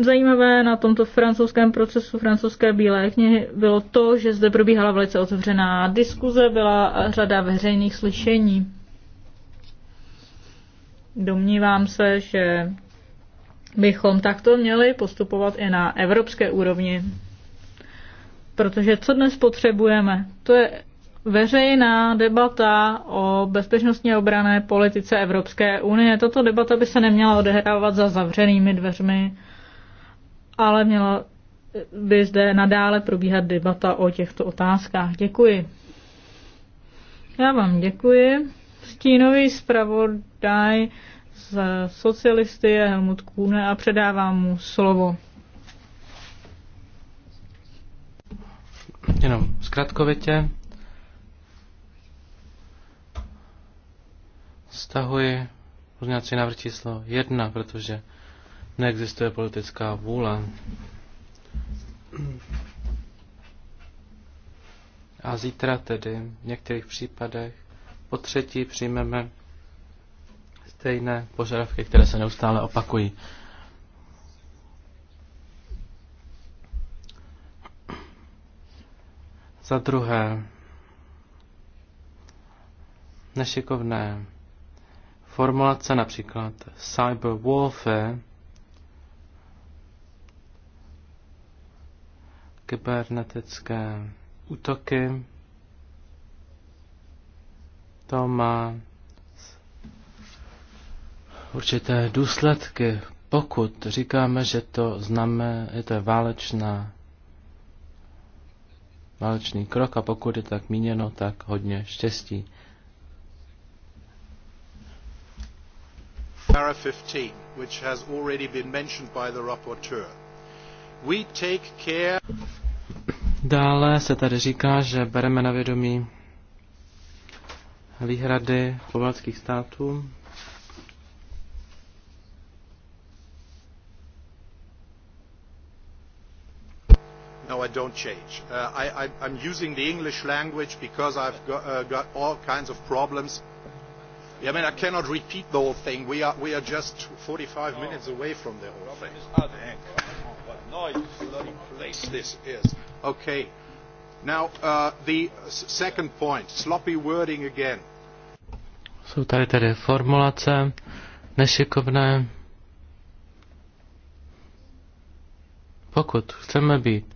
zajímavé na tomto francouzském procesu francouzské bílé knihy bylo to, že zde probíhala velice otevřená diskuze, byla řada veřejných slyšení. Domnívám se, že bychom takto měli postupovat i na evropské úrovni. Protože co dnes potřebujeme? To je veřejná debata o bezpečnostní obrané politice Evropské unie. Tato debata by se neměla odehrávat za zavřenými dveřmi ale měla by zde nadále probíhat debata o těchto otázkách. Děkuji. Já vám děkuji. Stínový zpravodaj z socialisty je Helmut Kůne a předávám mu slovo. Jenom zkratkovitě. Stahuji pozměňovací návrh číslo 1, protože neexistuje politická vůle. A zítra tedy v některých případech po třetí přijmeme stejné požadavky, které se neustále opakují. Za druhé, nešikovné formulace například cyber warfare kybernetické útoky. To má určité důsledky, pokud říkáme, že to známe, je to válečná, válečný krok a pokud je tak míněno, tak hodně štěstí. Para 15, which has already been mentioned by the rapporteur. Dále se tady říká, že bereme na vědomí výhrady povalských států. No, I don't change. Uh, I, I'm using the English language because I've got, uh, got all kinds of problems. I mean, I cannot repeat the whole thing. We are, we are just 45 oh. minutes away from the whole thing annoyed bloody place this is. Okay. Now, uh, the second point, sloppy wording again. Jsou tady tedy formulace nešikovné. Pokud chceme být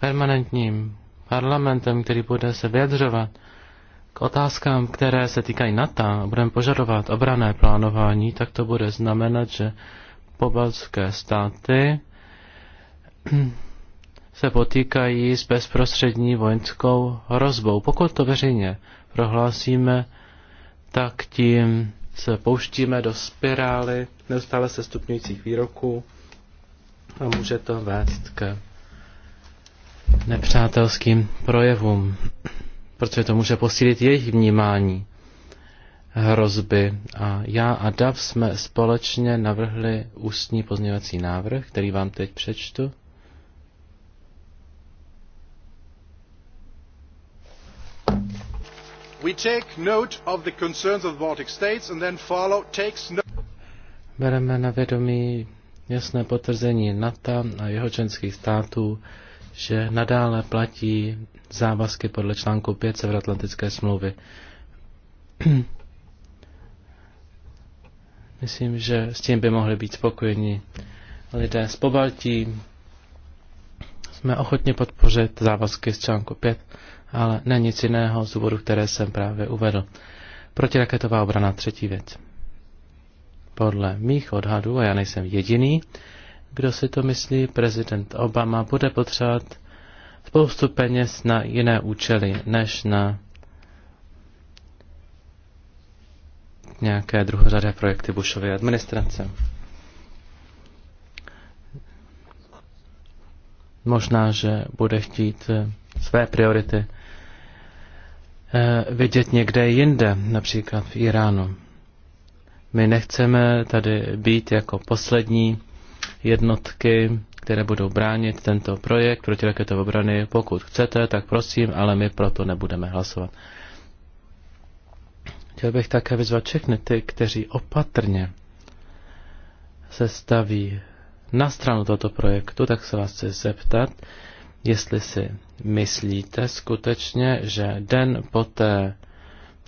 permanentním parlamentem, který bude se vyjadřovat k otázkám, které se týkají NATO a budeme požadovat obrané plánování, tak to bude znamenat, že pobalské státy se potýkají s bezprostřední vojenskou hrozbou. Pokud to veřejně prohlásíme, tak tím se pouštíme do spirály neustále se stupňujících výroků a může to vést k nepřátelským projevům, protože to může posílit jejich vnímání hrozby. A já a Dav jsme společně navrhli ústní pozměňovací návrh, který vám teď přečtu. We take note of the concerns of the Baltic states and then follow takes note. Bereme na vědomí jasné potvrzení NATO a jeho členských států, že nadále platí závazky podle článku 5 Severoatlantické smlouvy. Myslím, že s tím by mohli být spokojeni lidé z Pobaltí. Jsme ochotni podpořit závazky z článku 5 ale ne nic jiného z důvodu, které jsem právě uvedl. Protiraketová obrana třetí věc. Podle mých odhadů, a já nejsem jediný, kdo si to myslí, prezident Obama bude potřebovat spoustu peněz na jiné účely, než na nějaké druhořadé projekty Bushovy administrace. Možná, že bude chtít své priority Eh, vidět někde jinde, například v Iránu. My nechceme tady být jako poslední jednotky, které budou bránit tento projekt raketové obrany. Pokud chcete, tak prosím, ale my proto nebudeme hlasovat. Chtěl bych také vyzvat všechny ty, kteří opatrně se staví na stranu tohoto projektu, tak se vás chci zeptat, jestli si myslíte skutečně, že den poté,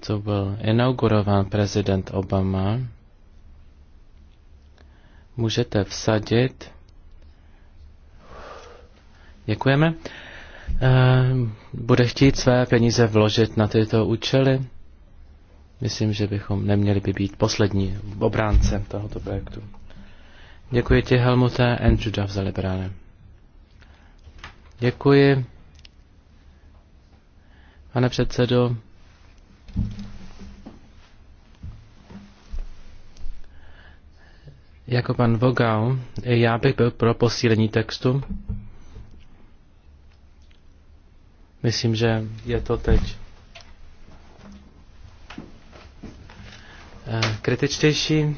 co byl inaugurován prezident Obama, můžete vsadit. Děkujeme. Eh, bude chtít své peníze vložit na tyto účely. Myslím, že bychom neměli by být poslední obráncem tohoto projektu. Děkuji ti, Helmute, Andrew Duff za liberálem. Děkuji. Pane předsedo, jako pan Vogau, já bych byl pro posílení textu. Myslím, že je to teď eh, kritičtější.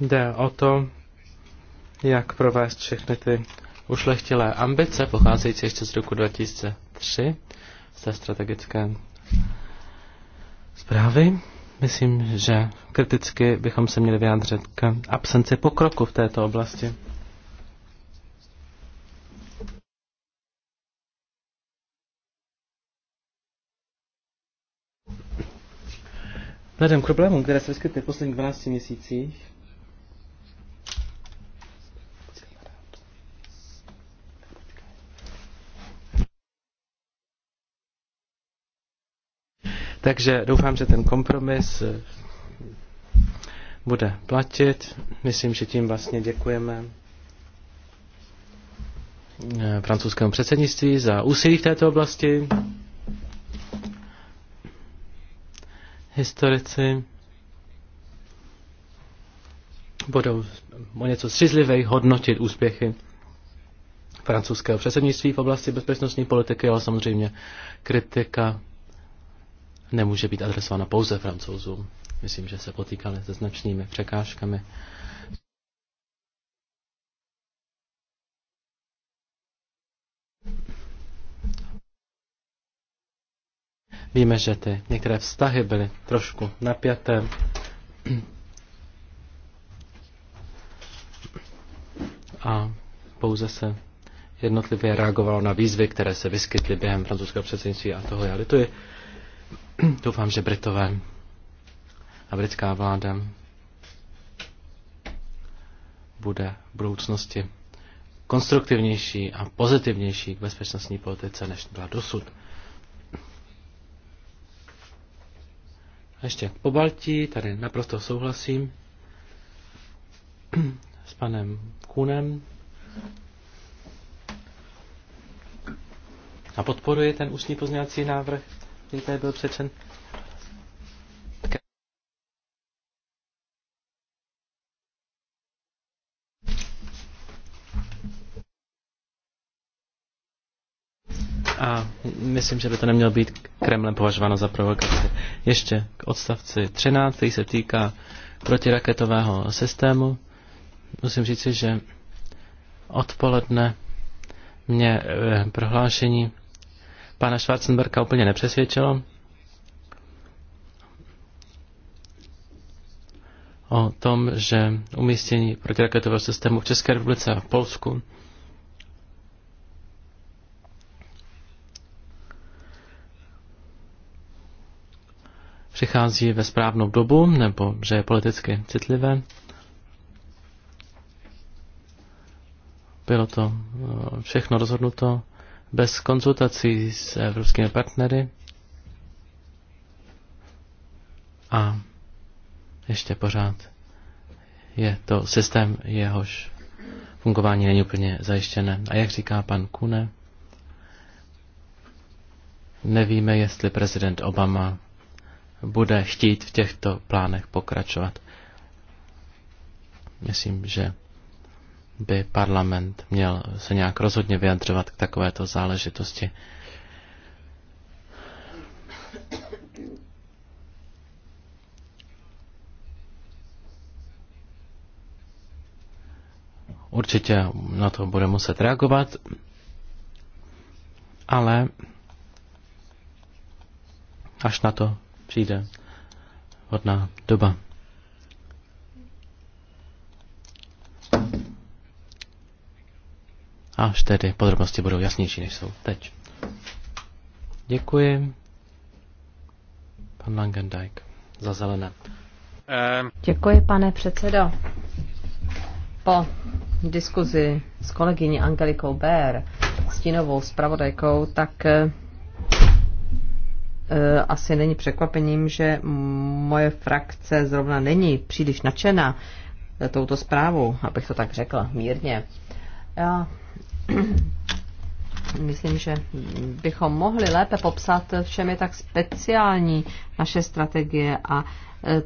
Jde o to, jak provést všechny ty ušlechtilé ambice, pocházející ještě z roku 2003, z té strategické zprávy. Myslím, že kriticky bychom se měli vyjádřit k absenci pokroku v této oblasti. Vzhledem k problémům, které se vyskytly v posledních 12 měsících, Takže doufám, že ten kompromis eh, bude platit. Myslím, že tím vlastně děkujeme eh, francouzskému předsednictví za úsilí v této oblasti. Historici budou o něco střízlivěji hodnotit úspěchy francouzského předsednictví v oblasti bezpečnostní politiky, ale samozřejmě kritika nemůže být adresována pouze francouzům. Myslím, že se potýkali se značnými překážkami. Víme, že ty některé vztahy byly trošku napjaté. A pouze se jednotlivě reagovalo na výzvy, které se vyskytly během francouzského předsednictví a toho já lituji. Doufám, že Britové a britská vláda bude v budoucnosti konstruktivnější a pozitivnější k bezpečnostní politice, než byla dosud. A ještě k pobaltí, tady naprosto souhlasím s panem Kunem. A podporuji ten ústní pozměňovací návrh který tady byl přečen. A myslím, že by to nemělo být Kremlem považováno za provokaci. Ještě k odstavci 13, který se týká protiraketového systému. Musím říci, že odpoledne mě eh, prohlášení pana Schwarzenberka úplně nepřesvědčilo o tom, že umístění protiraketového systému v České republice a v Polsku přichází ve správnou dobu, nebo že je politicky citlivé. Bylo to eh, všechno rozhodnuto bez konzultací s evropskými partnery. A ještě pořád je to systém, jehož fungování není úplně zajištěné. A jak říká pan Kune, nevíme, jestli prezident Obama bude chtít v těchto plánech pokračovat. Myslím, že by parlament měl se nějak rozhodně vyjadřovat k takovéto záležitosti. Určitě na to bude muset reagovat, ale až na to přijde hodná doba. až tedy podrobnosti budou jasnější, než jsou teď. Děkuji. Pan Langendijk za zelené. Ehm. Děkuji, pane předsedo. Po diskuzi s kolegyní Angelikou Bér, stínovou zpravodajkou, tak eh, eh, asi není překvapením, že moje frakce zrovna není příliš nadšená touto zprávou, abych to tak řekla mírně. Já myslím, že bychom mohli lépe popsat, v čem je tak speciální naše strategie a e,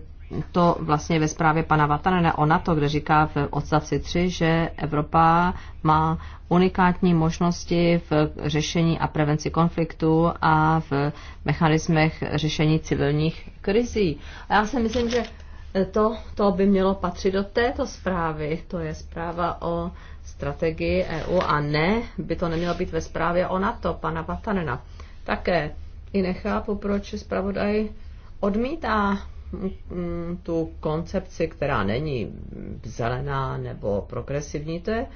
to vlastně ve zprávě pana Vatanena o NATO, kde říká v odstavci 3, že Evropa má unikátní možnosti v řešení a prevenci konfliktu a v mechanismech řešení civilních krizí. A já si myslím, že to, to by mělo patřit do této zprávy. To je zpráva o strategii EU a ne, by to nemělo být ve zprávě o NATO, pana Vatanena. Také i nechápu, proč zpravodaj odmítá mm, tu koncepci, která není zelená nebo progresivní, to je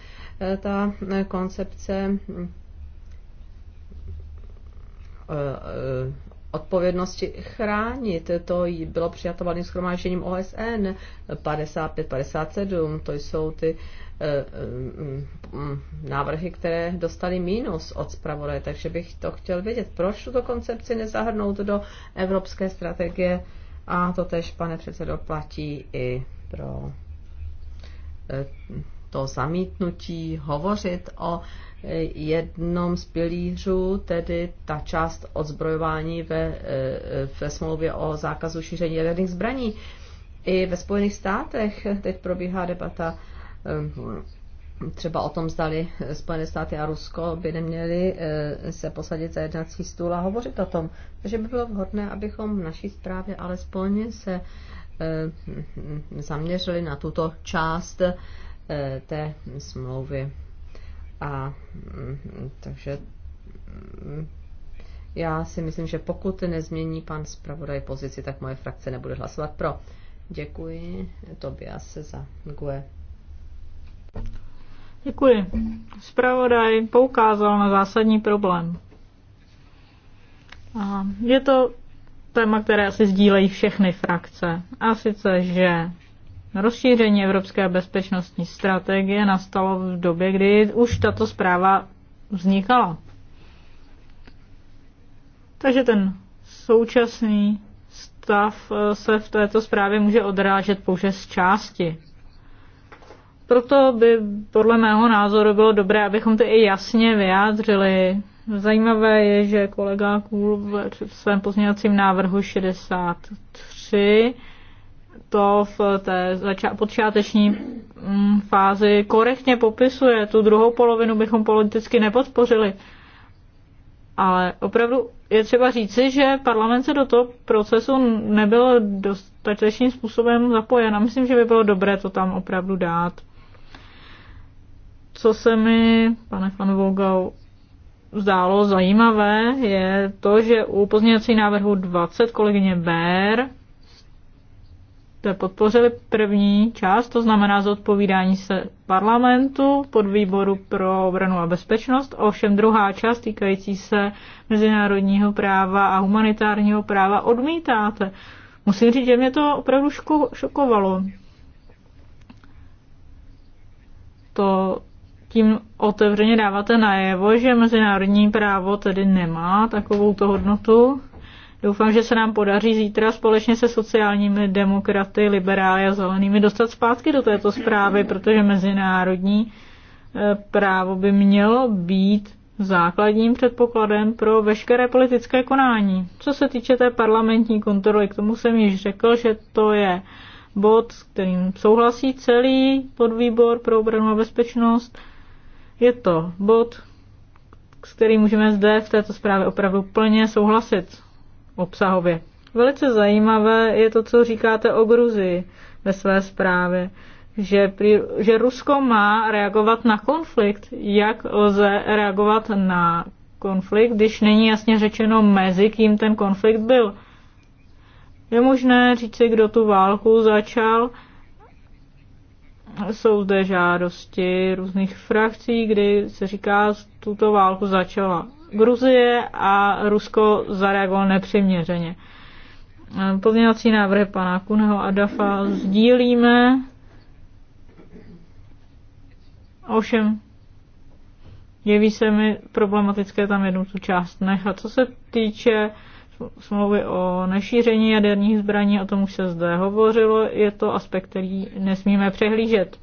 eh, ta eh, koncepce eh, odpovědnosti chránit. To bylo přijato schromážením OSN 55-57, to jsou ty Eh, eh, mm, návrhy, které dostali mínus od zpravodaje, takže bych to chtěl vědět. Proč tuto koncepci nezahrnout do evropské strategie? A to tež, pane předsedo, platí i pro eh, to zamítnutí hovořit o jednom z pilířů, tedy ta část odzbrojování ve, ve smlouvě o zákazu šíření jaderných zbraní. I ve Spojených státech teď probíhá debata Ehm, třeba o tom zdali Spojené státy a Rusko by neměli eh, se posadit za jednací stůl a hovořit o tom. Takže by bylo vhodné, abychom v naší zprávě alespoň se ehm, zaměřili na tuto část eh, té smlouvy. A ehm, takže já si myslím, že pokud nezmění pan zpravodaj pozici, tak moje frakce nebude hlasovat pro. Děkuji Tobias za GUE. Děkuji. Zpravodaj poukázal na zásadní problém. A je to téma, které asi sdílejí všechny frakce. A sice, že rozšíření evropské bezpečnostní strategie nastalo v době, kdy už tato zpráva vznikala. Takže ten současný stav eh, se v této zprávě může odrážet pouze z části. Proto by podle mého názoru bylo dobré, abychom to i jasně vyjádřili. Zajímavé je, že kolega Kůl v svém pozměňovacím návrhu 63 to v té zača- počáteční mm, fázi korektně popisuje. Tu druhou polovinu bychom politicky nepodpořili. Ale opravdu je třeba říci, že parlament se do toho procesu nebyl dostatečným způsobem zapojen a myslím, že by bylo dobré to tam opravdu dát. Co se mi, pane fan Volgau, zdálo zajímavé, je to, že u pozměňovací návrhu 20 kolegyně Bér jste podpořili první část, to znamená zodpovídání se parlamentu pod výboru pro obranu a bezpečnost, ovšem druhá část týkající se mezinárodního práva a humanitárního práva odmítáte. Musím říct, že mě to opravdu šokovalo. To tím otevřeně dáváte najevo, že mezinárodní právo tedy nemá takovou to hodnotu. Doufám, že se nám podaří zítra společně se sociálními demokraty, liberály a zelenými dostat zpátky do této zprávy, protože mezinárodní e, právo by mělo být základním předpokladem pro veškeré politické konání. Co se týče té parlamentní kontroly, k tomu jsem již řekl, že to je bod, s kterým souhlasí celý podvýbor pro obranu a bezpečnost je to bod, s kterým můžeme zde v této zprávě opravdu plně souhlasit obsahově. Velice zajímavé je to, co říkáte o Gruzii ve své zprávě, že, že Rusko má reagovat na konflikt. Jak lze reagovat na konflikt, když není jasně řečeno, mezi kým ten konflikt byl? Je možné říct si, kdo tu válku začal, jsou zde žádosti různých frakcí, kdy se říká, tuto válku začala Gruzie a Rusko zareagovalo nepřiměřeně. Pozměňovací návrhy pana Kunho a Dafa sdílíme. Ovšem, jeví se mi problematické tam jednu tu část nechat. Co se týče smlouvy o nešíření jaderních zbraní, o tom už se zde hovořilo, je to aspekt, který nesmíme přehlížet.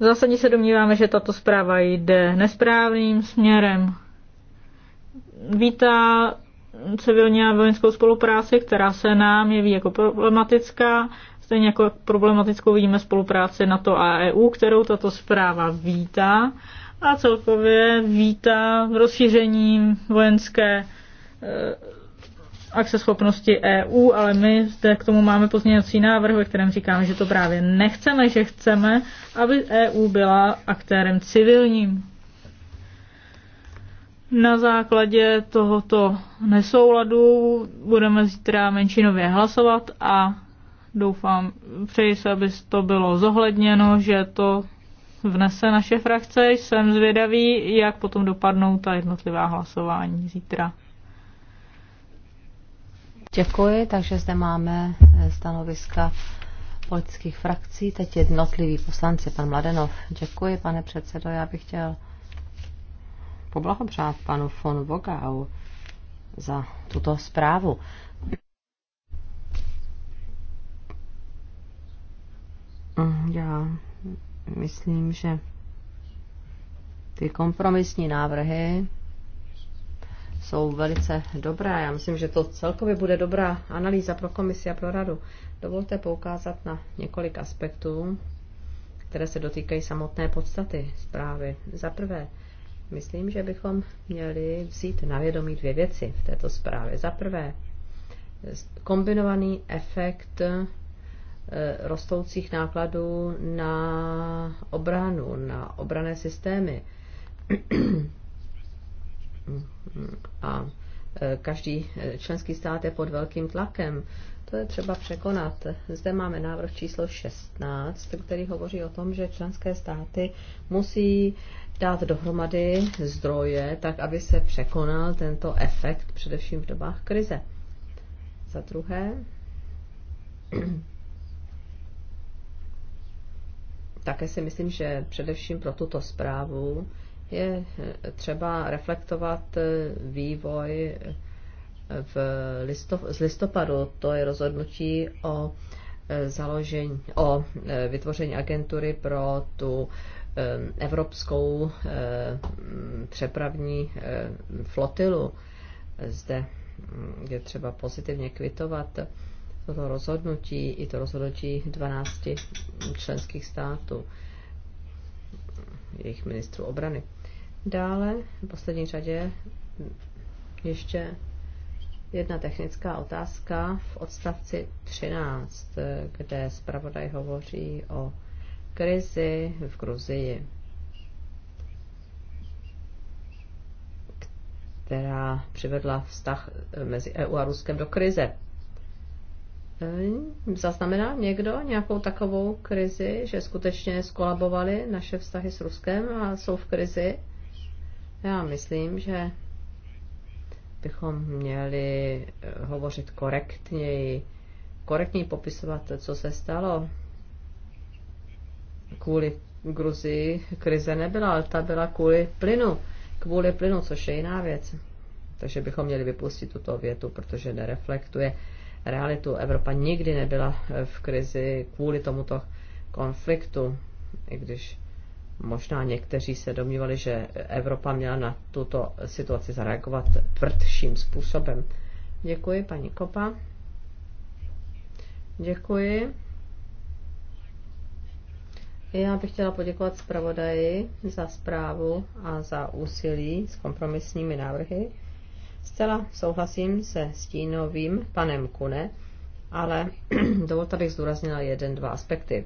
V zásadě se domníváme, že tato zpráva jde nesprávným směrem. Vítá civilní a vojenskou spolupráci, která se nám jeví jako problematická, stejně jako problematickou vidíme spolupráci NATO a EU, kterou tato zpráva vítá a celkově vítá rozšíření vojenské eh, akceschopnosti EU, ale my zde k tomu máme pozměňovací návrh, ve kterém říkáme, že to právě nechceme, že chceme, aby EU byla aktérem civilním. Na základě tohoto nesouladu budeme zítra menšinově hlasovat a doufám, přeji se, aby to bylo zohledněno, že to vnese naše frakce. Jsem zvědavý, jak potom dopadnou ta jednotlivá hlasování zítra. Děkuji, takže zde máme stanoviska politických frakcí, teď jednotliví poslanci. Pan Mladenov, děkuji, pane předsedo, já bych chtěl poblahopřát panu von Vogau za tuto zprávu. Já myslím, že ty kompromisní návrhy jsou velice dobré. Já myslím, že to celkově bude dobrá analýza pro komisi a pro radu. Dovolte poukázat na několik aspektů, které se dotýkají samotné podstaty zprávy. Za prvé, myslím, že bychom měli vzít na vědomí dvě věci v této zprávě. Za prvé, kombinovaný efekt Eh, rostoucích nákladů na obranu, na obrané systémy. A eh, každý eh, členský stát je pod velkým tlakem. To je třeba překonat. Zde máme návrh číslo 16, který hovoří o tom, že členské státy musí dát dohromady zdroje, tak aby se překonal tento efekt, především v dobách krize. Za druhé, Také si myslím, že především pro tuto zprávu je eh, třeba reflektovat eh, vývoj eh, v listop- z listopadu. To je rozhodnutí o založení, o vytvoření agentury pro tu evropskou přepravní flotilu. Zde mm, je třeba pozitivně kvitovat toto rozhodnutí i to rozhodnutí 12 členských států, jejich ministrů obrany. Dále, v poslední řadě, ještě jedna technická otázka v odstavci 13, kde zpravodaj hovoří o krizi v Gruzii, která přivedla vztah mezi EU a Ruskem do krize. Ehm, Zaznamenal někdo nějakou takovou krizi, že skutečně skolabovaly naše vztahy s Ruskem a jsou v krizi? Já myslím, že bychom měli eh, hovořit korektněji, korektně popisovat, co se stalo. Kvůli Gruzii krize nebyla, ale ta byla kvůli plynu. Kvůli plynu, což je jiná věc. Takže bychom měli vypustit tuto větu, protože nereflektuje realitu. Evropa nikdy nebyla eh, v krizi kvůli tomuto konfliktu, i když možná někteří se domnívali, že Evropa měla na tuto situaci zareagovat tvrdším způsobem. Děkuji, paní Kopa. Děkuji. Já bych chtěla poděkovat zpravodaji za zprávu a za úsilí s kompromisními návrhy. Zcela souhlasím se stínovým panem Kune, ale dovolte, abych zdůraznila jeden, dva aspekty.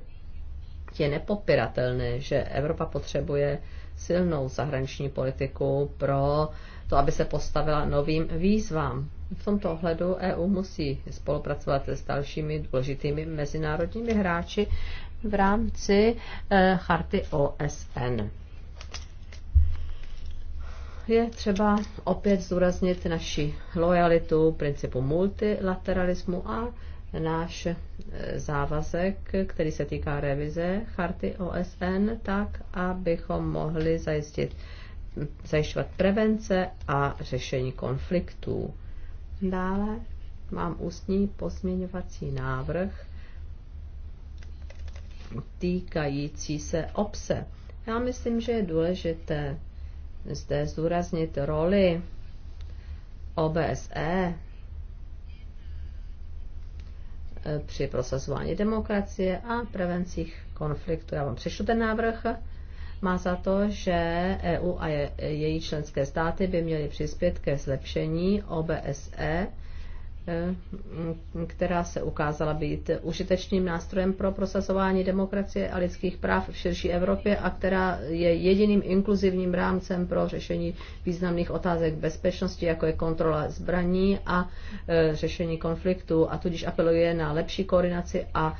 Je nepopiratelné, že Evropa potřebuje silnou zahraniční politiku pro to, aby se postavila novým výzvám. V tomto ohledu EU musí spolupracovat s dalšími důležitými mezinárodními hráči v rámci eh, charty OSN je třeba opět zdůraznit naši lojalitu principu multilateralismu a náš e, závazek, který se týká revize charty OSN, tak, abychom mohli zajistit, zajišťovat prevence a řešení konfliktů. Dále mám ústní pozměňovací návrh týkající se obse. Já myslím, že je důležité zde zúraznit roli OBSE při prosazování demokracie a prevencích konfliktu. Já vám přešlu ten návrh. Má za to, že EU a její členské státy by měly přispět ke zlepšení OBSE Eh, která se ukázala být užitečným nástrojem pro prosazování demokracie a lidských práv v širší Evropě a která je jediným inkluzivním rámcem pro řešení významných otázek bezpečnosti, jako je kontrola zbraní a eh, řešení konfliktů a tudíž apeluje na lepší koordinaci a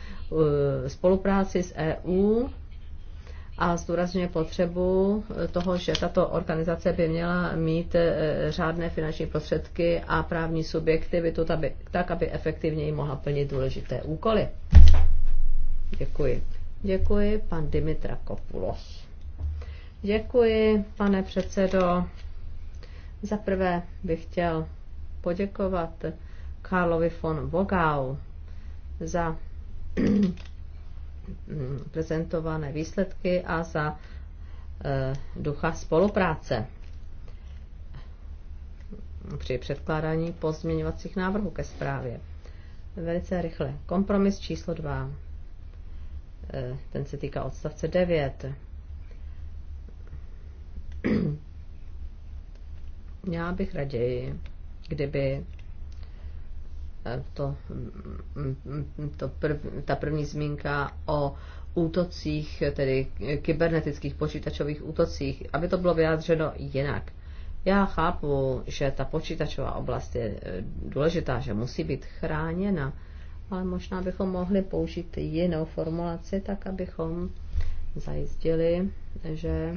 eh, spolupráci s EU a zdůrazňuje potřebu eh, toho, že tato organizace by měla mít eh, řádné finanční prostředky a právní subjektivitu, tak aby efektivněji mohla plnit důležité úkoly. Děkuji. Děkuji, pan Dimitra Kopulos. Děkuji, pane předsedo. Za prvé bych chtěl poděkovat Karlovi von Vogau za Mm, prezentované výsledky a za e, ducha spolupráce při předkládání pozměňovacích návrhů ke zprávě. Velice rychle. Kompromis číslo 2. E, ten se týká odstavce 9. Já bych raději, kdyby to, to prv, ta první zmínka o útocích, tedy kybernetických počítačových útocích, aby to bylo vyjádřeno jinak. Já chápu, že ta počítačová oblast je eh, důležitá, že musí být chráněna, ale možná bychom mohli použít jinou formulaci, tak abychom zajistili, že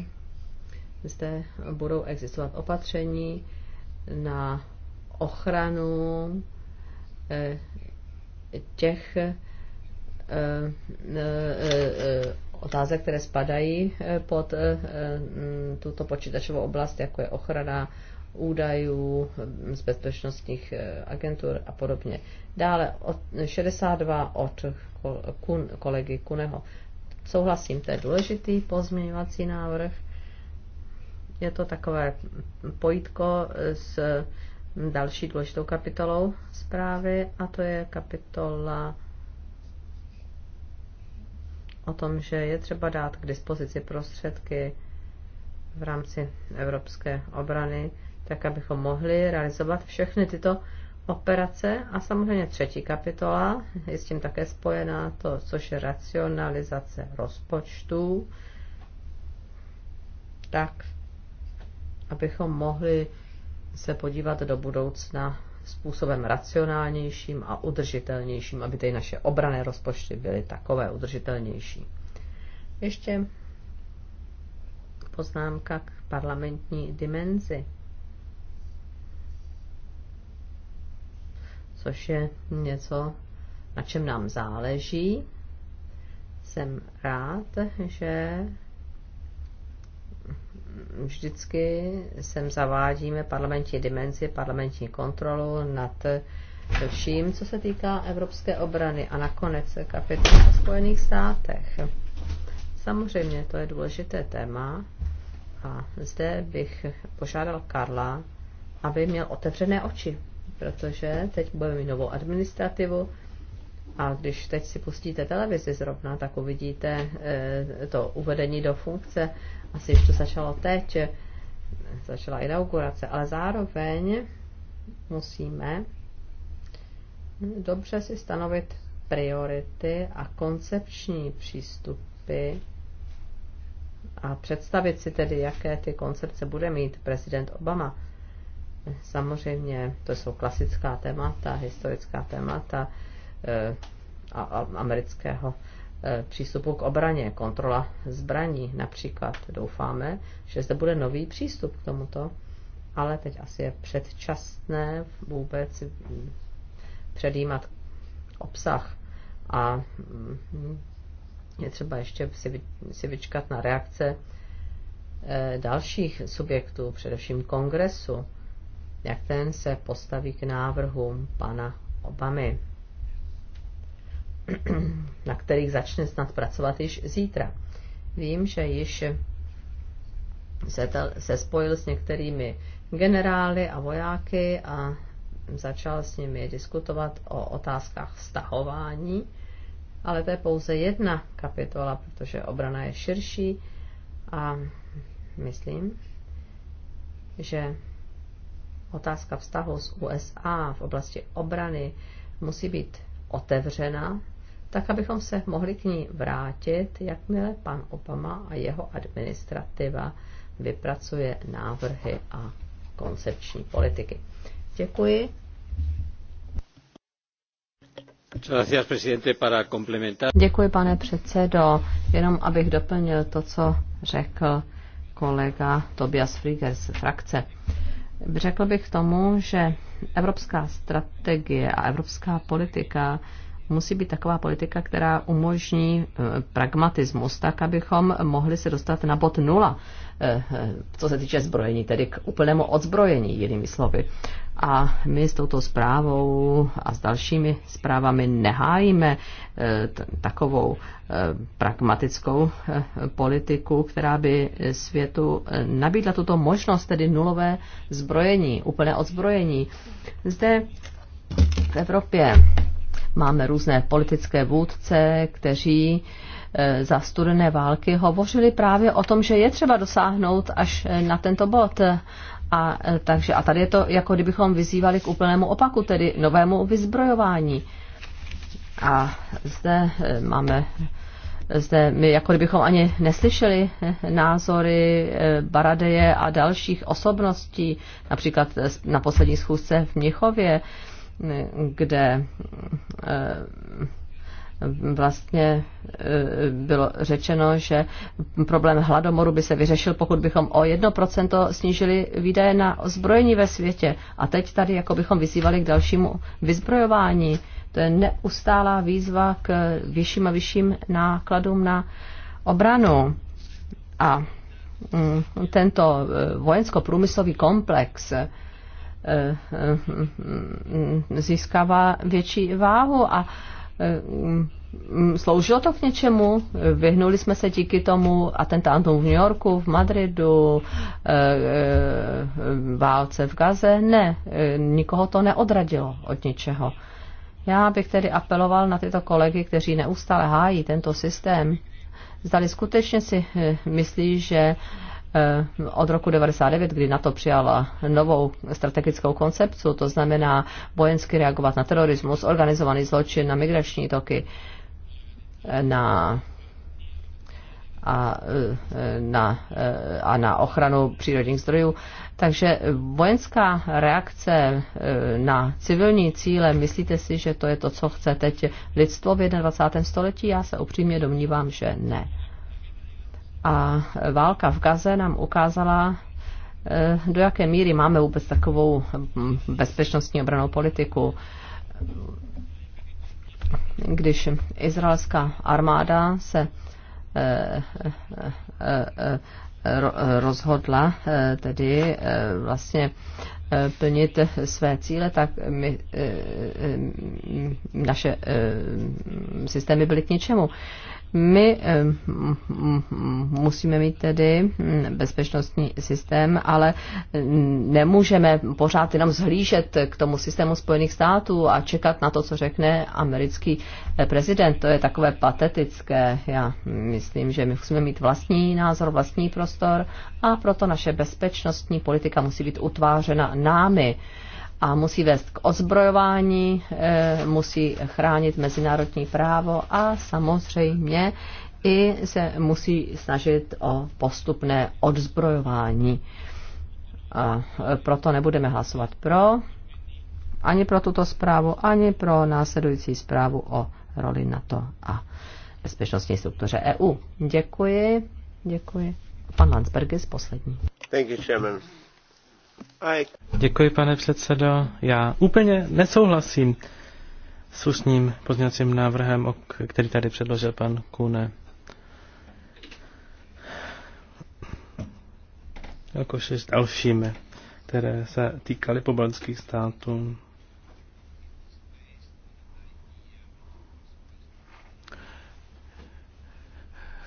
zde budou existovat opatření na ochranu těch eh, eh, eh, otázek, které spadají pod tuto počítačovou oblast, jako je ochrana údajů hm, z bezpečnostních agentur a podobně. Dále od 62 od kolegy Kuneho. Souhlasím, to je důležitý pozměňovací návrh. Je to takové pojítko s další důležitou kapitolou zprávy a to je kapitola o tom, že je třeba dát k dispozici prostředky v rámci evropské obrany, tak abychom mohli realizovat všechny tyto operace. A samozřejmě třetí kapitola je s tím také spojená, to, což je racionalizace rozpočtů, tak abychom mohli se podívat do budoucna způsobem racionálnějším a udržitelnějším, aby ty naše obrané rozpočty byly takové udržitelnější. Ještě poznámka k parlamentní dimenzi, což je něco, na čem nám záleží. Jsem rád, že vždycky sem zavádíme parlamentní dimenzi, parlamentní kontrolu nad vším, co se týká evropské obrany a nakonec kapitola o Spojených státech. Samozřejmě to je důležité téma a zde bych požádal Karla, aby měl otevřené oči, protože teď budeme mít novou administrativu a když teď si pustíte televizi zrovna, tak uvidíte eh, to uvedení do funkce asi ještě začalo teď, začala inaugurace, ale zároveň musíme dobře si stanovit priority a koncepční přístupy a představit si tedy, jaké ty koncepce bude mít prezident Obama. Samozřejmě, to jsou klasická témata, historická témata e, a, a, amerického Eh, přístupu k obraně, kontrola zbraní například. Doufáme, že zde bude nový přístup k tomuto, ale teď asi je předčasné vůbec mm, předjímat obsah a mm, je třeba ještě si vyčkat na reakce eh, dalších subjektů, především kongresu, jak ten se postaví k návrhu pana Obamy. na kterých začne snad pracovat již zítra. Vím, že již se, tel, se spojil s některými generály a vojáky a začal s nimi diskutovat o otázkách stahování, ale to je pouze jedna kapitola, protože obrana je širší a myslím, že otázka vztahu s USA v oblasti obrany musí být otevřena tak abychom se mohli k ní vrátit, jakmile pan Obama a jeho administrativa vypracuje návrhy a koncepční politiky. Děkuji. Děkuji, pane předsedo. Jenom abych doplnil to, co řekl kolega Tobias Frieger z frakce. Řekl bych tomu, že evropská strategie a evropská politika musí být taková politika, která umožní eh, pragmatismus, tak abychom mohli se dostat na bod nula, eh, eh, co se týče zbrojení, tedy k úplnému odzbrojení, jinými slovy. A my s touto zprávou a s dalšími zprávami nehájíme takovou pragmatickou politiku, která by světu nabídla tuto možnost, tedy nulové zbrojení, úplné odzbrojení. Zde v Evropě Máme různé politické vůdce, kteří e, za studené války hovořili právě o tom, že je třeba dosáhnout až e, na tento bod. E, a, takže, a tady je to, jako kdybychom vyzývali k úplnému opaku, tedy novému vyzbrojování. A zde máme zde my jako kdybychom ani neslyšeli názory Baradeje a dalších osobností, například na poslední schůzce v Měchově, kde eh, vlastně eh, bylo řečeno, že problém hladomoru by se vyřešil, pokud bychom o 1% snížili výdaje na zbrojení ve světě. A teď tady jako bychom vyzývali k dalšímu vyzbrojování. To je neustálá výzva k vyšším a vyšším nákladům na obranu. A mm, tento eh, vojensko-průmyslový komplex Eh, eh, získává větší váhu a eh, sloužilo to k něčemu. Vyhnuli jsme se díky tomu atentátům v New Yorku, v Madridu, válce v Gaze. Ne, nikoho to neodradilo od ničeho. Já bych tedy apeloval na tyto kolegy, kteří neustále hájí tento systém, zdali skutečně si myslí, že Eh, od roku 1999, kdy NATO přijala novou strategickou koncepci, to znamená vojensky reagovat na terorismus, organizovaný zločin, na migrační toky, eh, na a eh, na, a na ochranu přírodních zdrojů. Takže vojenská reakce na civilní cíle, myslíte si, že to je to, co chce teď lidstvo v 21. století? Já se upřímně domnívám, že ne. A válka v Gaze nám ukázala, eh, do jaké míry máme vůbec takovou hm, bezpečnostní obranou politiku. Když izraelská armáda se eh, eh, rozhodla tedy vlastně plnit své cíle, tak my, naše systémy byly k ničemu. My musíme mít tedy mm, bezpečnostní systém, ale mm, nemůžeme pořád jenom zhlížet k tomu systému Spojených států a čekat na to, co řekne americký eh, prezident. To je takové patetické. Já myslím, že my musíme mít vlastní názor, vlastní prostor a proto naše bezpečnostní politika musí být utvářena námi a musí vést k ozbrojování, eh, musí chránit mezinárodní právo a samozřejmě i se musí snažit o postupné odzbrojování. A eh, proto nebudeme hlasovat pro ani pro tuto zprávu, ani pro následující zprávu o roli NATO a bezpečnostní struktuře EU. Děkuji, děkuji. Pan Landsberg je poslední. Thank you, Děkuji, pane předsedo. Já úplně nesouhlasím s ústním pozměňovacím návrhem, který tady předložil pan Kune. Jako šest dalšími, které se týkaly pobaltských států.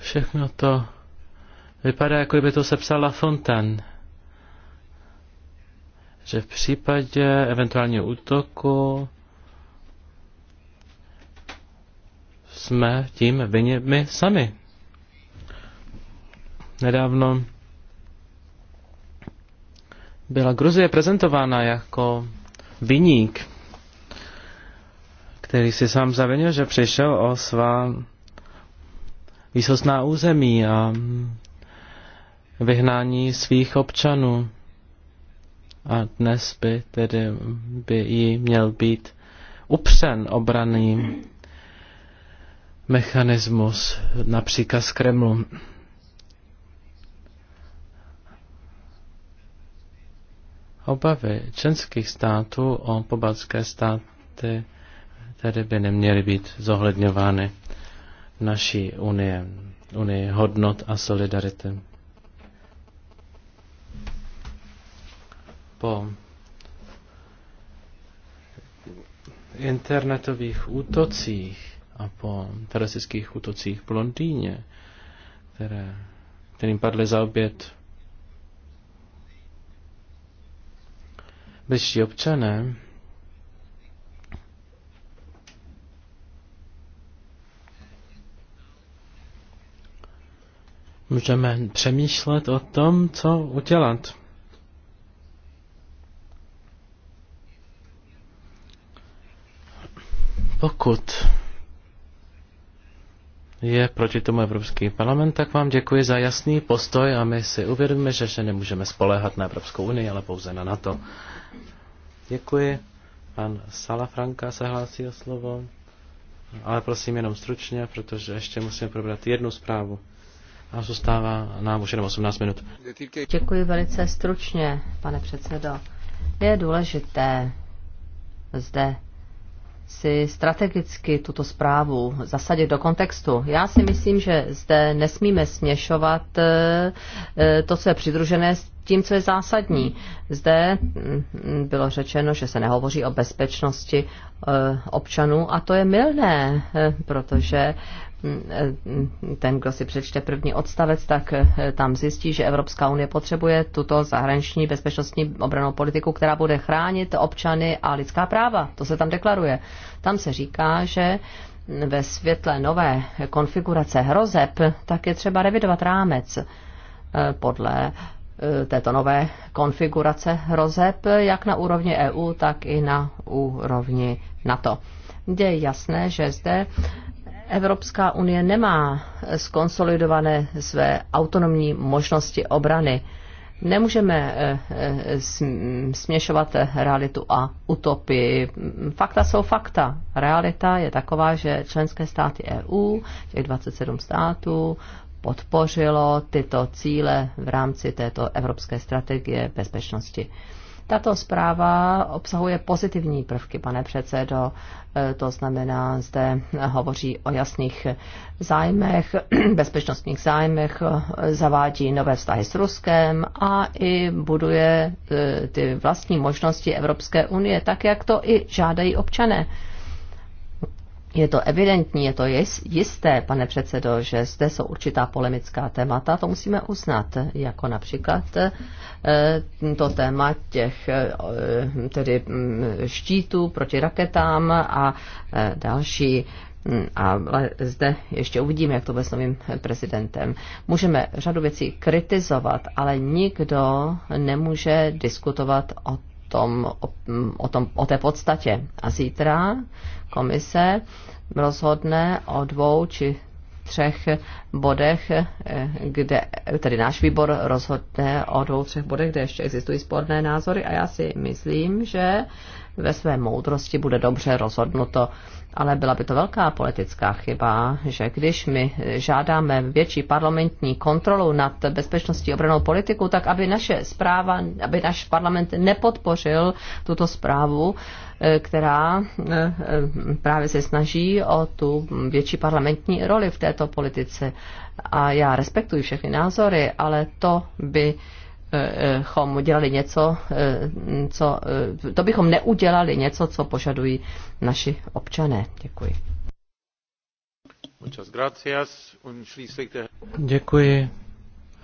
Všechno to vypadá, jako kdyby to sepsala Fontaine že v případě eventuálního útoku jsme tím vině my sami. Nedávno byla Gruzie prezentována jako viník, který si sám zavinil, že přišel o svá výsostná území a vyhnání svých občanů a dnes by tedy by jí měl být upřen obraný mechanismus například z Kremlu. Obavy členských států o pobalské státy tedy by neměly být zohledňovány naší unie, unii hodnot a solidarity. po internetových útocích a po teroristických útocích v Londýně, které, kterým padly za oběd bližší občané, můžeme přemýšlet o tom, co udělat. Pokud je proti tomu Evropský parlament, tak vám děkuji za jasný postoj a my si uvědomíme, že se nemůžeme spoléhat na Evropskou unii, ale pouze na NATO. Děkuji. Pan Salafranka se hlásí o slovo, ale prosím jenom stručně, protože ještě musíme probrat jednu zprávu. A zůstává nám už jenom 18 minut. Děkuji velice stručně, pane předsedo. Je důležité zde si strategicky tuto zprávu zasadit do kontextu. Já si myslím, že zde nesmíme směšovat eh, eh, to, co je přidružené s tím, co je zásadní. Hmm. Zde mm, mm, bylo řečeno, že se nehovoří o bezpečnosti eh, občanů a to je milné, eh, protože mm, eh, ten, kdo si přečte první odstavec, tak tam zjistí, že Evropská unie potřebuje tuto zahraniční bezpečnostní obranou politiku, která bude chránit občany a lidská práva. To se tam deklaruje. Tam se říká, že ve světle nové konfigurace hrozeb, tak je třeba revidovat rámec podle Eh, této nové konfigurace hrozeb, jak na úrovni EU, tak i na úrovni NATO. Je jasné, že zde Evropská unie nemá skonsolidované své autonomní možnosti obrany. Nemůžeme eh, eh, směšovat realitu a utopii. Fakta jsou fakta. Realita je taková, že členské státy EU, těch 27 států, podpořilo tyto cíle v rámci této evropské strategie bezpečnosti. Tato zpráva obsahuje pozitivní prvky, pane předsedo. E, to znamená, zde hovoří o jasných zájmech, bezpečnostních zájmech, e, zavádí nové vztahy s Ruskem a i buduje e, ty vlastní možnosti Evropské unie, tak jak to i žádají občané. Je to evidentní, je to jisté, pane předsedo, že zde jsou určitá polemická témata, to musíme uznat, jako například eh, to téma těch eh, tedy mm, štítů proti raketám a eh, další. Mm, ale zde ještě uvidíme, jak to bude s novým prezidentem. Můžeme řadu věcí kritizovat, ale nikdo nemůže diskutovat o tom, o, o, tom, o té podstatě. A zítra komise rozhodne o dvou či třech bodech, eh, kde, tedy náš výbor rozhodne o dvou, třech bodech, kde ještě existují sporné názory a já si myslím, že ve své moudrosti bude dobře rozhodnuto. Ale byla by to velká politická chyba, že když my žádáme větší parlamentní kontrolu nad bezpečností obranou politiku, tak aby naše zpráva, aby náš parlament nepodpořil tuto zprávu, eh, která eh, eh, právě se snaží o tu větší parlamentní roli v této politice. A já respektuji všechny názory, ale to by bychom udělali něco, eh, co, eh, to bychom neudělali něco, co požadují naši občané. Děkuji. Děkuji.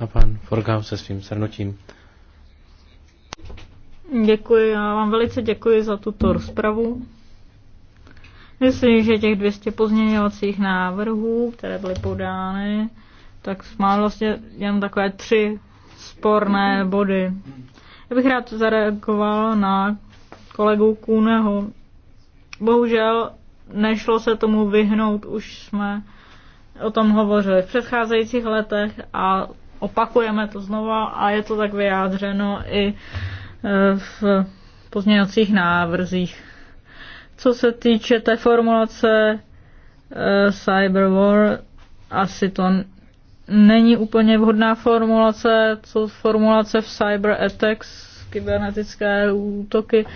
A pan Forgám se svým shrnutím. Děkuji, já vám velice děkuji za tuto rozpravu. Myslím, že těch 200 pozměňovacích návrhů, které byly podány, tak má vlastně jen takové tři sporné body. Já bych rád zareagoval na kolegu Kůneho. Bohužel nešlo se tomu vyhnout, už jsme o tom hovořili v předcházejících letech a opakujeme to znova a je to tak vyjádřeno i e, v pozměňovacích návrzích. Co se týče té formulace e, cyberwar, asi to není úplně vhodná formulace, co formulace v cyber attacks, kybernetické útoky.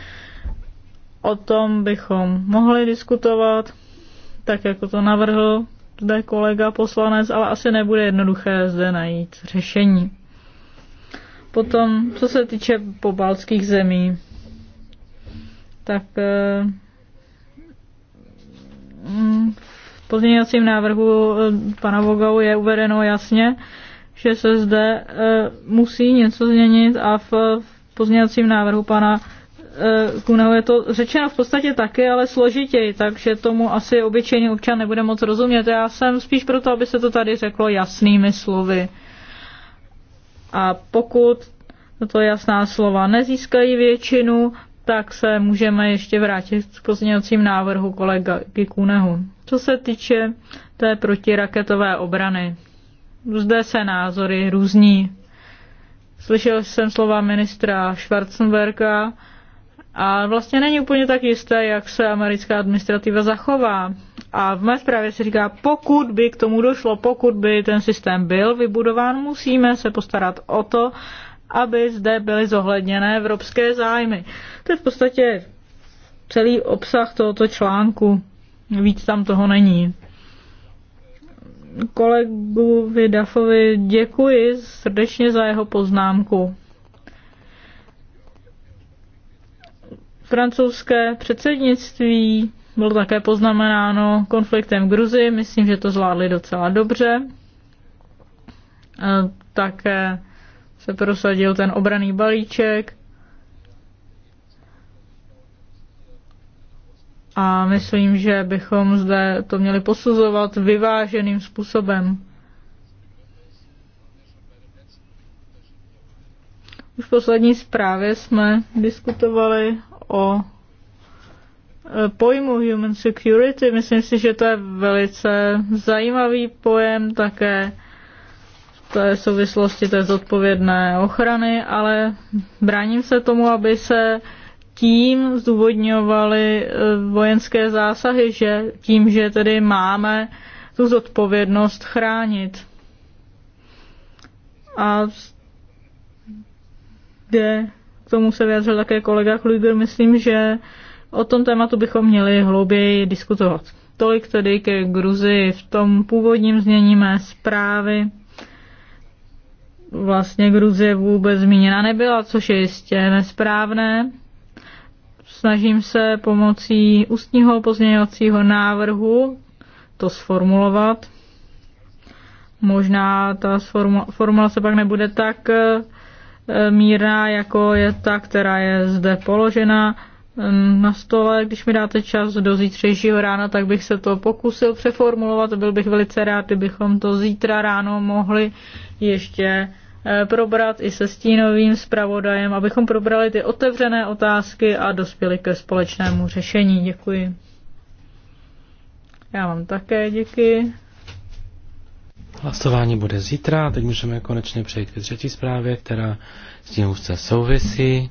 O tom bychom mohli diskutovat, tak jako to navrhl zde kolega poslanec, ale asi nebude jednoduché zde najít řešení. Potom, co se týče pobaltských zemí, tak eh, mm, pozměňovacím návrhu eh, pana Vogau je uvedeno jasně, že se zde eh, musí něco změnit a v pozměňovacím návrhu pana eh, Kuneho je to řečeno v podstatě taky, ale složitěji, takže tomu asi obyčejný občan nebude moc rozumět. Já jsem spíš proto, aby se to tady řeklo jasnými slovy. A pokud to jasná slova nezískají většinu, tak se můžeme ještě vrátit k pozměňovacím návrhu kolega Kikunehu. Co se týče té protiraketové obrany, zde se názory různí. Slyšel jsem slova ministra Schwarzenberga a vlastně není úplně tak jisté, jak se americká administrativa zachová. A v mé zprávě se říká, pokud by k tomu došlo, pokud by ten systém byl vybudován, musíme se postarat o to, aby zde byly zohledněné evropské zájmy. To je v podstatě celý obsah tohoto článku. Víc tam toho není. Kolegu Vidafovi děkuji srdečně za jeho poznámku. Francouzské předsednictví bylo také poznamenáno konfliktem v Gruzi. Myslím, že to zvládli docela dobře. Také se prosadil ten obraný balíček. A myslím, že bychom zde to měli posuzovat vyváženým způsobem. Už v poslední zprávě jsme diskutovali o e, pojmu human security. Myslím si, že to je velice zajímavý pojem, také té souvislosti té zodpovědné ochrany, ale bráním se tomu, aby se tím zdůvodňovaly e, vojenské zásahy, že tím, že tedy máme tu zodpovědnost chránit. A kde k tomu se vyjádřil také kolega Kluger, myslím, že o tom tématu bychom měli hlouběji diskutovat. Tolik tedy ke Gruzi v tom původním znění mé zprávy vlastně Gruzie vůbec zmíněna nebyla, což je jistě nesprávné. Snažím se pomocí ústního pozměňovacího návrhu to sformulovat. Možná ta se pak nebude tak eh, mírná, jako je ta, která je zde položena ehm, na stole. Když mi dáte čas do zítřejšího rána, tak bych se to pokusil přeformulovat. Byl bych velice rád, kdybychom to zítra ráno mohli ještě Eh, probrat i se stínovým zpravodajem, abychom probrali ty otevřené otázky a dospěli ke společnému řešení. Děkuji. Já vám také děkuji. Hlasování bude zítra, teď můžeme konečně přejít ke třetí zprávě, která s tím úzce souvisí.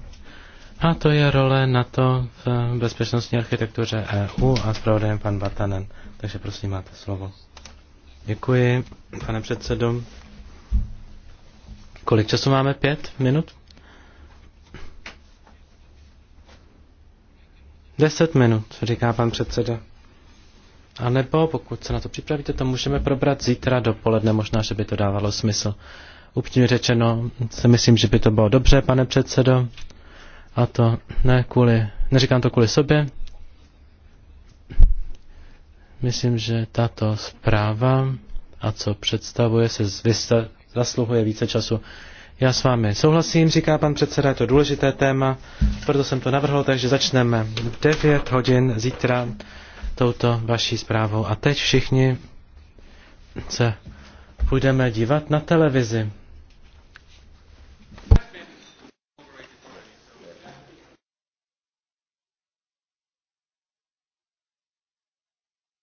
A to je role NATO v bezpečnostní architektuře EU a zpravodajem pan Batanen. Takže prosím, máte slovo. Děkuji, pane předsedo. Kolik času máme? Pět minut? Deset minut, říká pan předseda. A nebo pokud se na to připravíte, to můžeme probrat zítra dopoledne, možná, že by to dávalo smysl. Upřímně řečeno, si myslím, že by to bylo dobře, pane předsedo. A to ne kvůli, neříkám to kvůli sobě. Myslím, že tato zpráva a co představuje, se zasluhuje více času. Já s vámi souhlasím, říká pan předseda, je to důležité téma, proto jsem to navrhl, takže začneme v 9 hodin zítra touto vaší zprávou. A teď všichni se půjdeme dívat na televizi.